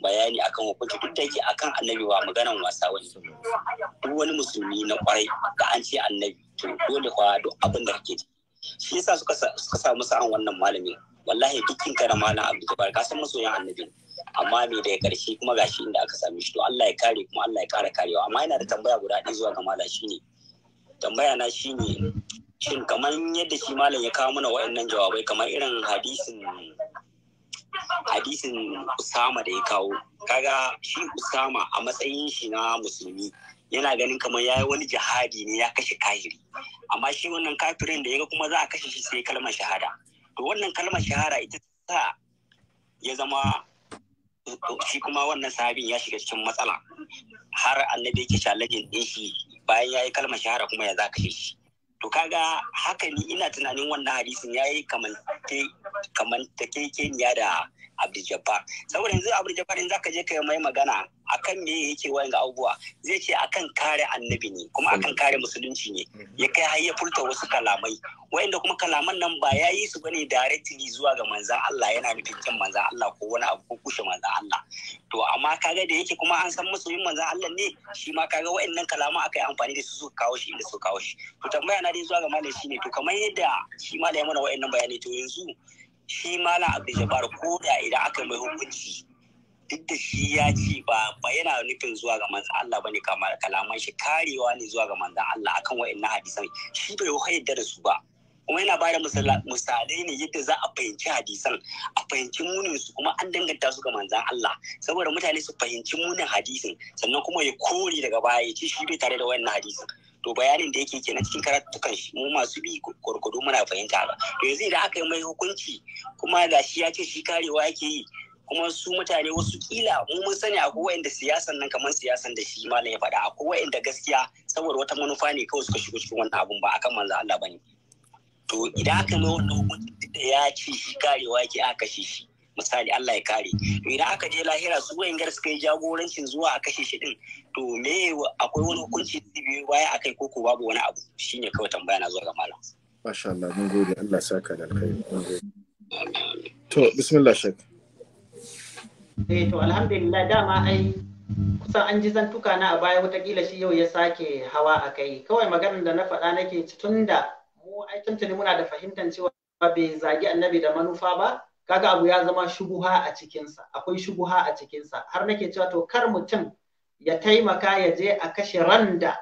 bayani akan hukunci duk da yake akan annabi ba maganan wasa wani duk wani musulmi na kwarai ga an ce annabi to dole kwa duk abin da kake ji shi yasa suka samu sa'an wannan malamin wallahi dukkin kana malam abdul jabbar ka san masoyan annabi amma me da karshe kuma gashi inda aka same shi to Allah ya kare kuma Allah ya kara karewa amma yana da tambaya guda ɗaya zuwa ga malam shine tambaya na ne shin kamar yadda shi malam ya kawo mana wa'annan jawabai kamar irin hadisin hadisin Usama da ya kawo kaga shi Usama a matsayin shi na musulmi yana ganin kamar ya yi wani jihadi ne ya kashe kahiri amma shi wannan kafirin da ya ga kuma za a kashe shi sai kalmar shahada to wannan kalmar shahara ita ta ya zama shi kuma wannan sahabin ya shiga cikin matsala har annabi yake challenging din shi bayan yi kalmar shahara kuma ya za ka shi to kaga haka ni ina tunanin wannan hadisin yayi kamante kamante ya da abdul-jabbar saboda yanzu abdul-jabbar in ka je ka mai magana akan me yake wayan ga abubuwa zai ce akan kare annabi ne kuma akan mm. kare musulunci ne mm-hmm. ya kai har ya furta wasu kalamai wayanda kuma kalaman nan ba yayi su bane directly zuwa ga manzan Allah yana nufin kin manzan Allah ko wani abu ko kushe manzan Allah to amma kaga da yake kuma an san yin manzan Allah ne shi ma kaga wayannan kalaman aka yi amfani da su su kawo shi inda su kawo shi to tambaya na dai zuwa ga malam shine to kamar yadda shi malami ya mana wayannan bayanai to yanzu shi malam abdul ko da idan aka mai hukunci duk da shi ya ci ba ba yana nufin zuwa ga manzan Allah bane kamar kalaman shi karewa ne zuwa ga manzan Allah akan wa'annan hadisan shi bai yadda da su ba kuma yana bada misalai ne yadda za a fahimci hadisan a fahimci munin su kuma an danganta su ga manzan Allah saboda mutane su fahimci munin hadisin sannan kuma ya kore daga baya ya ce shi bai tare da wannan hadisin to bayanin da yake kenan cikin karatukan shi mu masu bi gwargwado muna fahimta ba to yanzu idan aka yi mai hukunci kuma da shi ya ce shi karewa yake yi kuma su mutane wasu kila mu mun sani akwai wa'anda siyasan nan kamar siyasan da shi malam ya faɗa akwai wa'anda gaskiya saboda wata manufa ne kawai suka shigo cikin wannan abun ba akan manzo Allah bane to idan aka mai wannan hukunci da ya ce shi karewa yake aka kashe shi misali Allah ya kare idan aka je lahira su gar suka yi jagorancin zuwa a kashe shi din to me akwai wani hukunci da biyu baya akai ko ko babu wani abu shine kawai tambaya na zuwa ga malam masha Allah mun gode Allah saka da alkhairi mun gode to bismillah shek eh to alhamdulillah dama ai kusan an ji zantuka na a baya watakila shi yau ya sake hawa a kai kawai maganar da na faɗa nake tunda mu ai tuntuni muna da fahimtar cewa bai zagi annabi da manufa ba kaga abu ya zama shubuha a cikinsa akwai shubuha a cikinsa har nake cewa to kar mutum ya taimaka ya je a kashe randa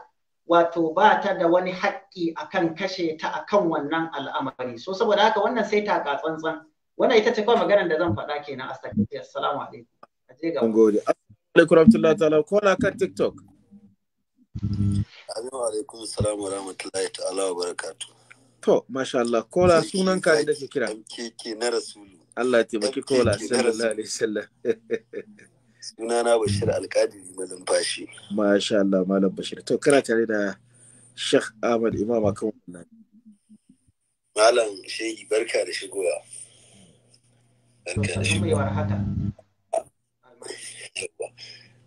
wato ba ta da wani haƙƙi akan kashe ta akan wannan al'amari so saboda haka wannan sai ta ka tsantsan wannan ita ce kawai maganar da zan faɗa kenan a sakaice assalamu alaikum aje ga gode alaikum rahmatullahi ta'ala ko na kan tiktok Assalamu alaikum salamu rahmatullahi ta'ala wa barakatuh To, masha Allah, kola sunan ka da ke kira. MKK na Rasulu. Allah ya taimaki kola sallallahu alaihi wasallam na Bashir Alkadiri bashi masha Allah malam Bashir to kana tare da Sheikh Ahmad Imam akan wannan malam shehi barka da shigowa barka da shigowa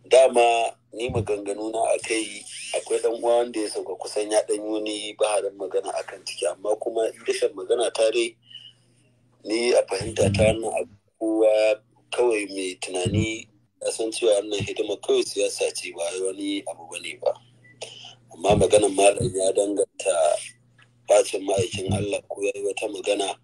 dama ni maganganu na a kai akwai dan uwa wanda ya sauka kusan ya dan wani baharin magana akan ciki amma kuma dashen magana tare. ni a fahimta ta wannan abubuwa kawai mai tunani a san cewa wannan hidima kawai siyasa ce ba wani abu ba ne ba amma maganan malam ya danganta bacin ma'aikin Allah ko ya wata magana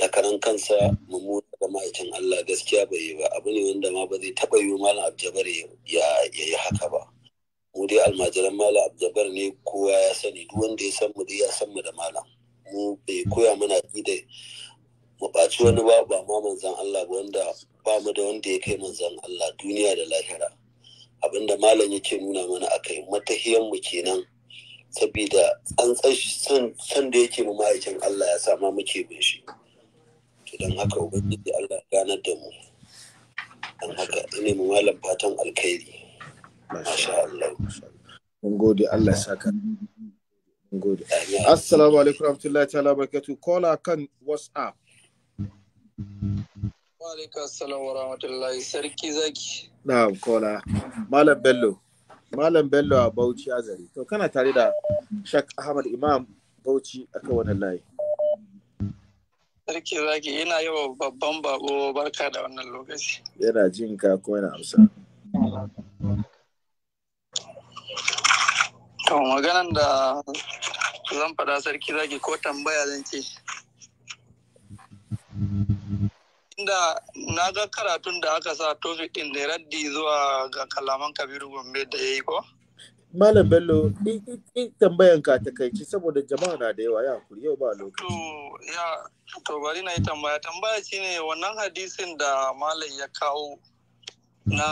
ta karan kansa mummuna ga ma'aikin Allah gaskiya bai yi ba abu ne wanda ma ba zai taɓa yi malam abjabar ya yi haka ba mu dai almajiran malam abjabar ne kowa ya sani duk wanda ya san mu dai ya san mu da malam mu bai koya mana dai mu ɓaci wani ba ba ma manzan Allah ba wanda ba mu da wanda ya kai manzan Allah duniya da lahira abinda malam yake nuna mana akai matahiyan mu kenan saboda an tsashi san da yake mu ma'aikin Allah ya sa ma muke bin shi to dan haka ubangiji Allah ganar da mu dan haka ina mu malam fatan alkhairi masha Allah mun gode Allah ya saka gode assalamu alaikum rahmatullahi ta'ala barakatuh kola kan whatsapp sarki zaki. Na'am kola. Malam Bello. Malam Bello a Bauchi Azari. To kana tare da Shak Ahmad Imam Bauchi kan wannan layi. Sarki zaki yana yawa babban bako barka da wannan lokaci. Yana jin ka ko yana amsa. To maganan da zan faɗa sarki zaki ko tambaya zan ce. da na ga karatun da aka sa topic din da raddi zuwa ga kalaman kabiru gombe da ya yi ko Malam Bello, in tambayan ka ta kai saboda jama'a na da yawa ya kuri yau ba lokaci. To, ya, to bari na yi tambaya. Tambaya shi ne wannan hadisin da Malam ya kawo na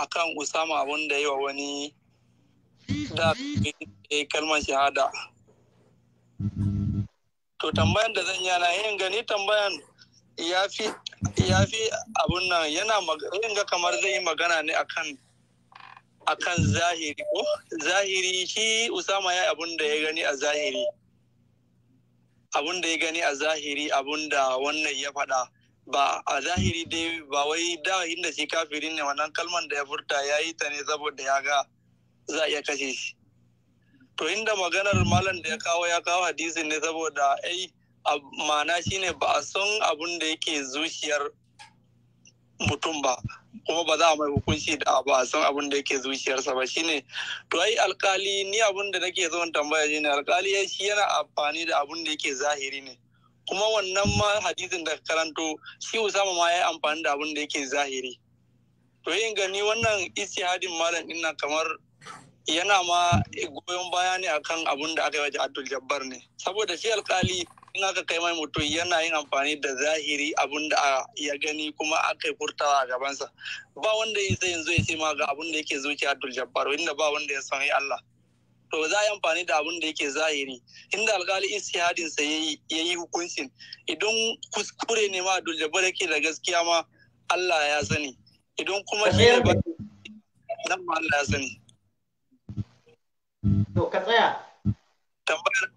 akan Usama abun da yi wa wani da ya kalmar shahada. To tambayan da zan yana yin eh, gani tambayan ya fi abun nan yana yin ga kamar zai yi magana ne akan akan zahiri ko zahiri shi usama ya abun da ya gani a zahiri abun da ya gani a zahiri abun da wannan ya faɗa ba a zahiri dai ba wai dawahin da shi kafirin ne wannan kalman da ya furta ya yi ta ne saboda ya ga za a iya kashe shi to inda maganar malam da ya kawo ya kawo hadisin ne saboda ai ma'ana shine ba a san abin da yake zuciyar mutum ba kuma ba za a mai hukunci da ba a san abin da yake zuciyarsa ba shine to ai alkali ni abin da nake zo tambaya ne alkali shi yana amfani da abin da yake zahiri ne kuma wannan ma hadisin da karanto shi usama ma ya amfani da abin da yake zahiri to yin gani wannan istihadin malam din kamar yana ma goyon baya ne akan abin da aka yi wa Abdul Jabbar ne saboda shi alkali in aka kai mai mutum yana yin amfani da zahiri abin da ya gani kuma aka furtawa a gabansa ba wanda ya sai yanzu ya ce ma ga abin da yake zuciya Abdul Jabbar inda ba wanda ya san Allah to za a yi amfani da abin da yake zahiri inda alkali istihadin sa ya yi hukuncin idan kuskure ne ma Abdul Jabbar yake da gaskiya ma Allah ya sani idan kuma shi ne ba nan ma Allah ya sani to ka tsaya tambayar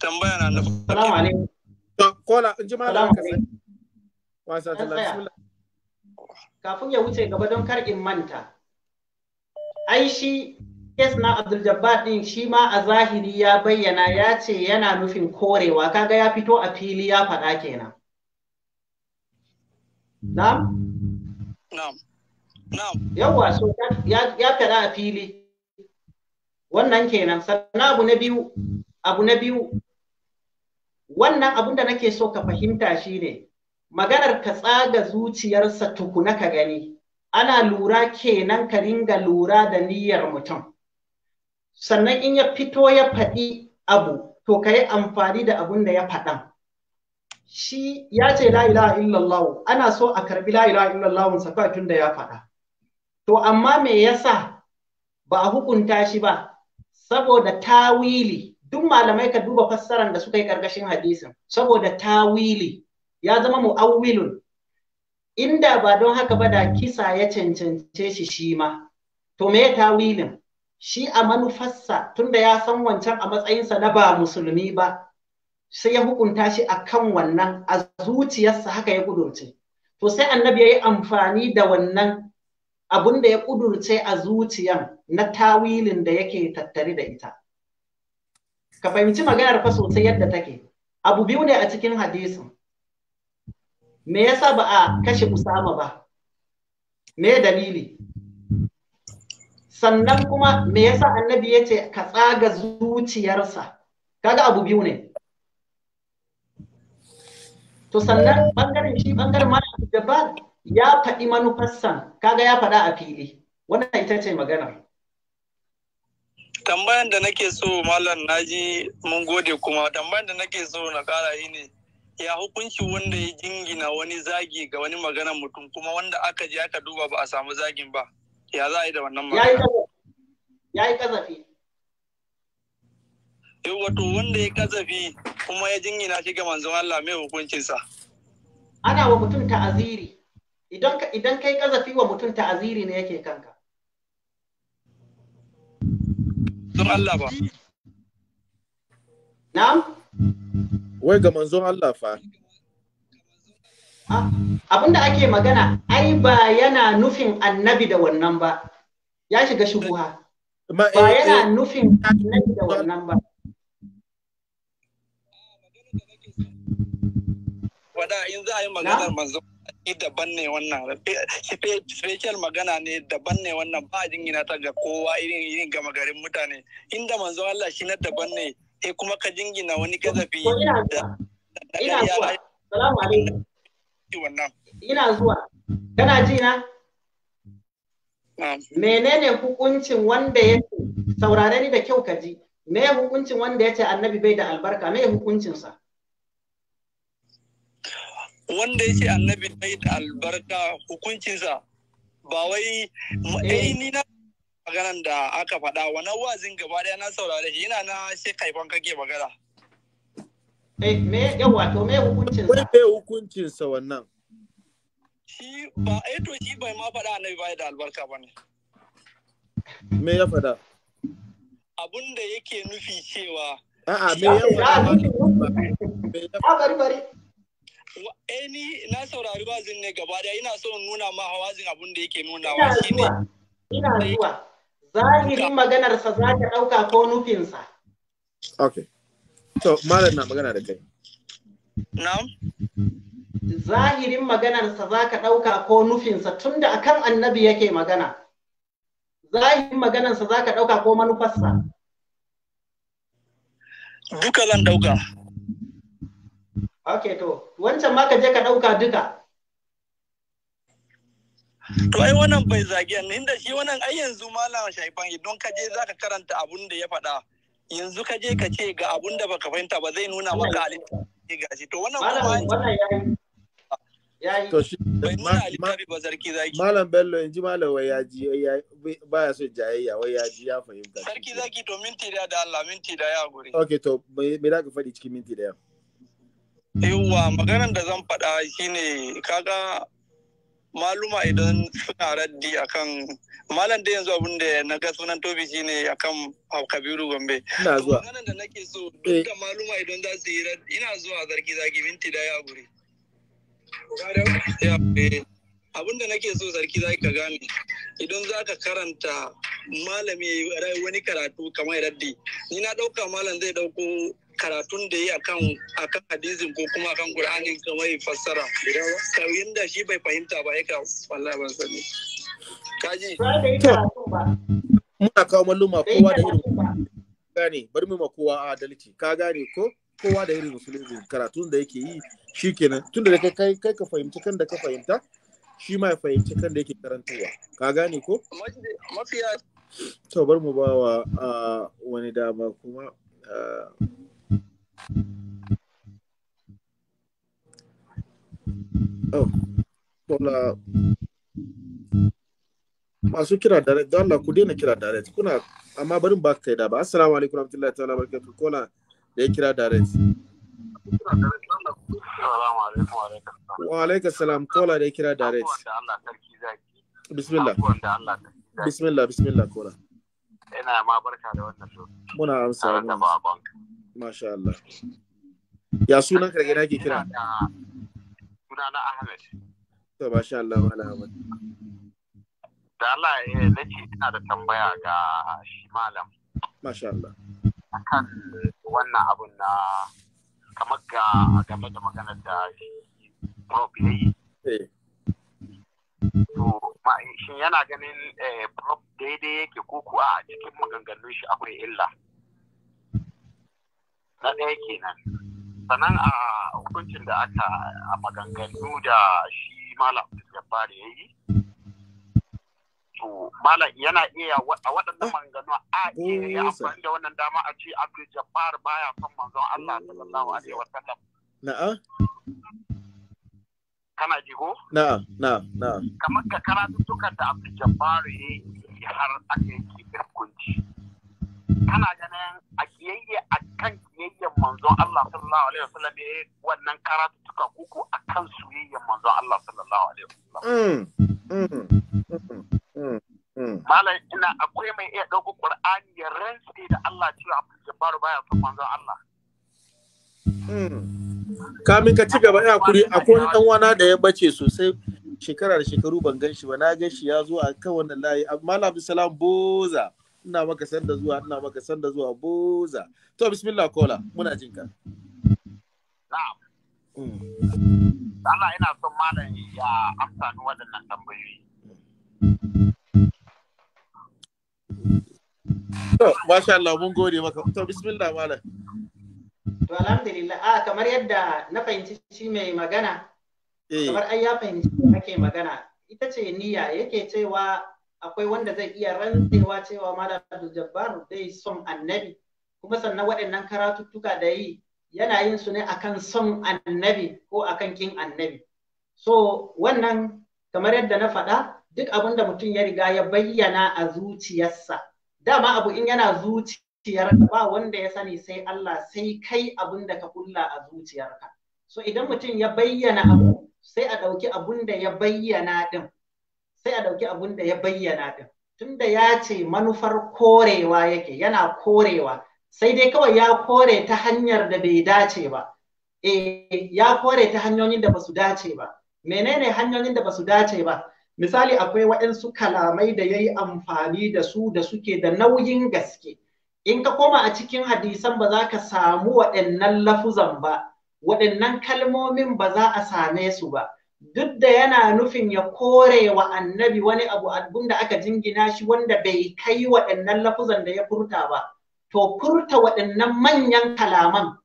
tambaya na na Salamu alaikum. Kola, in ji ma malam ka sani. Wasa ta Kafin ya wuce gaba don kar in manta. Ai shi kes na Abdul Jabbar din shi ma a zahiri ya bayyana ya ce yana nufin korewa kaga ya fito a fili ya faɗa kenan. Na'am? Na'am. Na'am. Yawwa so ya faɗa a fili. Wannan kenan sannan abu na biyu abu na biyu wannan abin da nake so ka fahimta shi ne. maganar ka tsaga zuciyarsa tukuna ka gani ana lura kenan ka ringa lura da niyyar mutum sannan in ya fito ya faɗi abu to ka yi amfani da abin da ya faɗa. shi ya ce la ilaha illallah ana so a karbi la ilaha illallah sa kawai tun da ya faɗa to amma me yasa ba a hukunta shi ba saboda tawili duk malamai ka duba fassaran da suka yi ƙarƙashin hadisin saboda tawili ya zama mu'awwilun inda ba don haka ba da kisa ya cancance shi shi ma to me tawilin shi a manufarsa tunda ya san wancan a matsayinsa na ba musulmi ba sai ya hukunta shi a kan wannan a zuciyarsa haka ya kudurce to sai annabi ya yi amfani da wannan abun da ya ƙudurce a zuciyan na tawilin da yake tattare da ita ka fahimci maganar fa sosai yadda take abu biyu ne a cikin hadisin me yasa ba a kashe Usama ba me dalili sannan kuma me yasa annabi ya ce ka tsaga zuciyarsa kaga abu biyu ne to sannan bangaren shi bangaren malam jabal ya faɗi manufarsa kaga ya faɗa a fili wannan ita ce maganar tambayan da nake so malam naji mun gode kuma tambayan da nake so na kara yi ne ya hukunci wanda ya jingina wani zagi ga wani maganar mutum kuma wanda aka je aka duba ba a samu zagin ba ya za a yi da wannan magana ya yi kazafi yau wato wanda ya kazafi kuma ya jingina shi ga manzon Allah mai hukuncinsa ana wa mutum ta'aziri idan kai kazafi wa mutum ta'aziri ne yake kanka manzon Allah ba na'am wai ga manzon Allah fa ah, abinda ake magana ai ba yana nufin annabi da wannan ba ya shiga shubuha ba eh, yana eh. nufin annabi da wannan ba wada in za a yi maganar manzon i daban ne wannan eh, special magana ne daban ne wannan ba jingina ta ga kowa irin irin gama garin mutane inda manzo Allah shi na daban ne eh kuma ka jingina wani kazafi ina zuwa salamu alaikum ina zuwa kana ji na menene hukuncin wanda ya saurare ni da kyau ka ji me hukuncin wanda ya ce annabi bai da albarka me hukuncinsa wanda yake hmm. annabi bai da albarka hukuncinsa ba wai eh. Eh, ni na maganan da aka faɗa wannan wazin gaba ɗaya na saurare yana na sai kaifan kake magana eh, me yawa to me hukuncin sa me hukuncin sa wannan shi ba a to shi bai ma faɗa annabi ba da albarka bane me ya faɗa abun da yake nufi cewa a'a me ya faɗa ah, ah, bari bari eh ni na saurari wazin ne gaba da ina so nuna ma hawazin abin da yake shi ne. ina zuwa zahirin maganarsa za ta ɗauka ko nufinsa okay So, malam na magana da kai na'am zahirin maganarsa za ka ɗauka ko nufinsa tunda akan annabi yake magana zahirin maganarsa za ka ɗauka ko manufarsa duka zan ɗauka ok to wancan ma ka je ka ɗauka duka to ai wannan bai zage ni inda shi wannan ai yanzu malam shaifan idan ka je zaka karanta abun da ya faɗa yanzu ka je ka ce ga abun da baka fahimta ba zai nuna maka alifi ga shi to wannan wannan yayi to shi bai nuna alifi ba sarki zaki malam bello ji malam wai ya ji baya so jayayya wai ya ji ya fahimta sarki zaki to minti da Allah minti da ya gure okay to me da ka faɗi cikin minti da yau yawwa mm. maganar da zan faɗa shine kaga maluma idan suna raddi akan malam da yanzu abin da na ga sunan tobi shine akan kabiru gombe ina zuwa maganar da nake so dukkan eh. maluma idan za su yi raddi ina zuwa zargi zagi minti da ya guri. abin da nake so sarki za ka gane idan za ka karanta malami wani karatu kamar raddi ni na ɗauka malam zai ɗauko karatun da yi akan akan hadisin ko kuma akan Qur'anin kamar fassara kawai da shi bai fahimta ba ya ka wallahi ban sani kaji muna kawo malluma kowa da irin gane bari mu ma kowa adalci ka gane ko kowa da irin musulunci karatun da yake yi shikenan tun da kai kai ka fahimci kan da ka fahimta shi ma ya fahimci kan da yake karantarwa ka gane ko mafiya to bar mu ba wa wani dama kuma Oh, kola masu kira direct don Allah ku daina kira direct kuna amma bari ba kai da ba assalamu alaikum warahmatullahi ta'ala barakatuh kola da kira direct wa alaikum salam kola da kira direct bismillah bismillah bismillah kola ina ma barka da wannan muna amsa muna Masha Allah. Ya sunan ka gina ke kira? na Ahmed. To, Masha Allah, wa Ahmed. Da Allah ya eh, nake ina da tambaya ga shi malam. Masha Allah. Akan wannan abun na kamar ga game da maganar da shi Rob ya yi. Eh. To, shin yana ganin eh, Rob daidai yake ko kuwa a cikin maganganun shi akwai illa? na ɗaya kenan sannan a hukuncin da aka a maganganu da shi malam jabbar ya yi to malam yana iya a waɗanda maganganu a iya ya eh, amfani da wannan dama a ce abdul jabbar baya son manzon allah sallallahu alaihi wa sallam na'a kana jigo? na'a na'a na'a kamar ka karatu tukar da abdul jabbar ya yi har aka yi kunci kana ganin a kiyayye a kan kiyayyen manzon Allah sallallahu alaihi wasallam ya wannan karatu tuka kuku a kan soyayyen manzon Allah sallallahu alaihi wasallam mm, mm, mm, Malam ina akwai mai iya ɗauko Qur'ani ya rantse da Allah cewa abu Jabbar baya son manzon Allah. Kamin ka ci gaba ina kuri akwai wani dan wana da ya bace sosai shekara da shekaru ban gan shi ba na gan shi ya zo a kan wannan layi Malam Abdulsalam Salam Boza. ina maka sanda zuwa ina maka sanda zuwa boza to bismillah kola muna jin ka mm. Allah ina son malam ya amsa ni waɗannan tambayoyi to masha Allah mun gode maka to bismillah malam to alhamdulillah a ah, kamar yadda na fahimci shi mai magana eh. kamar ai ya fahimci kake magana ita ce niyya yake cewa akwai wanda zai iya rantsewa cewa malam abdul jabbar son annabi kuma sannan waɗannan karatuttuka da yi yana yin su ne akan son annabi ko akan kin annabi so wannan kamar yadda na faɗa duk abin da mutum ya riga ya bayyana a zuciyarsa dama abu in yana zuciyar ba wanda ya sani sai Allah sai kai abin da ka kulla a zuciyarka so idan mutum ya bayyana abu sai a ɗauki abun da ya bayyana ɗin sai a ɗauki abun da ya bayyana ɗin tunda ya ce manufar korewa yake yana korewa sai dai kawai ya kore ta hanyar da bai dace ba Eh ya kore ta hanyoyin da ba su dace ba menene hanyoyin da ba su dace ba misali akwai waɗansu kalamai da ya yi amfani da su da suke da nauyin gaske in ka koma a cikin hadisan ba za ka samu waɗannan lafuzan ba waɗannan kalmomin ba za a same su ba duk da yana nufin ya kore wa annabi wani abu abun aka jingina shi wanda bai kai waɗannan lafuzan da ya furta ba to furta waɗannan manyan kalaman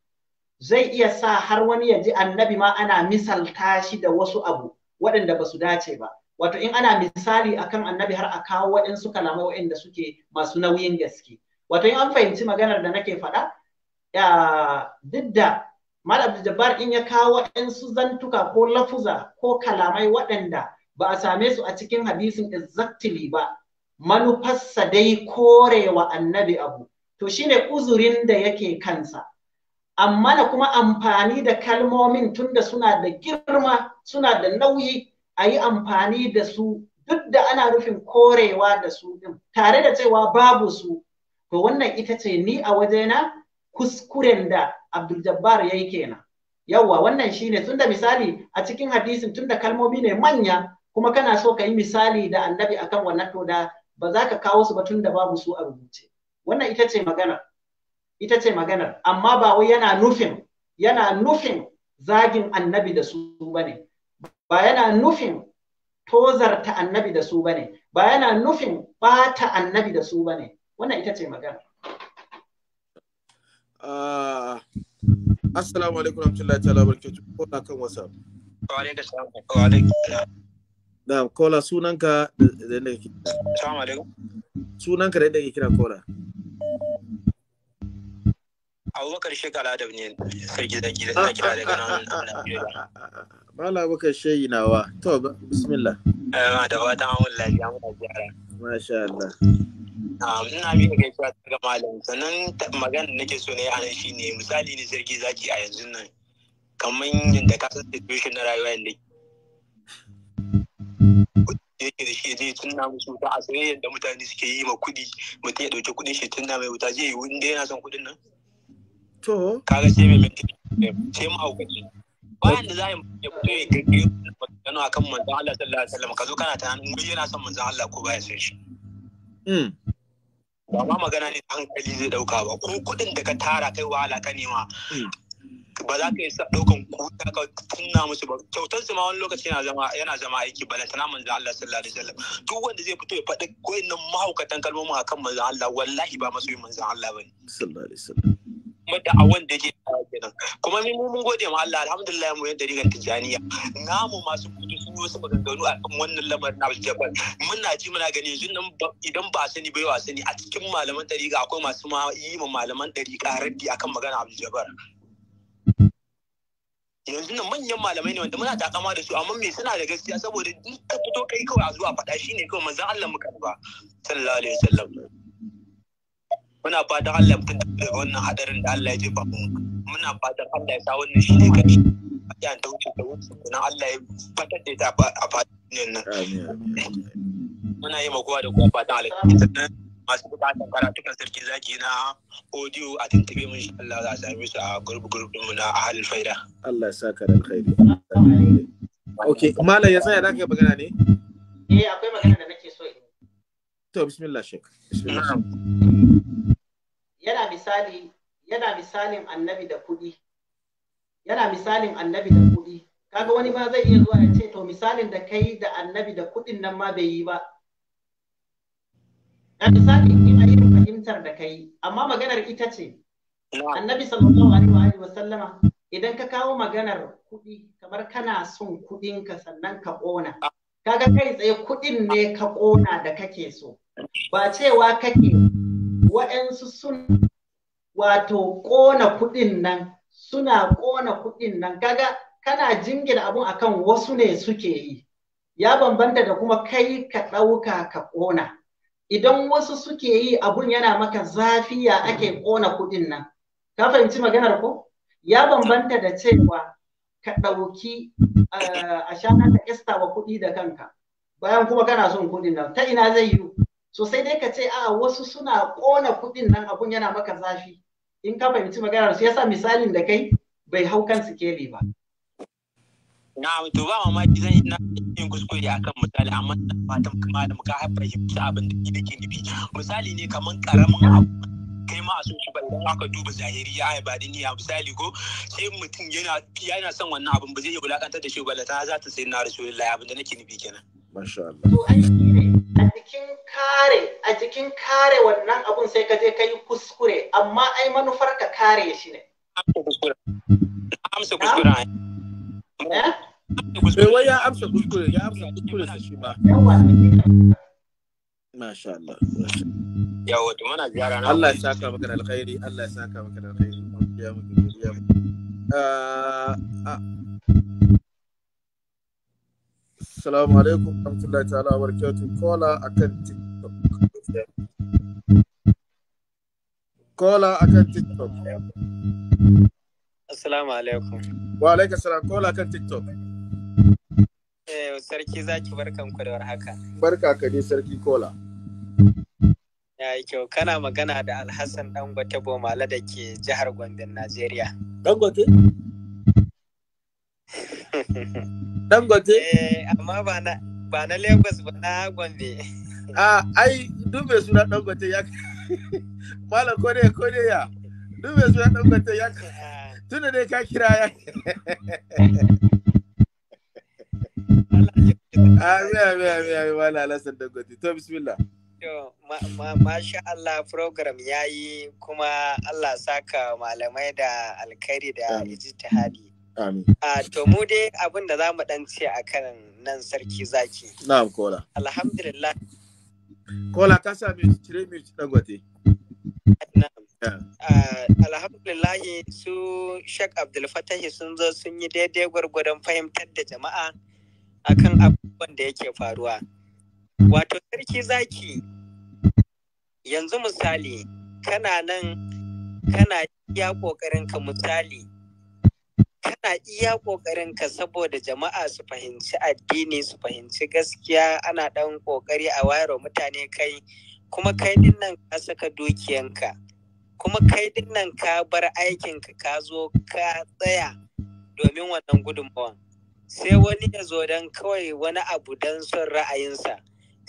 zai iya sa har wani ya ji annabi ma ana misalta shi da wasu abu waɗanda ba su dace ba wato in ana misali akan annabi har a kawo waɗansu kalamai waɗanda suke masu nauyin gaske wato in an fahimci maganar da nake faɗa duk da Malam Jabbar in ya kawo waɗansu zantuka ko lafuza ko kalamai waɗanda ba a same su a cikin hadisin exactly ba manufarsa dai korewa annabi abu to shine uzurin da yake kansa amma na kuma amfani da kalmomin tunda suna da girma suna da nauyi a yi amfani da su duk da ana rufin korewa da su ɗin tare da cewa babu su to wannan ita ce ni a wajena kuskuren da Abdul Jabbar yi kenan yawwa wannan shine tunda misali a cikin hadisin tunda kalmomi ne manya kuma kana so ka yi misali da annabi akan wannan to da ba za ka kawo su ba tunda babu su a rubuce wannan ita ce maganar ita ce maganar amma ba wai yana nufin yana nufin zagin annabi da su bane ba yana nufin tozarta annabi da su bane ba yana nufin bata annabi da su bane wannan ita ce magana Uh, assalamu alaikum rahmatullahi ta'ala barkatu na kan whatsapp da kola sunanka da yadda kake assalamu alaikum sunanka da yadda kake kira kola abubakar shekara da ne sai da gida da ah, kira ah, daga nan ah, Mala abubakar shayi nawa to bismillah eh da fatan an lafiya muna jira masha Allah ina miƙa gaisuwa ta ga malam sannan magana nake so na yi nan shi ne misali ne sarki zaki a yanzu nan kamar yadda ka san situation na rayuwa yadda yake da shi zai tunna musu a asirin yadda mutane suke yi ma kuɗi mutum ya ɗauki kuɗin shi tunna mai wuta zai yi wani da yana son kuɗin nan. To. Kaga sai mai mintin sai ma ne. Bayan da za a ya fito ya kirkiri gano a kan manzan Allah sallallahu alaihi wasallam ka zo kana tunanin wai yana son manzan Allah ko baya son shi. Mm. ba ma magana ne hankali zai dauka ba ko kudin da ka tara kai wahala ka nema mm. ba za ka yi daukan kuta ka tunna musu ba kyautar su ma wani lokaci yana zama yana zama aiki balanta na manzo Allah sallallahu alaihi wasallam duk wanda zai fito ya faɗi koyannan mahaukatan kalmomin akan manzo Allah wallahi ba yi manzo Allah bane sallallahu alaihi wasallam kuma da a wanda yake kenan kuma ni mun gode ma Allah alhamdulillah mu yadda rigar tijaniya namu masu kudi sun yi wasu maganganu a kan wannan lamarin na Mun muna ji muna gani yanzu nan idan ba sani bai wa sani a cikin malaman dariƙa akwai masu ma yi ma malaman dariƙa raddi akan magana aljabal yanzu nan manyan malamai ne wanda muna takama da su amma me suna da gaskiya saboda duk ka fito kai kawai a zuwa faɗa shine kawai manzon Allah mu karba sallallahu alaihi wasallam muna fatan Allah mutum da daga wannan hadarin da Allah ya jefa mu muna fatan Allah ya sa wannan shi ne kashi ya ta wuce ta wuce kuma Allah ya fitar da ta a fadin nan muna yi makuwa da kuma fatan alƙawarin sannan masu bukatan kan sarki zaki na audio a tuntube mun shi Allah za a same su a gurbi gurbin mu na ahal faida Allah ya saka da alkhairi okay malam ya tsaya da kai magana ne eh akwai magana da nake so to bismillah shek bismillah yana misali yana misalin annabi da kuɗi yana misalin annabi da kuɗi kaga wani ma zai iya zuwa ya ce to misalin da kai da annabi da kuɗin nan ma bai yi ba na misali a yi fahimtar da kai amma maganar ita ce annabi sallallahu alaihi wa sallama idan ka kawo maganar kuɗi kamar kana son ka sannan ka ƙona kaga kai tsaye kuɗin ne ka ƙona da kake so ba cewa kake wa'yansu sun mhm. wato ƙona kuɗin nan suna ƙona kuɗin nan kaga kana jingina abun akan wasu ne suke yi ya bambanta da kuma kai ka ɗauka ka ƙona idan wasu suke yi abun yana maka zafi ya ake ƙona kuɗin nan ka fahimci maganar ko ya bambanta da cewa ka ɗauki mhm. eh, a shanar da wa kuɗi da kanka bayan kuma kana son kuɗin nan ta ina zai yiwu sosai dai ka ce a wasu suna kona kuɗin nan abun yana maka zafi in ka fahimci maganar su yasa misalin da kai bai hau kan sikeli ba. na to ba ki zan ina yin kuskure akan misali amma ina fatan kuma da muka haifar fahimci abin da nake nufi misali ne kaman karamin abu kai ma a so shi ba idan aka duba zahiri ya ba ni ya misali ko sai mutum yana yana son wannan abin ba zai iya wulakantar da shi ba la ta za ta sai na rasulullahi abin da nake nufi kenan. Masha Allah. cikin kare a cikin kare wannan abun sai ka je ka yi kuskure amma ai manufar ka kare shi ne amsa kuskure eh? eh wai ya amsa kuskure ya amsa kuskure shi ba Masha Allah. Ya wato muna ziyara na. Allah ya saka maka da alkhairi, Allah ya saka maka da alkhairi. Ya ya godiya. Uh, ah. Assalamu alaikum warahmatullahi ta'ala wa barakatuh. Kola akan TikTok. Kola akan TikTok. Assalamu alaikum. Wa alaikum salam. Kola akan TikTok. Eh, sarki zaki barkan ku da warhaka. Barka ka dai sarki Kola. Ya yi kyau kana magana da Alhassan Dangote Bomala da ke jihar Gombe, Najeriya. Dangote? Dangote? Eh, amma ba na ba na Lagos ba na Gombe. *laughs* Ah, ai dubbe suna Dangote ya *laughs* Mala ko ne ko ne ya. Dubbe suna Dangote ya *laughs* tunda dai ka kira ya. Amin amin ah, amin amin wala alasan Dangote. To bismillah. Masha Allah program ya yi kuma Allah saka malamai da alkhairi da ijtihadi. A to mu dai abin da za mu dan ce a kan nan sarki zaki. Na'am kola. Alhamdulillah. Kola ka sa cire Alhamdulillah su shek Abdulfatahi sun zo sun yi daidai gwargwadon fahimtar da jama'a akan abubuwan da yake faruwa. Wato sarki zaki yanzu misali kana nan kana iya ƙoƙarinka misali ana iya ƙoƙarinka saboda jama'a su fahimci addini su fahimci gaskiya ana ɗan ƙoƙari a wayarwa mutane kai kuma kai din nan ka saka dukiyanka kuma kai din nan ka bar aikinka ka zo ka tsaya domin wannan gudunmawa sai wani ya zo don kawai wani abu don son ra'ayinsa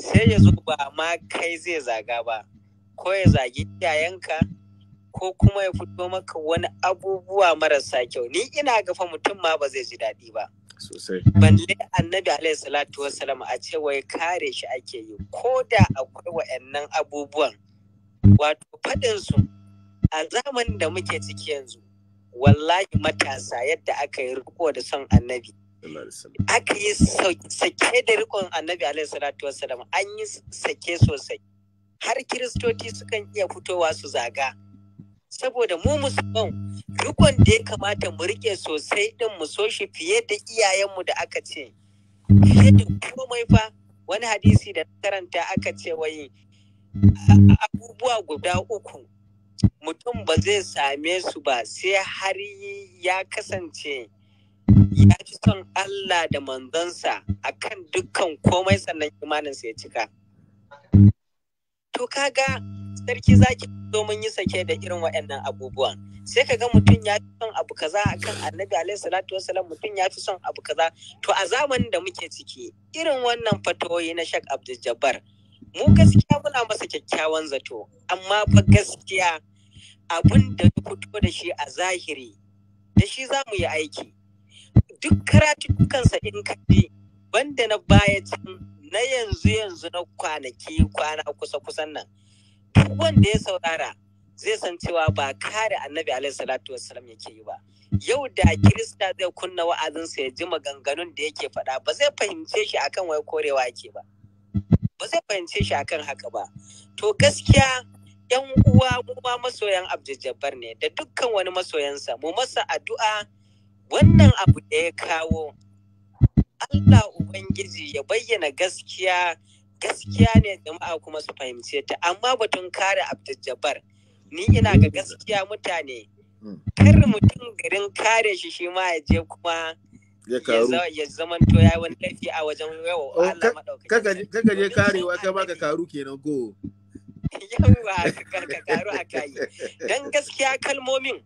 sai ya zo ba ma kai zai zaga ba ko ya zagi iyayenka ko kuma ya fito maka wani abubuwa marasa kyau ni ina ga mutum ma ba zai ji daɗi ba balle annabi alaihi salatu wassalam a ce wai kare shi ake yi ko da akwai wa'annan abubuwan wato faɗin su a zamanin da muke ciki yanzu wallahi matasa yadda aka yi riko da son annabi aka yi sake da rikon annabi alaihi salatu wassalam an yi sake sosai har kiristoci sukan iya fitowa su zaga saboda mu musamman duk da ya kamata mu rike sosai din mu so shi fiye da iyayenmu da aka ce fiye da komai fa wani hadisi da karanta aka ce wai abubuwa guda uku mutum ba zai same su ba sai har ya kasance ya ci son Allah da manzansa a kan dukkan komai sannan imaninsa ya cika to kaga sarki zaki zo mun yi sake da irin waɗannan abubuwan sai ka ga mutum ya fi son abu kaza akan annabi alaihi salatu wasalam mutum ya fi son abu kaza to a zamanin da muke ciki irin wannan fatoyi na shak abdul jabbar mu gaskiya muna masa kyakkyawan zato amma fa gaskiya abun da ya fito da shi a zahiri da shi za mu yi aiki duk karatukansa in kaji banda na baya na yanzu yanzu na kwanaki kwana kusa kusan nan duk wanda ya saurara zai san cewa ba kare annabi alaihi salatu wassalam yake yi ba yau da kirista zai kunna wa'azinsa ya ji maganganun da yake faɗa ba zai fahimce shi akan wai korewa yake ba ba zai fahimce shi akan haka ba to gaskiya yan uwa mu ma masoyan abdujabbar ne da dukkan wani masoyansa mu masa addu'a wannan abu da ya kawo Allah Ubangiji ya bayyana gaskiya gaskiya ne jama'a kuma su fahimce ta amma batun kare abdul ni ina ga gaskiya mutane hmm. kar mutum garin kare shi shi ma ya je kuma ya zama to ya wani laifi a wajen yau oh, Allah kaka je karewa ka baka karu kenan ko yawa ka karu a dan gaskiya kalmomin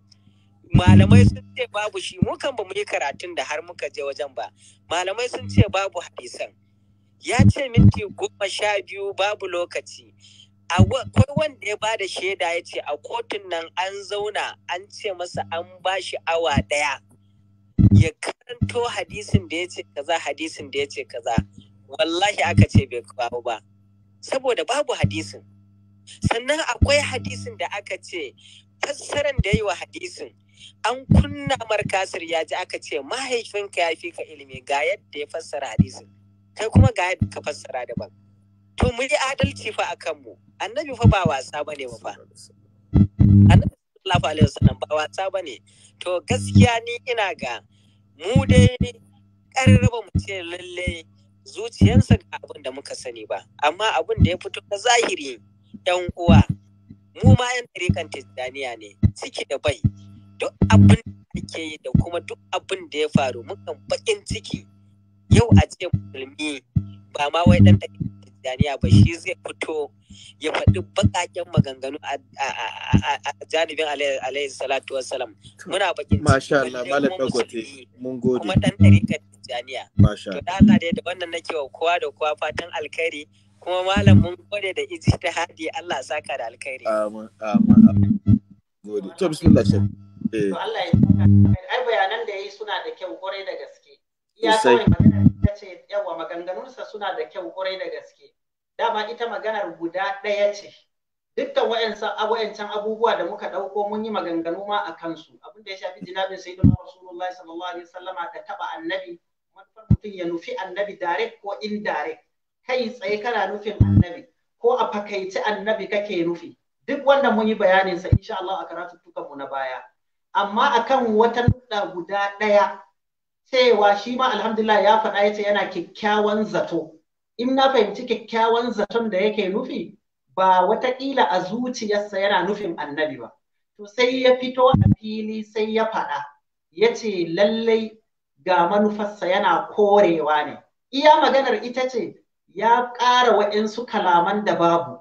malamai sun ce babu shi mu kan ba mu yi karatun da har muka je wajen ba malamai sun ce babu hadisan ya ce minti goma sha biyu babu lokaci akwai wanda ya bada shaida ya ce a kotun nan an zauna an ce masa an ba shi awa ɗaya ya karanto hadisin da ya ce kaza hadisin da ya ce kaza wallahi aka ce bai kawo ba saboda babu hadisin sannan akwai hadisin da aka ce fassaran da yi wa hadisin an kunna markasir ya ji aka ce mahaifinka ya fi ka ilimi ga yadda ya fassara hadisin kai kuma ga yadda ka fassara daban to mu yi adalci fa a kanmu annabi fa ba wasa ba ne fa annabi sallallahu alaihi wasallam ba wasa ba ne to gaskiya ni ina ga mu dai ƙarraba mu ce lalle zuciyarsa ga abin da muka sani ba amma abin da ya fito na zahiri yan uwa mu ma yan tarikan tijjaniya ne ciki da bai duk abin da ake yi da kuma duk abin da ya faru mukan baƙin ciki yau a ce musulmi ba ma wai dan Tanzania ba shi zai fito ya faɗi baƙaƙen maganganu a janibin alaihi salatu wasalam muna bakin masha Allah malam dagote mun kuma dan tarika Tanzania masha Allah Allah da wannan nake wa kowa da kowa fatan alkhairi kuma malam mun gode da iji ta hadi Allah saka da alkhairi amin amin gode to bismillah shek eh Allah ya ai bayanan da yayi suna da kyau kwarai da gaske iya kawai magana ita ce yawa maganganunsa suna da kyau kwarai da gaske dama ita maganar guda ɗaya ce dukkan wa'ancan abubuwa da muka ɗauko mun yi maganganu ma a kansu abin da ya shafi jinabin sayyidina rasulullahi sallallahu alaihi wasallama ka taɓa annabi manufar mutum ya nufi annabi direct ko indirect kai tsaye kana nufin annabi ko a fakaici annabi kake nufi duk wanda mun yi bayaninsa, insha Allah a karatuttukan mu na baya amma akan wata guda ɗaya cewa shi ma alhamdulillah ya faɗa ya ce yana kyakkyawan zato in na fahimci kyakkyawan zaton da yake nufi ba watakila a zuciyarsa yana nufin annabi ba to sai ya fito a fili sai ya faɗa ya ce lallai ga manufarsa yana korewa ne iya maganar ita ce ya ƙara wa'insu kalaman da babu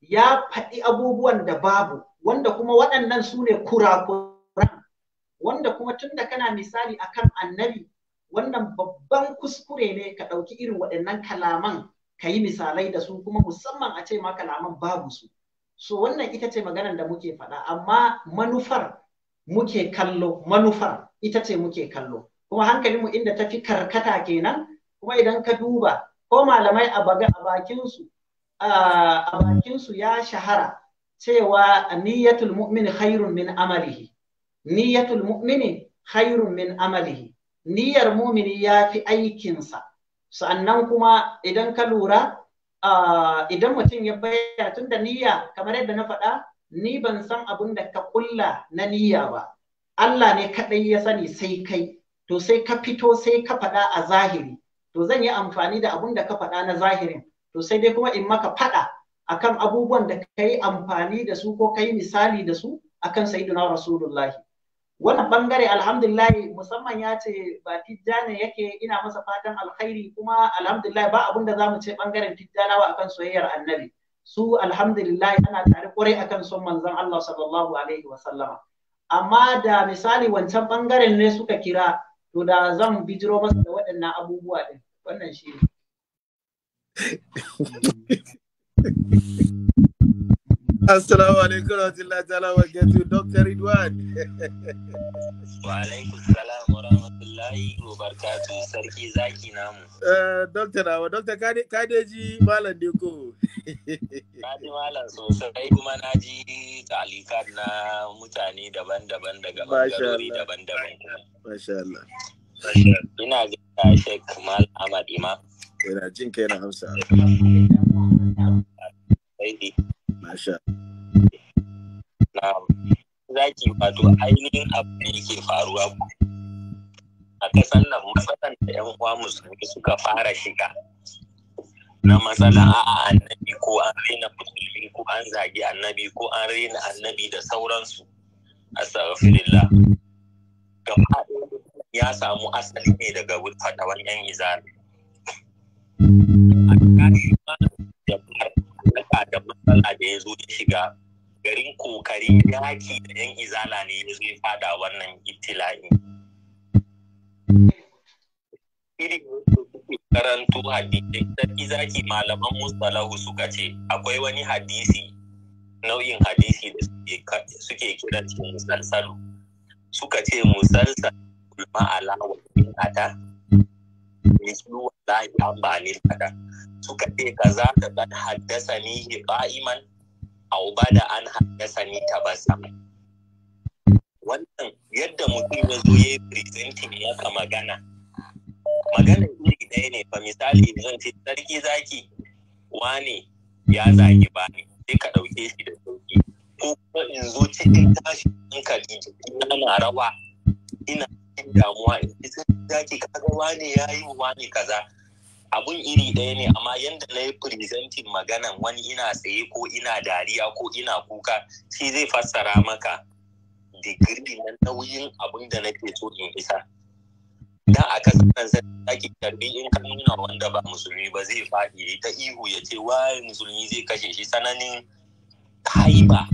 ya faɗi abubuwan da babu wanda kuma waɗannan su ne kurakurai wanda kuma tun da kana misali akan annabi wannan babban kuskure ne ka ɗauki irin waɗannan kalaman ka yi misalai da su kuma musamman a ce ma kalaman babu su so wannan ita ce maganar da muke faɗa amma manufar muke kallo manufar ita ce muke kallo kuma hankalinmu inda tafi karkata kenan kuma idan ka duba ko malamai a bakinsu a bakinsu ya shahara cewa niyyatul mu'min khairun min amalihi niyyatul mu'mini khairun min amalihi niyyar mumini ya fi aikinsa sannan kuma idan ka lura idan mutum ya bayyana tun da niyya kamar yadda na faɗa ni ban san abun da ka kulla na niyya ba Allah ne kaɗai ya sani sai kai to sai ka fito sai ka faɗa a zahiri to zan yi amfani da abin da ka faɗa na zahirin to sai dai kuma in maka faɗa akan abubuwan da ka yi amfani da su ko ka yi misali da su akan sayyiduna rasulullahi wannan bangare alhamdulillahi musamman ya ce ba tijjani yake ina masa fatan alkhairi kuma alhamdulillahi ba abin da za mu ce bangaren tijjanawa akan soyayyar annabi su alhamdulillahi ana tare kwarai akan son manzon Allah sallallahu alaihi wa sallama amma da misali wancan bangaren ne suka kira to da zan bijiro masa da waɗannan abubuwa din wannan shi ne *laughs* *laughs* *laughs* hmm. Assalamu alaikum wa ta'ala wa barakatuh Dr. Ridwan. Wa alaikum salam wa rahmatullahi wa barakatuh sarki zaki namu. Eh, Dr. Nawa, Dr. Kadeji Malam ne ko? Na ji malam sosai kuma na ji talikat na mutane daban-daban daga bangarori daban-daban. Masha Allah. Ina ga Sheikh Mal Ahmad Imam. Ina jin kai na Hausa. Hamsa. Masha. Na'am. Zaki wato ainihin abu da yake faruwa a kasan nan matsalan da yan uwa musulmi suka fara shiga na matsala a annabi ko an raina musulmi ko an zagi annabi ko an raina annabi da sauransu a astaghfirullah gaba ya samu asali ne daga fatawan yan izari a kashi jama'ar a da matsala da ya zo ya shiga garin kokari yaki da yan izala ne ya zai fada wannan ibtila'i kuke karanto hadisi da izaki malaman musalahu suka ce akwai wani hadisi nau'in hadisi da suke kira cikin musalsalu suka ce musalsal ma'ala wa ata mislu wallahi an ba ni kada suka ce kaza da ban haddasa ni qa'iman au bada an haddasa ni tabassama wannan yadda mutum ya zo ya yi presenting maka magana magana iri ɗaya ne ba misali zan ce sarki zaki wane ya zagi ne sai ka ɗauke shi da sauki ko kuma in zo cikin tashi ka ji ina rawa ina damuwa in ce sarki zaki kaga wane ya yi wane kaza abun iri ɗaya ne amma yadda na yi firizantin maganan wani ina tsaye ko ina dariya ko ina kuka shi zai fassara maka digiri na nauyin abun da nake so in isa da a kasar zan sake karbi in ka nuna wanda ba musulmi ba zai faɗi ta ihu ya ce waye musulmi zai kashe shi sananin haiba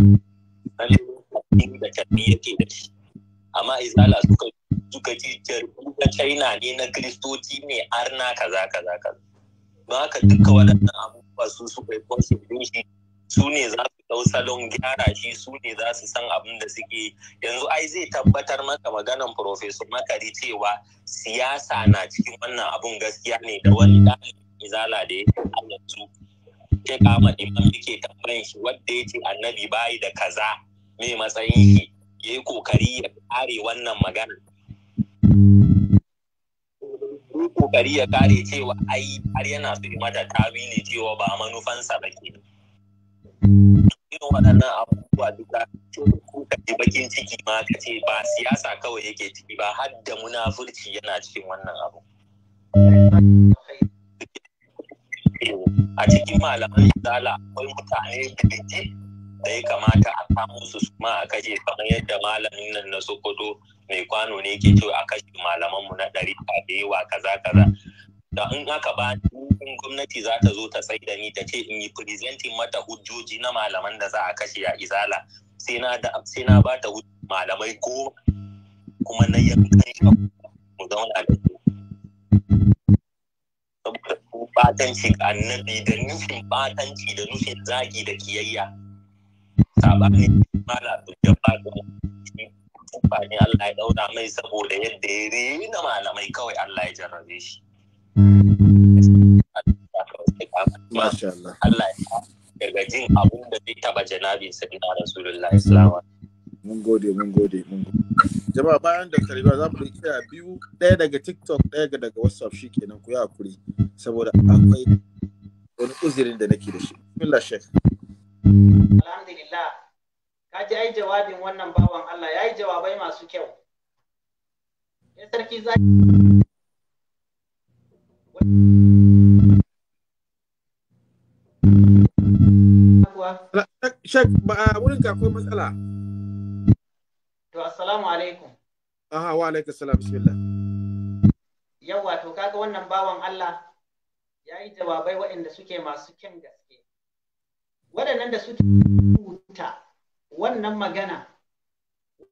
sananin da karbi yake da shi amma izala suka suka ce china ne na kristoci ne arna kaza kaza kaza don haka duka waɗannan abubuwa su suka yi din shi su ne za su ɗau salon gyara shi su ne za su san abin da suke yanzu ai zai tabbatar maka maganan professor makari cewa siyasa na cikin wannan abun gaskiya ne da wani ɗalibin izala da ya su ke kama imam yake tambayin shi Wanda ya ce annabi bayi da kaza me matsayin shi ya yi kokari ya kare wannan magana kokari ya kare cewa ai har yana su mata tawili cewa ba manufansa ba ke irin waɗannan abubuwa duka kuka ji bakin ciki ma ka ce ba siyasa kawai yake ciki ba har da munafurci yana cikin wannan abu a cikin malaman zala akwai mutane da da ya kamata a samu su ma a kashe kamar yadda malamin nan na sokoto mai kwano ne ke cewa a kashe malaman na ɗari a da yawa kaza kaza da in aka ba in gwamnati za ta zo ta sai da ni ta ce in yi presenting mata hujjoji na malaman da za a kashe a izala sai na da sai na ba ta malamai ko kuma na yankan mu zauna da su saboda batanci annabi da nufin batanci da nufin zagi da kiyayya sabani mala da ba ni Allah ya daura mai saboda yadda ya rena malamai kawai Allah ya jarrabe shi Allah ya daga jin abun da zai taba janabi sabina rasulullahi Rasulullah alaihi mun gode mun gode mun gode jama'a bayan da kariba za mu kira biyu ɗaya daga tiktok ɗaya daga whatsapp shi kenan ku yi hakuri saboda akwai wani uzirin da nake da shi bismillah shek alhamdulillah ka ji ai jawabin wannan bawan Allah ya yi jawabai masu kyau ya sarki za Shek, ba a wurin ka akwai matsala. To, assalamu alaikum. Aha, wa alaikum salam, bismillah. Yawwa, to kaga wannan bawan Allah ya yi jawabai waɗanda suke masu kyan gaske. waɗannan da suke rubuta wannan magana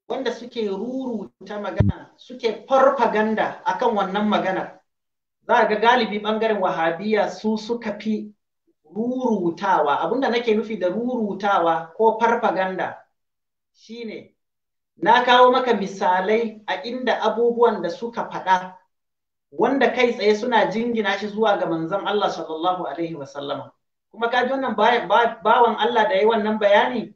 wanda suke ruruta magana suke farfaganda akan wannan magana za a ga galibi ɓangaren wahabiya su suka fi rurutawa abinda nake nufi da rurutawa ko farfaganda shine na kawo maka misalai a inda abubuwan da suka faɗa wanda kai tsaye suna jingina shi zuwa ga manzon Allah sallallahu alaihi wasallama kuma kaji wannan bawan Allah da ya yi wannan bayani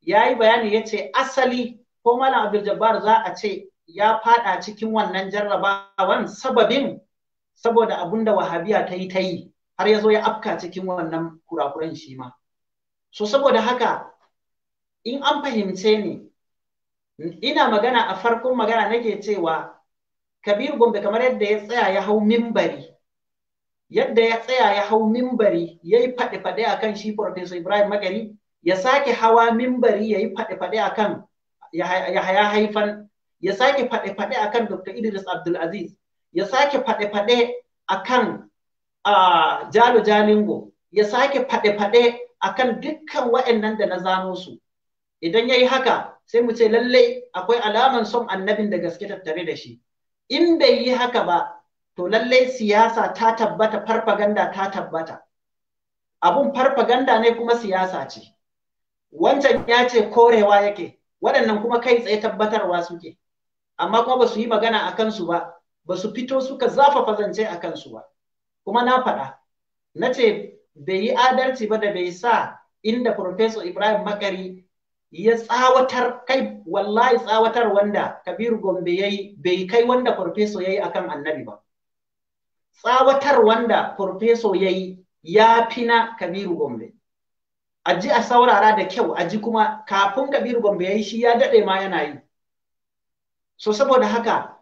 ya yi bayani ya ce asali ko malam abdul jabbar za a ce ya fada cikin wannan jarrabawan sababin saboda abun da wahabiya ta yi ta yi har ya zo ya afka cikin wannan kurakuran shi ma so saboda haka in an fahimce ni ina magana a farkon magana nake cewa Kabiru gombe kamar yadda ya tsaya ya hau mimbari yadda ya tsaya ya hau mimbari ya yi faɗe-faɗe a kan shi Profesor Ibrahim Magari ya sake hawa mimbari ya yi faɗe-faɗe a kan Yahaya Haifan ya sake faɗe-faɗe a kan Dr. Idris Abdulaziz ya sake faɗe-faɗe a kan Jalo Jalingo ya sake faɗe-faɗe a kan dukkan waɗannan da na zano su idan ya yi haka sai mu ce lallai akwai alaman son annabin da gaske tattare da shi in bai yi haka ba to lallai siyasa ta tabbata farfaganda ta tabbata abun farfaganda ne kuma siyasa ce wancan ya ce korewa yake waɗannan kuma kai tsaye tabbatarwa suke amma kuma ba su yi magana a kansu ba ba su fito suka zafafa zance a kansu ba kuma na faɗa na ce bai yi adalci ba da bai sa inda Professor Ibrahim Makari ya tsawatar kai wallahi tsawatar wanda Kabiru Gombe yayi bai kai wanda Professor yayi akan annabi ba. tsawatar wanda farfeso ya yi ya fi na kabiru gombe a ji a saurara da kyau a ji kuma kafin kabiru gombe ya yi shi ya daɗe ma yana yi so saboda haka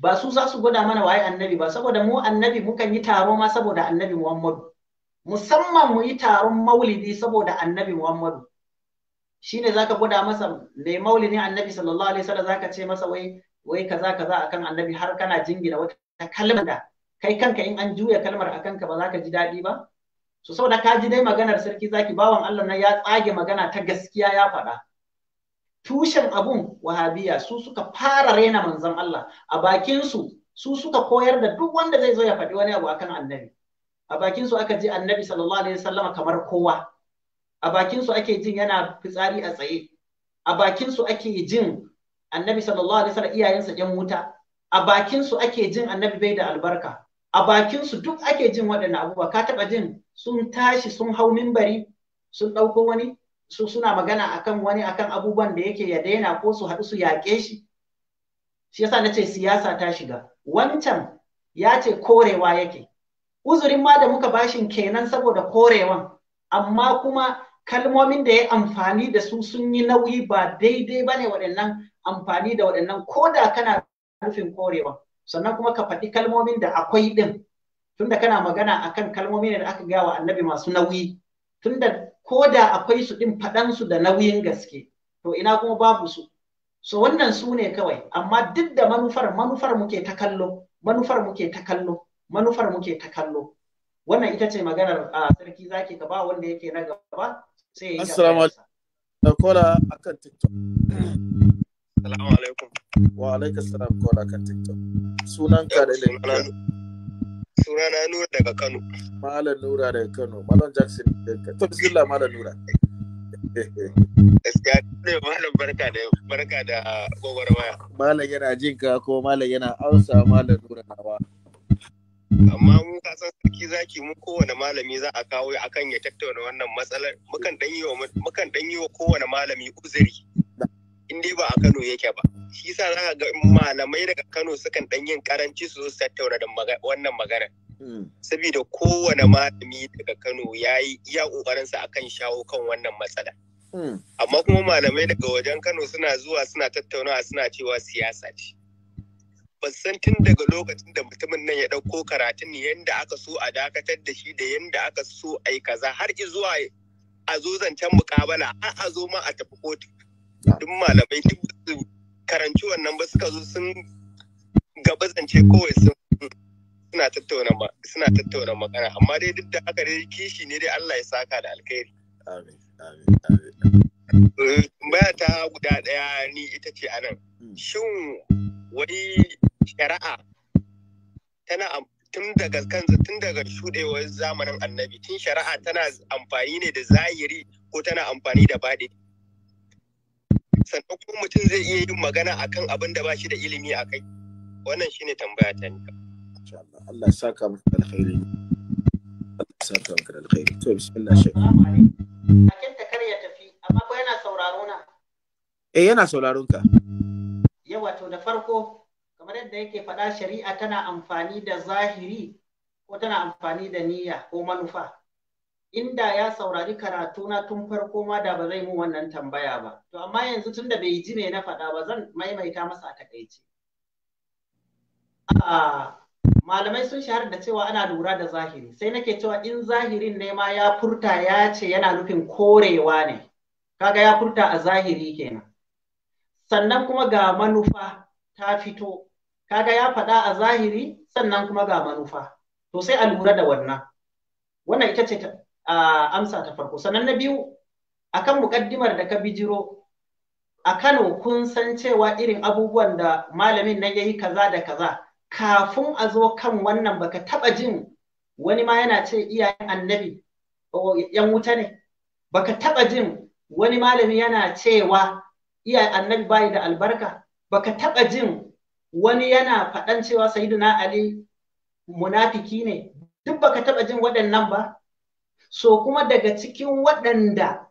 ba su za su gwada mana waye annabi ba saboda mu annabi mukan yi taro ma saboda annabi muhammadu musamman mu yi taron maulidi saboda annabi muhammadu shine zaka gwada masa mai maulidi annabi sallallahu alaihi wasallam zaka ce masa wai wai kaza kaza kan annabi har kana jingina wata kalmar da kai kanka in an juya kalmar a kanka ba za ka ji daɗi ba so saboda ka ji dai maganar sarki zaki bawan Allah na ya tsage magana ta gaskiya ya faɗa tushen abun wahabiya su suka fara raina manzon Allah a bakin su su suka koyar da duk wanda zai zo ya faɗi wani abu akan annabi a bakin su aka ji annabi sallallahu alaihi wasallama kamar kowa a bakin su ake jin yana fitsari a tsaye a bakin su ake jin annabi sallallahu alaihi wasallam iyayensa yan wuta a bakin su ake jin annabi bai da albarka a bakin su duk ake jin waɗannan abubuwa ka taɓa jin sun tashi sun hau mimbari sun ɗauko wani su suna magana akan wani akan abubuwan da yake ya daina ko su haɗu su yaƙe shi shi yasa na ce siyasa ta shiga wancan ya ce korewa yake uzurin ma da muka bashin kenan saboda korewan amma kuma kalmomin da ya amfani da su sun yi nauyi ba daidai ba ne waɗannan amfani da waɗannan ko da kana nufin korewan sannan kuma ka faɗi kalmomin da akwai ɗin tunda kana magana a kan kalmomin da aka gaya wa annabi masu nauyi tunda ko da akwai su ɗin faɗansu da nauyin gaske to ina kuma babu su so wannan su ne kawai amma duk da manufar manufar muke ta kallo manufar muke ta kallo manufar muke ta kallo wannan ita ce maganar a sarki zaki ka ba wanda yake na gaba sai ya yi *coughs* Assalamu alaikum. Wa alaikum salam ko da kan TikTok. Sunanka da ilimi. Sunana Nura daga Kano. Malam Nura daga Kano. Malam Jackson daga Kano. Bismillah Malam Nura. Gaskiya ne eh, malam barka da barka da ah, gwagwarmaya. Malam yana jin ka ko malam yana ausa malam Nura nawa. amma mu ka san sarki zaki mu kowane malami za a kawo akan ya tattauna wannan matsalar mukan dan yi wa mukan dan yi wa kowane malami uzuri in dai ba a Kano yake ba shi yasa za ka ga malamai daga Kano sukan dan yin karanci su su tattauna da wannan magana hmm. saboda kowane malami daga Kano yayi iya kokarinsa akan shawo kan wannan matsala hmm. amma kuma malamai daga wajen Kano suna zuwa suna tattaunawa suna cewa siyasa ce ban san tun daga lokacin da mutumin nan ya ɗauko karatun yadda aka so a dakatar da shi da yadda aka so a yi kaza har zuwa a zo zancen mukabala har a zo ma a tafi kotu duk malamai duk su karanci wannan ba suka zo sun gabazance kawai sun suna tattauna suna tattauna magana amma dai duk da haka dai kishi ne dai Allah ya saka da alkhairi amin amin amin eh, baya guda daya ni ita ce anan hmm. shin wani shari'a tana tun daga kansa tun daga shudewar zamanin annabi tun shari'a tana amfani ne da zahiri ko tana amfani da baɗi sannan ko mutum zai iya yin magana akan abin da ba shi da ilimi a kai wannan shine tambaya ta ni Allah ya saka maka alkhairi Allah ya saka maka alkhairi to bismillah shi akin ta kar ya tafi amma ko yana sauraro na eh yana sauraron ka yawa to da farko kamar yadda yake faɗa shari'a tana amfani da zahiri ko tana amfani da niyya ko manufa inda ya saurari karatu na tun farko ma da ba zai mu wannan tambaya ba to amma yanzu tun da bai ji me na faɗa ba zan maimaita masa a takaice malamai sun shahar da cewa ana lura da zahiri sai nake cewa in zahirin ne ma ya furta ya ce yana nufin korewa ne kaga ya furta a zahiri kenan sannan kuma ga manufa ta fito kaga ya faɗa a zahiri sannan kuma ga manufa to sai a lura da wannan wannan ita ce amsa ta farko sannan na biyu akan muƙaddimar da ka bijiro a Kano kun san cewa irin abubuwan da malamin nan yi kaza da kaza kafin a zo kan wannan baka taba jin wani ma yana ce iyayen annabi yan wuta ne baka taba jin wani malami yana cewa iyayen annabi bayi da albarka baka taba jin wani yana faɗan cewa sayyiduna ali munafiki ne duk baka taɓa jin waɗannan ba So kuma daga cikin waɗanda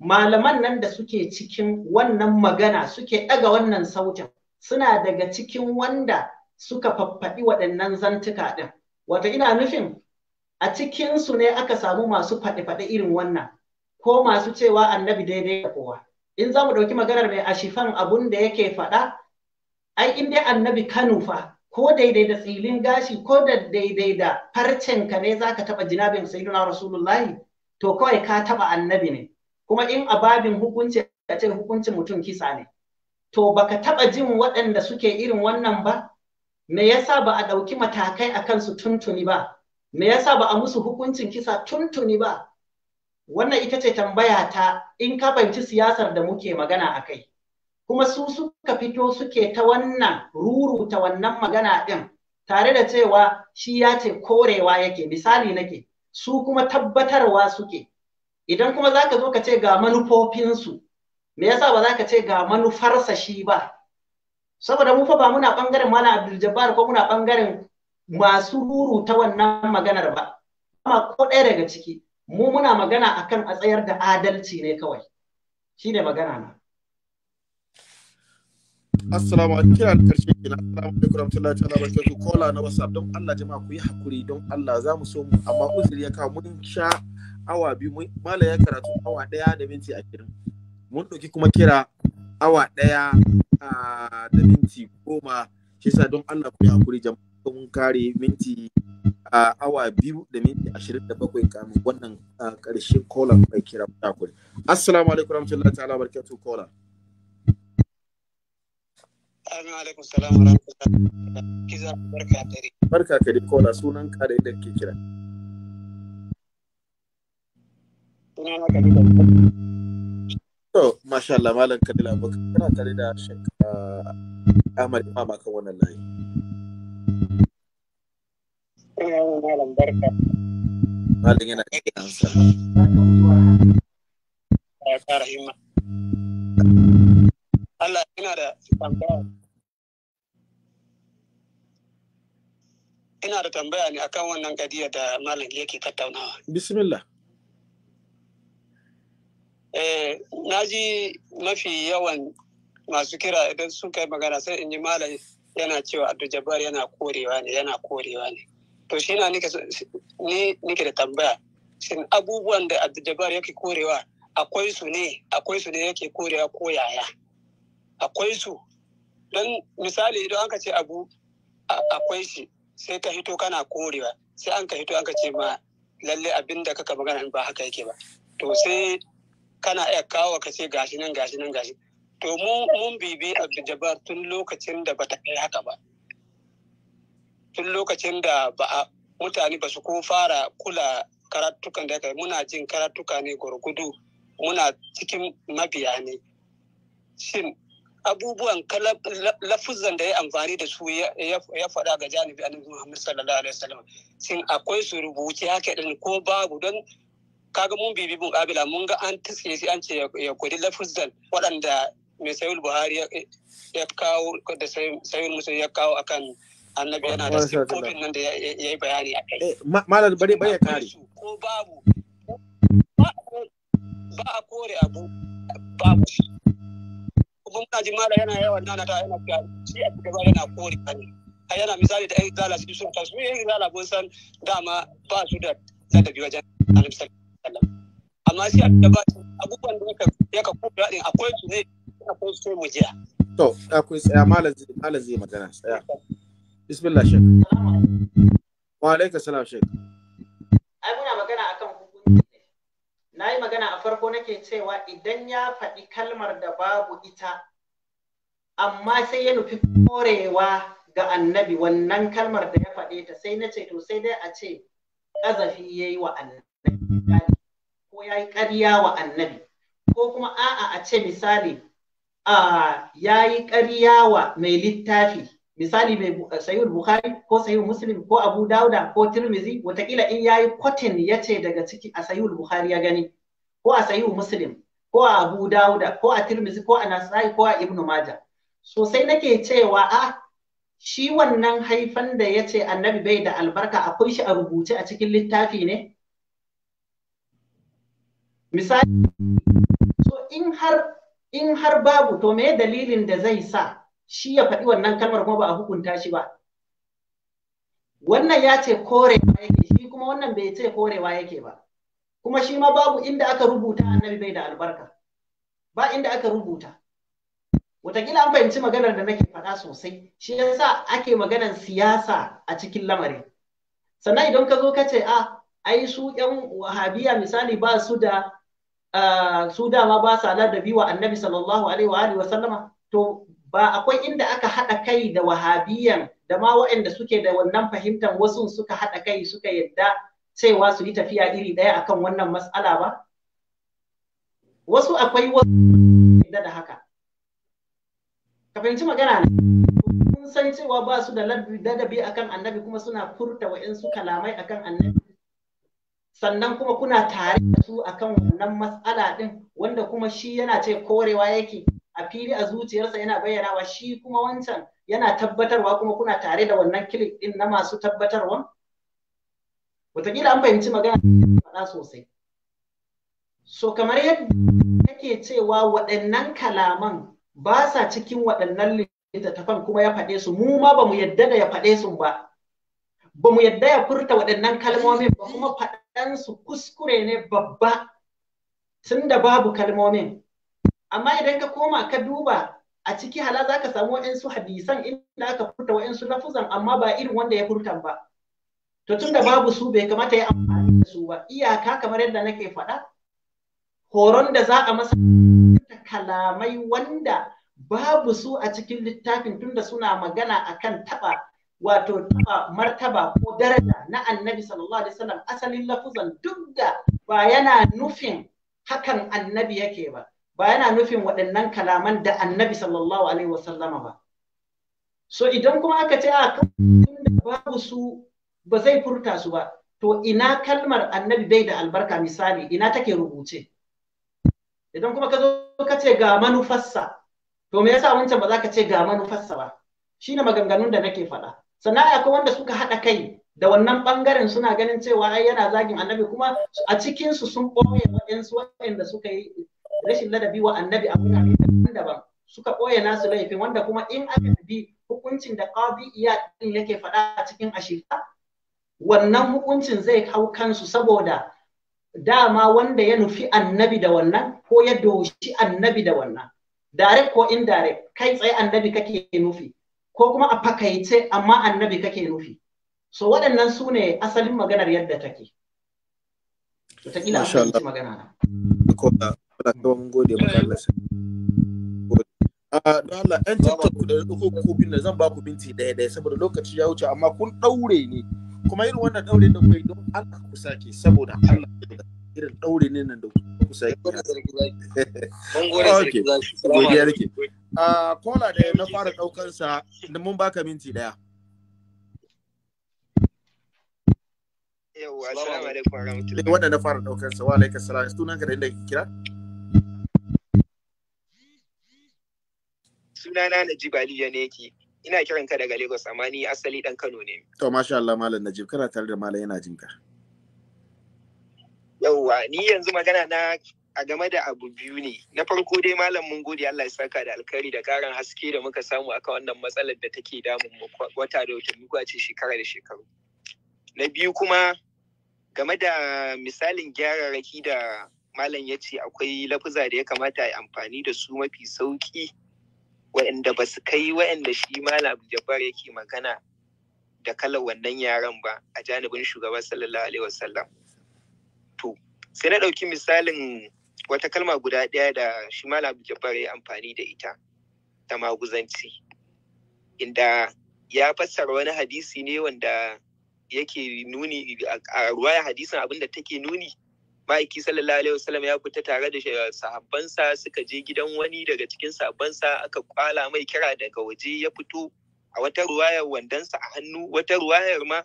malaman nan da suke cikin wannan magana suke ɗaga wannan sautin suna daga cikin wanda suka faffaɗi waɗannan zantuka ɗin. Wata ina nufin a cikinsu ne aka samu masu faɗe-faɗe irin wannan ko masu cewa annabi daidai da kowa. In za mu ɗauki maganar mai ashifan abun da yake faɗa, ai in dai annabi Kano fa ko daidai da tsilin gashi ko da daidai da farcen ka ne zaka taba jinabin sayyidina rasulullahi to kawai ka taba annabi ne kuma in a babin hukunci a ce hukuncin mutum kisa ne to baka taba jin waɗanda suke irin wannan ba me yasa ba a ɗauki matakai a kansu tuntuni ba me yasa ba a musu hukuncin kisa tuntuni ba wannan ita ce tambaya ta in ka fahimci siyasar da muke magana a kai kuma su suka fito suke ta wannan ruru ta wannan magana ɗin tare da cewa shi ya ce korewa yake misali nake su kuma tabbatarwa suke idan kuma za ka zo ka ce ga manufofinsu me yasa ba za ka ce ga manufarsa shi ba saboda mu ba muna bangaren mana abdul ko muna bangaren masu ruru ta wannan maganar ba amma ko ɗaya daga ciki mu muna magana akan a tsayar da adalci ne kawai shine magana na assalamu alaikum kira da karshe kina assalamu alaikum rahmatullahi ta'ala barkatu kola na whatsapp don Allah jama'a ku yi hakuri don Allah za mu so mu amma uzuri ya kawo mun sha awa biyu mun mala ya karatu awa daya da minti ashirin mun ɗauki kuma kira awa daya da minti goma shi sa don Allah ku yi hakuri jama'a mun kare minti a awa biyu da minti ashirin da bakwai kamin wannan karshen kola mai kira assalamu alaikum rahmatullahi ta'ala barkatu kola Amin alaikum salam wa rahmatullahi Kiza barka dare. Barka ka da kola sunan ka da yadda ke kira. Sunan ka da To, masha Allah malam Kadil Abubakar kana tare da Sheikh ah, Ahmad Imam akan wannan layi. Malam barka. Malam yana kiran sa. Ya fara himma. Allah yana da tambaya ina da tambaya ne akan wannan gadiya da malam yake tattaunawa bismillah eh na ji mafi yawan masu kira idan sun kai magana sai in ji malam yana cewa Abdul jabbar yana korewa ne yana korewa ne to shi na nike da tambaya shin abubuwan da Abdul jabbar yake korewa akwai su ne akwai su ne yake korewa ko yaya akwai su don misali idan aka ce abu akwai shi sai ka hito kana korewa sai an ka hito an ka ce ma lalle abin da kaka magana ba haka yake ba to sai kana iya kawo ka ce gashi nan gashi nan gashi to mu mun bibi Abdul Jabbar tun lokacin da bata kai haka ba tun lokacin da ba mutane ba su ko fara kula karatukan da kai muna jin karatuka ne gurgudu muna cikin mabiya ne shin abubuwan lafuzan da ya amfani da su ya faɗa ga janibi annabi Muhammad sallallahu alaihi wasallam sin akwai su rubuce haka din ko babu don kaga mun bibi mun kabila mun ga an tsike shi an ce ya kudi lafuzan waɗanda mai sayul Buhari ya kawo da sayul Musa ya kawo akan annabi yana da sifofin nan da ya yi bayani a kai. Eh, bari bari ya kare. Ko babu ba a kore abu babu kuma muna ji mala yana yawan nana ta yana fiya shi a cikin yana kore kani a yana misali da yan zala su sun kasu yan zala kun san dama ba su da ladabi wajen annabi sallallahu amma shi da ba abubuwan da yaka yaka kura din akwai su ne akwai su mu jiya to akwai tsaya magana tsaya bismillah shek wa alaikum salam shek ai muna na yi magana a farko nake cewa idan ya faɗi kalmar da babu ita amma sai ya nufi korewa ga annabi wannan kalmar da ya faɗe ta sai na ce to sai dai a ce ƙazafi ya yi wa annabi ko ya yi ƙarya wa annabi ko kuma a'a a ce misali ya yi ƙarya wa mai littafi misali mai sahih bukhari ko sahih muslim ko abu dauda ko tirmizi watakila in yayi kwatin yace daga ciki a sahih bukhari ya gani ko a sahih muslim ko a abu dauda ko a tirmizi ko a nasai ko a ibnu majah so sai nake cewa a shi wannan haifan da yace annabi bai da albarka akwai shi a rubuce a cikin littafi ne misali so in har in har babu to me dalilin da zai sa shi ya faɗi wannan kalmar kuma ba a hukunta shi ba wannan ya ce korewa yake shi kuma wannan bai ce korewa yake ba kuma shi ma babu inda aka rubuta annabi bai da albarka ba inda aka rubuta Wataƙila an fahimci maganar da nake faɗa sosai shi yasa ake maganar siyasa a cikin lamari sannan idan ka zo ka ce a ah, ai su yan wahabiya misali ba su da ah, su dama ba sa ladabi wa annabi sallallahu alaihi wa wa sallama to ba akwai inda aka haɗa kai da wahabiyan da ma waɗanda suke da wannan fahimtar wasu suka haɗa kai suka yadda cewa su yi tafiya iri ɗaya akan wannan matsala ba? Wasu akwai wasu yadda da haka. Ka fahimci magana ne? kun san cewa ba su da ladabi akan annabi kuma suna furta wa'insu kalamai akan annabi. Sannan kuma kuna tare da su akan wannan matsala ɗin wanda kuma shi yana ce korewa yake a fili a zuciyarsa yana bayyanawa shi kuma wancan yana tabbatarwa kuma kuna tare da wannan kilik din na masu tabbatarwa wataƙila an fahimci magana faɗa sosai so kamar yadda yake cewa waɗannan kalaman ba sa cikin waɗannan littattafan kuma ya faɗe su mu ma ba mu yadda da ya faɗe su ba ba mu yadda ya furta waɗannan kalmomin ba kuma faɗansu kuskure ne babba tunda babu kalmomin amma idan ka koma ka duba a ciki hala za ka samu waɗansu hadisan inda aka furta waɗansu lafuzan amma ba irin wanda ya furta ba to tun da babu su bai kamata ya amfani da su ba iyaka kamar yadda nake faɗa horon da za a masa kalamai wanda babu su a cikin littafin tun da suna magana akan taɓa, wato taɓa, martaba ko daraja na annabi sallallahu alaihi wasallam asalin lafuzan duk da ba yana nufin hakan annabi yake ba ba yana nufin waɗannan kalaman da annabi sallallahu alaihi wasallama ba so idan kuma aka ce a ah, kan babu su ba zai furta su ba to ina kalmar annabi bai da albarka misali ina take rubuce idan kuma ka zo ka ce ga manufarsa to me yasa wancan ba za ka ce ga manufarsa ba shine maganganun da nake faɗa sannan akwai wanda suka haɗa kai da wannan bangaren suna ganin cewa ai yana zagin annabi kuma a cikinsu sun ɓoye waɗansu waɗanda suka yi rashin ladabi wa annabi a wurare daban-daban suka ɓoye nasu laifin wanda kuma in aka bi hukuncin da qadi iya din yake faɗa cikin ashirka wannan hukuncin zai hau kansu saboda dama wanda ya nufi annabi da wannan ko ya doshi annabi da wannan direct ko indirect kai tsaye annabi kake nufi ko kuma a fakaice amma annabi kake nufi so waɗannan su ne asalin maganar yadda take. Wataƙila magana na. Allah kuma mun gode maka Allah sai a ah, don Allah ɗan TikTok da ko bin zan ba ku minti ɗaya ɗaya saboda lokaci ya wuce amma kun ɗaure ne kuma irin wannan ɗaure da kai don Allah ku sake saboda Allah irin ɗaure ne nan da ku sake. *laughs* Okay, godiya rike. Ah, kola da na fara ɗaukansa da mun baka minti ɗaya. Yawwa, assalamu alaikum warahmatullahi. Wanda na fara daukar sa, wa alaikum assalam. Sunan ka da inda kira? sunana Najib Ali Yaneki ina kiran ka daga Lagos amma ni asali dan Kano ne. To masha Allah Malam Najib kana tare da Malam yana jinka. Yawwa ni yanzu magana na a game da abu biyu ne. Na farko dai Malam mun gode Allah ya saka da alkhairi da karan haske da muka samu aka wannan matsalar da take damun mu wata da wata muka ce shekara da shekaru. Na biyu kuma game da misalin gyararraki da Malam ya ce akwai lafuza da ya kamata a yi amfani da su mafi sauki Wa'inda ba su kai wa'inda shi malam jabbar yake magana da kalar wannan yaren ba a janibin shugaban sallallahu alaihi wasallam to sai na ɗauki misalin wata kalma guda ɗaya da shi malam jabbar ya amfani da ita ta maguzanci inda ya fassara wani hadisi ne wanda yake nuni a ruwaya hadisin abinda take nuni ma'aiki sallallahu alaihi wasallam ya fita tare da sahabbansa suka je gidan wani daga cikin sahabbansa aka kwala mai kira daga waje ya fito a wata ruwayar wandonsa a hannu wata ruwayar ma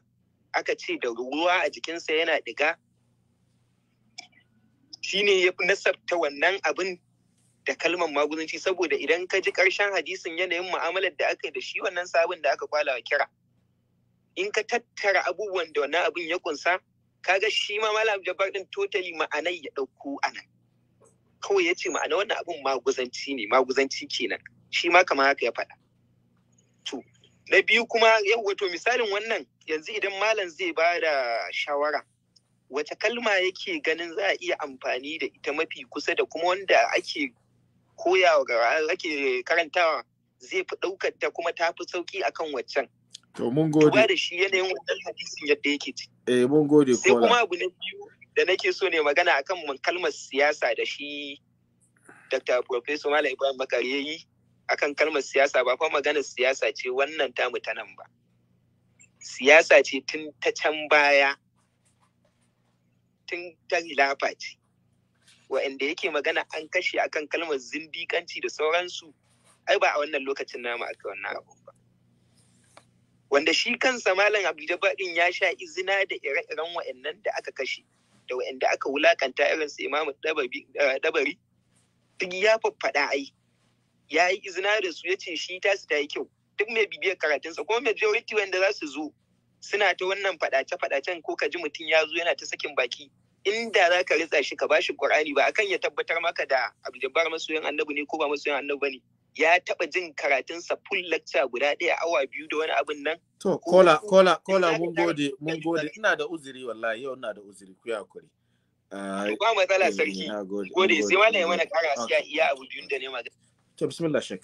aka ce da ruwa a jikinsa yana diga shine ya nasabta wannan abin da kalmar maguzanci. saboda idan ka ji karshen hadisin yanayin mu'amalar da aka yi da shi wannan sabon da aka kwala kira in ka tattara abubuwan da wannan abin ya kunsa kaga shi ma malam jabbar din totally ma'anai ya dauko anan, kawai yace ma'ana wannan abun maguzanci ne maguzanci kenan shi ma kamar haka ya faɗa to na biyu kuma yau wato misalin wannan yanzu idan malam zai ba da shawara wace kalma yake ganin za a iya amfani da ita mafi kusa da kuma wanda ake koyawa ake karantawa zai fi ɗaukar ta kuma ta fi sauƙi akan waccan To mun gode. Kuma da shi yanayin wannan hadisin yadda yake ciki. Eh mun gode kuma. Sai kuma abu na biyu da nake so ne magana akan mun kalmar siyasa da shi Dr. Professor Malam Ibrahim Bakari yayi akan kalmar siyasa ba kuma magana siyasa ce wannan tamu ta nan ba. Siyasa ce tun ta can baya tun ta hilafa ce. Wa'anda yake magana an kashe akan kalmar zindikanci da sauransu ai ba a wannan lokacin namu aka wannan abu ba. wanda shi kansa malam abdujabbar baɗin ya sha izina da ire-iren wa'annan da aka kashe da wa'anda aka wulakanta irin su imamu eh, dabari duk ya faffaɗa ai ya yi izina da su ya ce shi su ta yi kyau duk mai bibiyar karatunsa kuma majority wanda za su zo suna ta wannan faɗace-faɗacen ko ka ji mutum ya zo yana ta sakin baki inda za ka ritsa shi ka bashi Qur'ani ba akan ya tabbatar maka da abdujabbar masoyan annabi ne ko ba masoyan annabi ba ne ya taɓa jin karatunsa full lecture guda ɗaya awa biyu da wani abin nan. To, kola, kola, kola, mun gode, mun gode, ina da uzuri wallahi yau ina da uzuri ku ya kuri. Ah, ba matsala eh, sarki, gode, sai wani ya mana kara siya ah. iya abu biyun da ne magana. To, bismillah shek.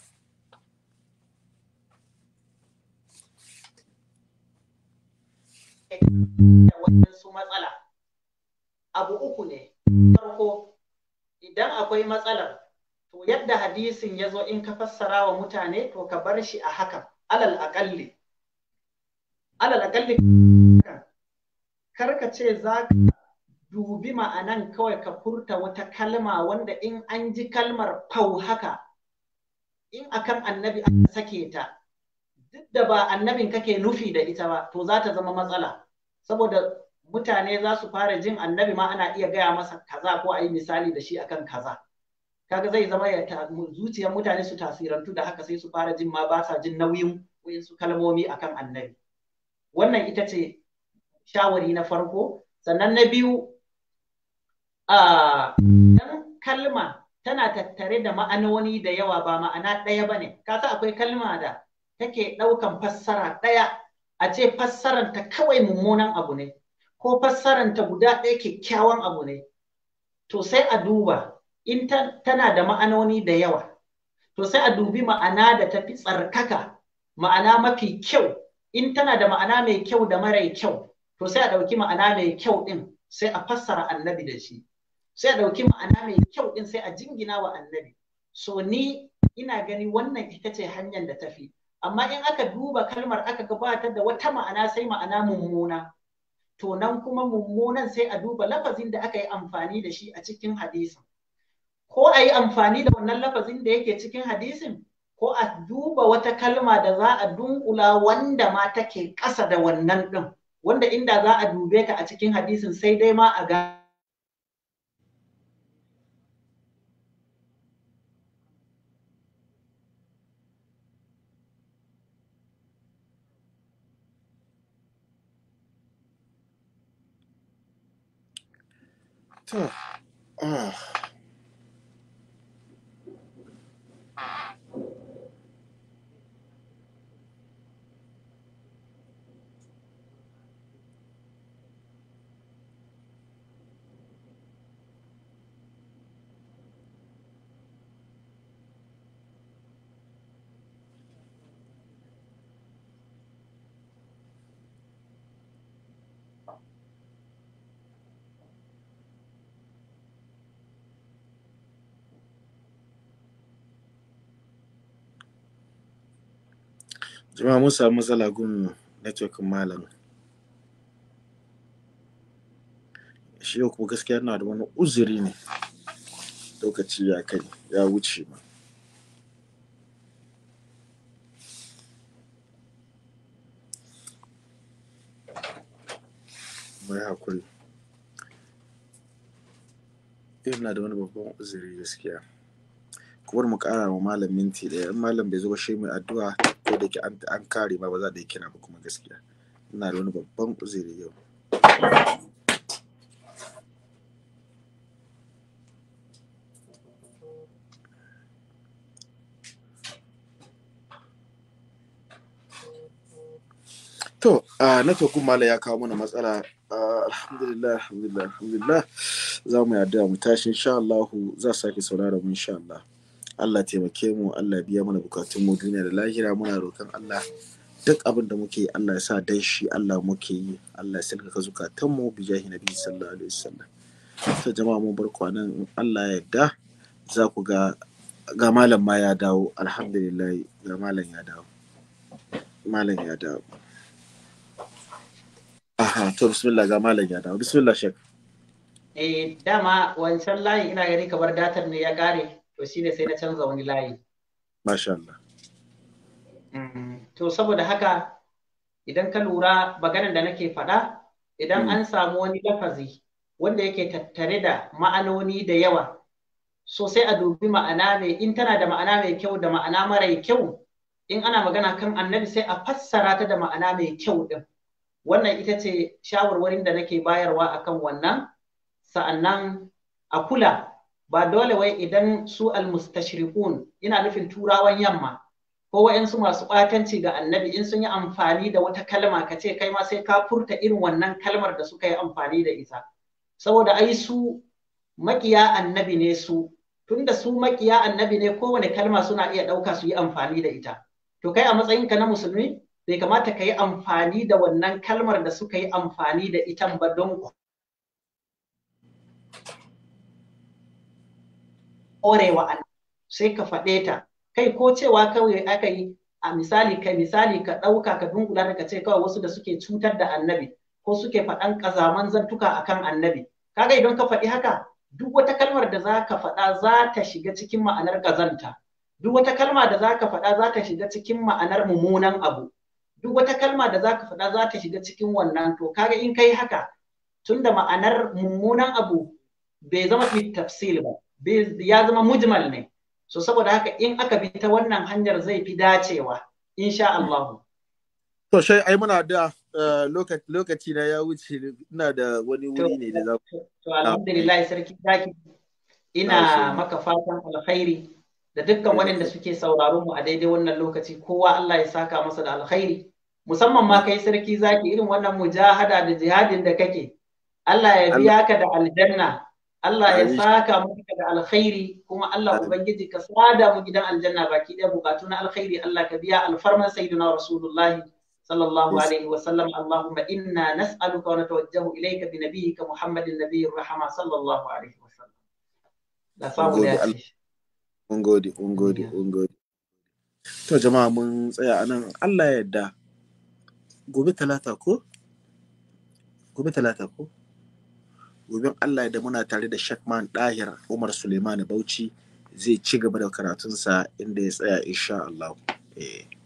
Wadansu matsala, abu uku ne, farko idan akwai matsalar to yadda hadisin ya zo in ka fassara wa mutane to ka bar shi a hakan alal aƙalli alal aƙalli karka ce za ka dubi ma'anan kawai ka furta wata kalma wanda in an ji kalmar fau haka in akan annabi an sake ta duk da ba annabin kake nufi da ita ba to za ta zama matsala saboda mutane za su fara jin annabi ma ana iya gaya masa kaza ko a yi misali da shi akan kaza kaga zai zama ya zuciyar mutane su tasirantu da haka sai su fara jin ma ba sa jin nauyin su kalmomi akan annabi wannan ita ce shawari na farko sannan na biyu a kalma tana tattare da ma'anoni da yawa ba ma'ana ɗaya ba ne kasa akwai kalma da take ɗaukan fassara ɗaya a ce fassaranta kawai mummunan abu ne ko fassaranta guda ɗaya kyakkyawan abu ne to sai a duba in tana da ma'anoni da yawa to sai a dubi ma'ana da ta fi tsarkaka ma'ana mafi kyau in tana da ma'ana mai kyau da mara kyau to sai a ɗauki ma'ana mai kyau ɗin sai a fassara annabi da shi sai a ɗauki ma'ana mai kyau ɗin sai a jingina wa annabi so ni ina gani wannan ita ce hanyar da tafi amma in aka duba kalmar aka gabatar da wata ma'ana sai ma'ana mummuna to nan kuma mummunan sai a duba lafazin da aka yi amfani da shi a cikin hadisin ko a yi amfani da wannan lafazin da yake cikin hadisin ko a duba wata kalma da za a dunkula wanda ma take ƙasa da wannan ɗin wanda inda za a dube ta a cikin hadisin sai dai ma a ga ah. jama'a mun samu matsala gun network malam shi yau kuma gaskiya na da wani uzuri ne lokaci ya kai ya wuce ma mai hakuri yau na da wani babban uzuri gaskiya kuma mu kara wa malam minti ɗaya malam bai zo ba shi mai addu'a ko da ke an kare ma ba za da yi kina ba kuma gaskiya ina da wani babban uziri yau To, uh, na tokun kuma ya kawo mana matsala alhamdulillah alhamdulillah alhamdulillah za mu yadda mu tashi insha Allah za su sake saurara mu insha Allah. Allah taimake mu Allah biya mana bukatun mu duniya da lahira muna roƙon Allah duk abin da muke Allah ya sa dan shi Allah muke yi Allah ya salka zukatan mu bi jahi nabi sallallahu alaihi wasallam to jama'a mu bar kwanan Allah ya yarda za ku ga ga malam ma ya dawo alhamdulillah ga malam ya dawo malam ya dawo aha to bismillah ga malam ya dawo bismillah shek eh dama wancan layi ina gani kamar datar ne ya kare to shine sai na canza wani layi masha Allah mm, to saboda haka idan ka lura maganar da nake faɗa idan mm. an samu wani lafazi wanda yake tattare da ma'anoni da yawa so sai a dubi ma'ana mai in tana da ma'ana mai kyau da ma'ana mara kyau in ana magana kan annabi sai a fassara ta da ma'ana mai kyau din wannan ita ce shawarwarin da nake bayarwa akan wannan sa'annan a kula ba dole wai idan su almustashriqun ina nufin turawan yamma ko wa'yansu masu ɓatanci ga annabi in sun yi amfani da wata kalma ka ce kai ma sai ka furta irin wannan kalmar da suka yi amfani da ita saboda ai su makiya annabi ne su tunda su makiya annabi ne kowane kalma suna iya ɗauka su yi amfani da ita to kai a matsayinka na musulmi bai kamata ka yi amfani da wannan kalmar da suka yi amfani da ita ba don korewa sai ka faɗe ta kai ko cewa kawai aka yi a misali ka misali ka ɗauka ka dungula ka ce kawai wasu da suke cutar da annabi ko suke faɗan ƙazaman zantuka akan annabi kaga idan ka faɗi haka duk wata kalmar da za ka faɗa za ta shiga cikin ma'anar ƙazanta duk wata kalma da za ka faɗa za ta shiga cikin ma'anar mummunan abu duk wata kalma da za ka faɗa za ta shiga cikin wannan to kaga in kai haka tunda ma'anar mummunan abu bai zama fi tafsil ba ya zama mujmal ne so saboda haka in aka bi ta wannan hanyar zai fi dacewa insha Allah to shai ai muna da eh, lokaci na ya wuce ina da wani wuri ne da za ku to alhamdulillah sarki zaki ina maka fatan alkhairi da dukkan waɗanda suke sauraron mu a daidai wannan lokaci kowa Allah ya saka masa da alkhairi musamman ma kai sarki zaki irin wannan mujahada da jihadin da kake Allah ya biya ka da aljanna Allah ya saka mu da alkhairi kuma Allah ubangiji ka sada mu gidan aljanna baki daya bukatu na alkhairi Allah ka biya alfarman sayyidina rasulullahi sallallahu alaihi wa sallam Allahumma inna nas'aluka wa natawajjahu ilayka bi nabiyyika Muhammadin nabiyyir rahama sallallahu alaihi wa sallam. Da famu da shi. Ungodi ungodi ungodi. To jama'a mun tsaya anan Allah ya yarda. Gobe talata ko? Gobe talata ko? gobin Allah da muna tare da Shekman Dahir Umar Suleiman Bauchi zai ci gaba da karatunsa inda ya tsaya insha Allah. Eh.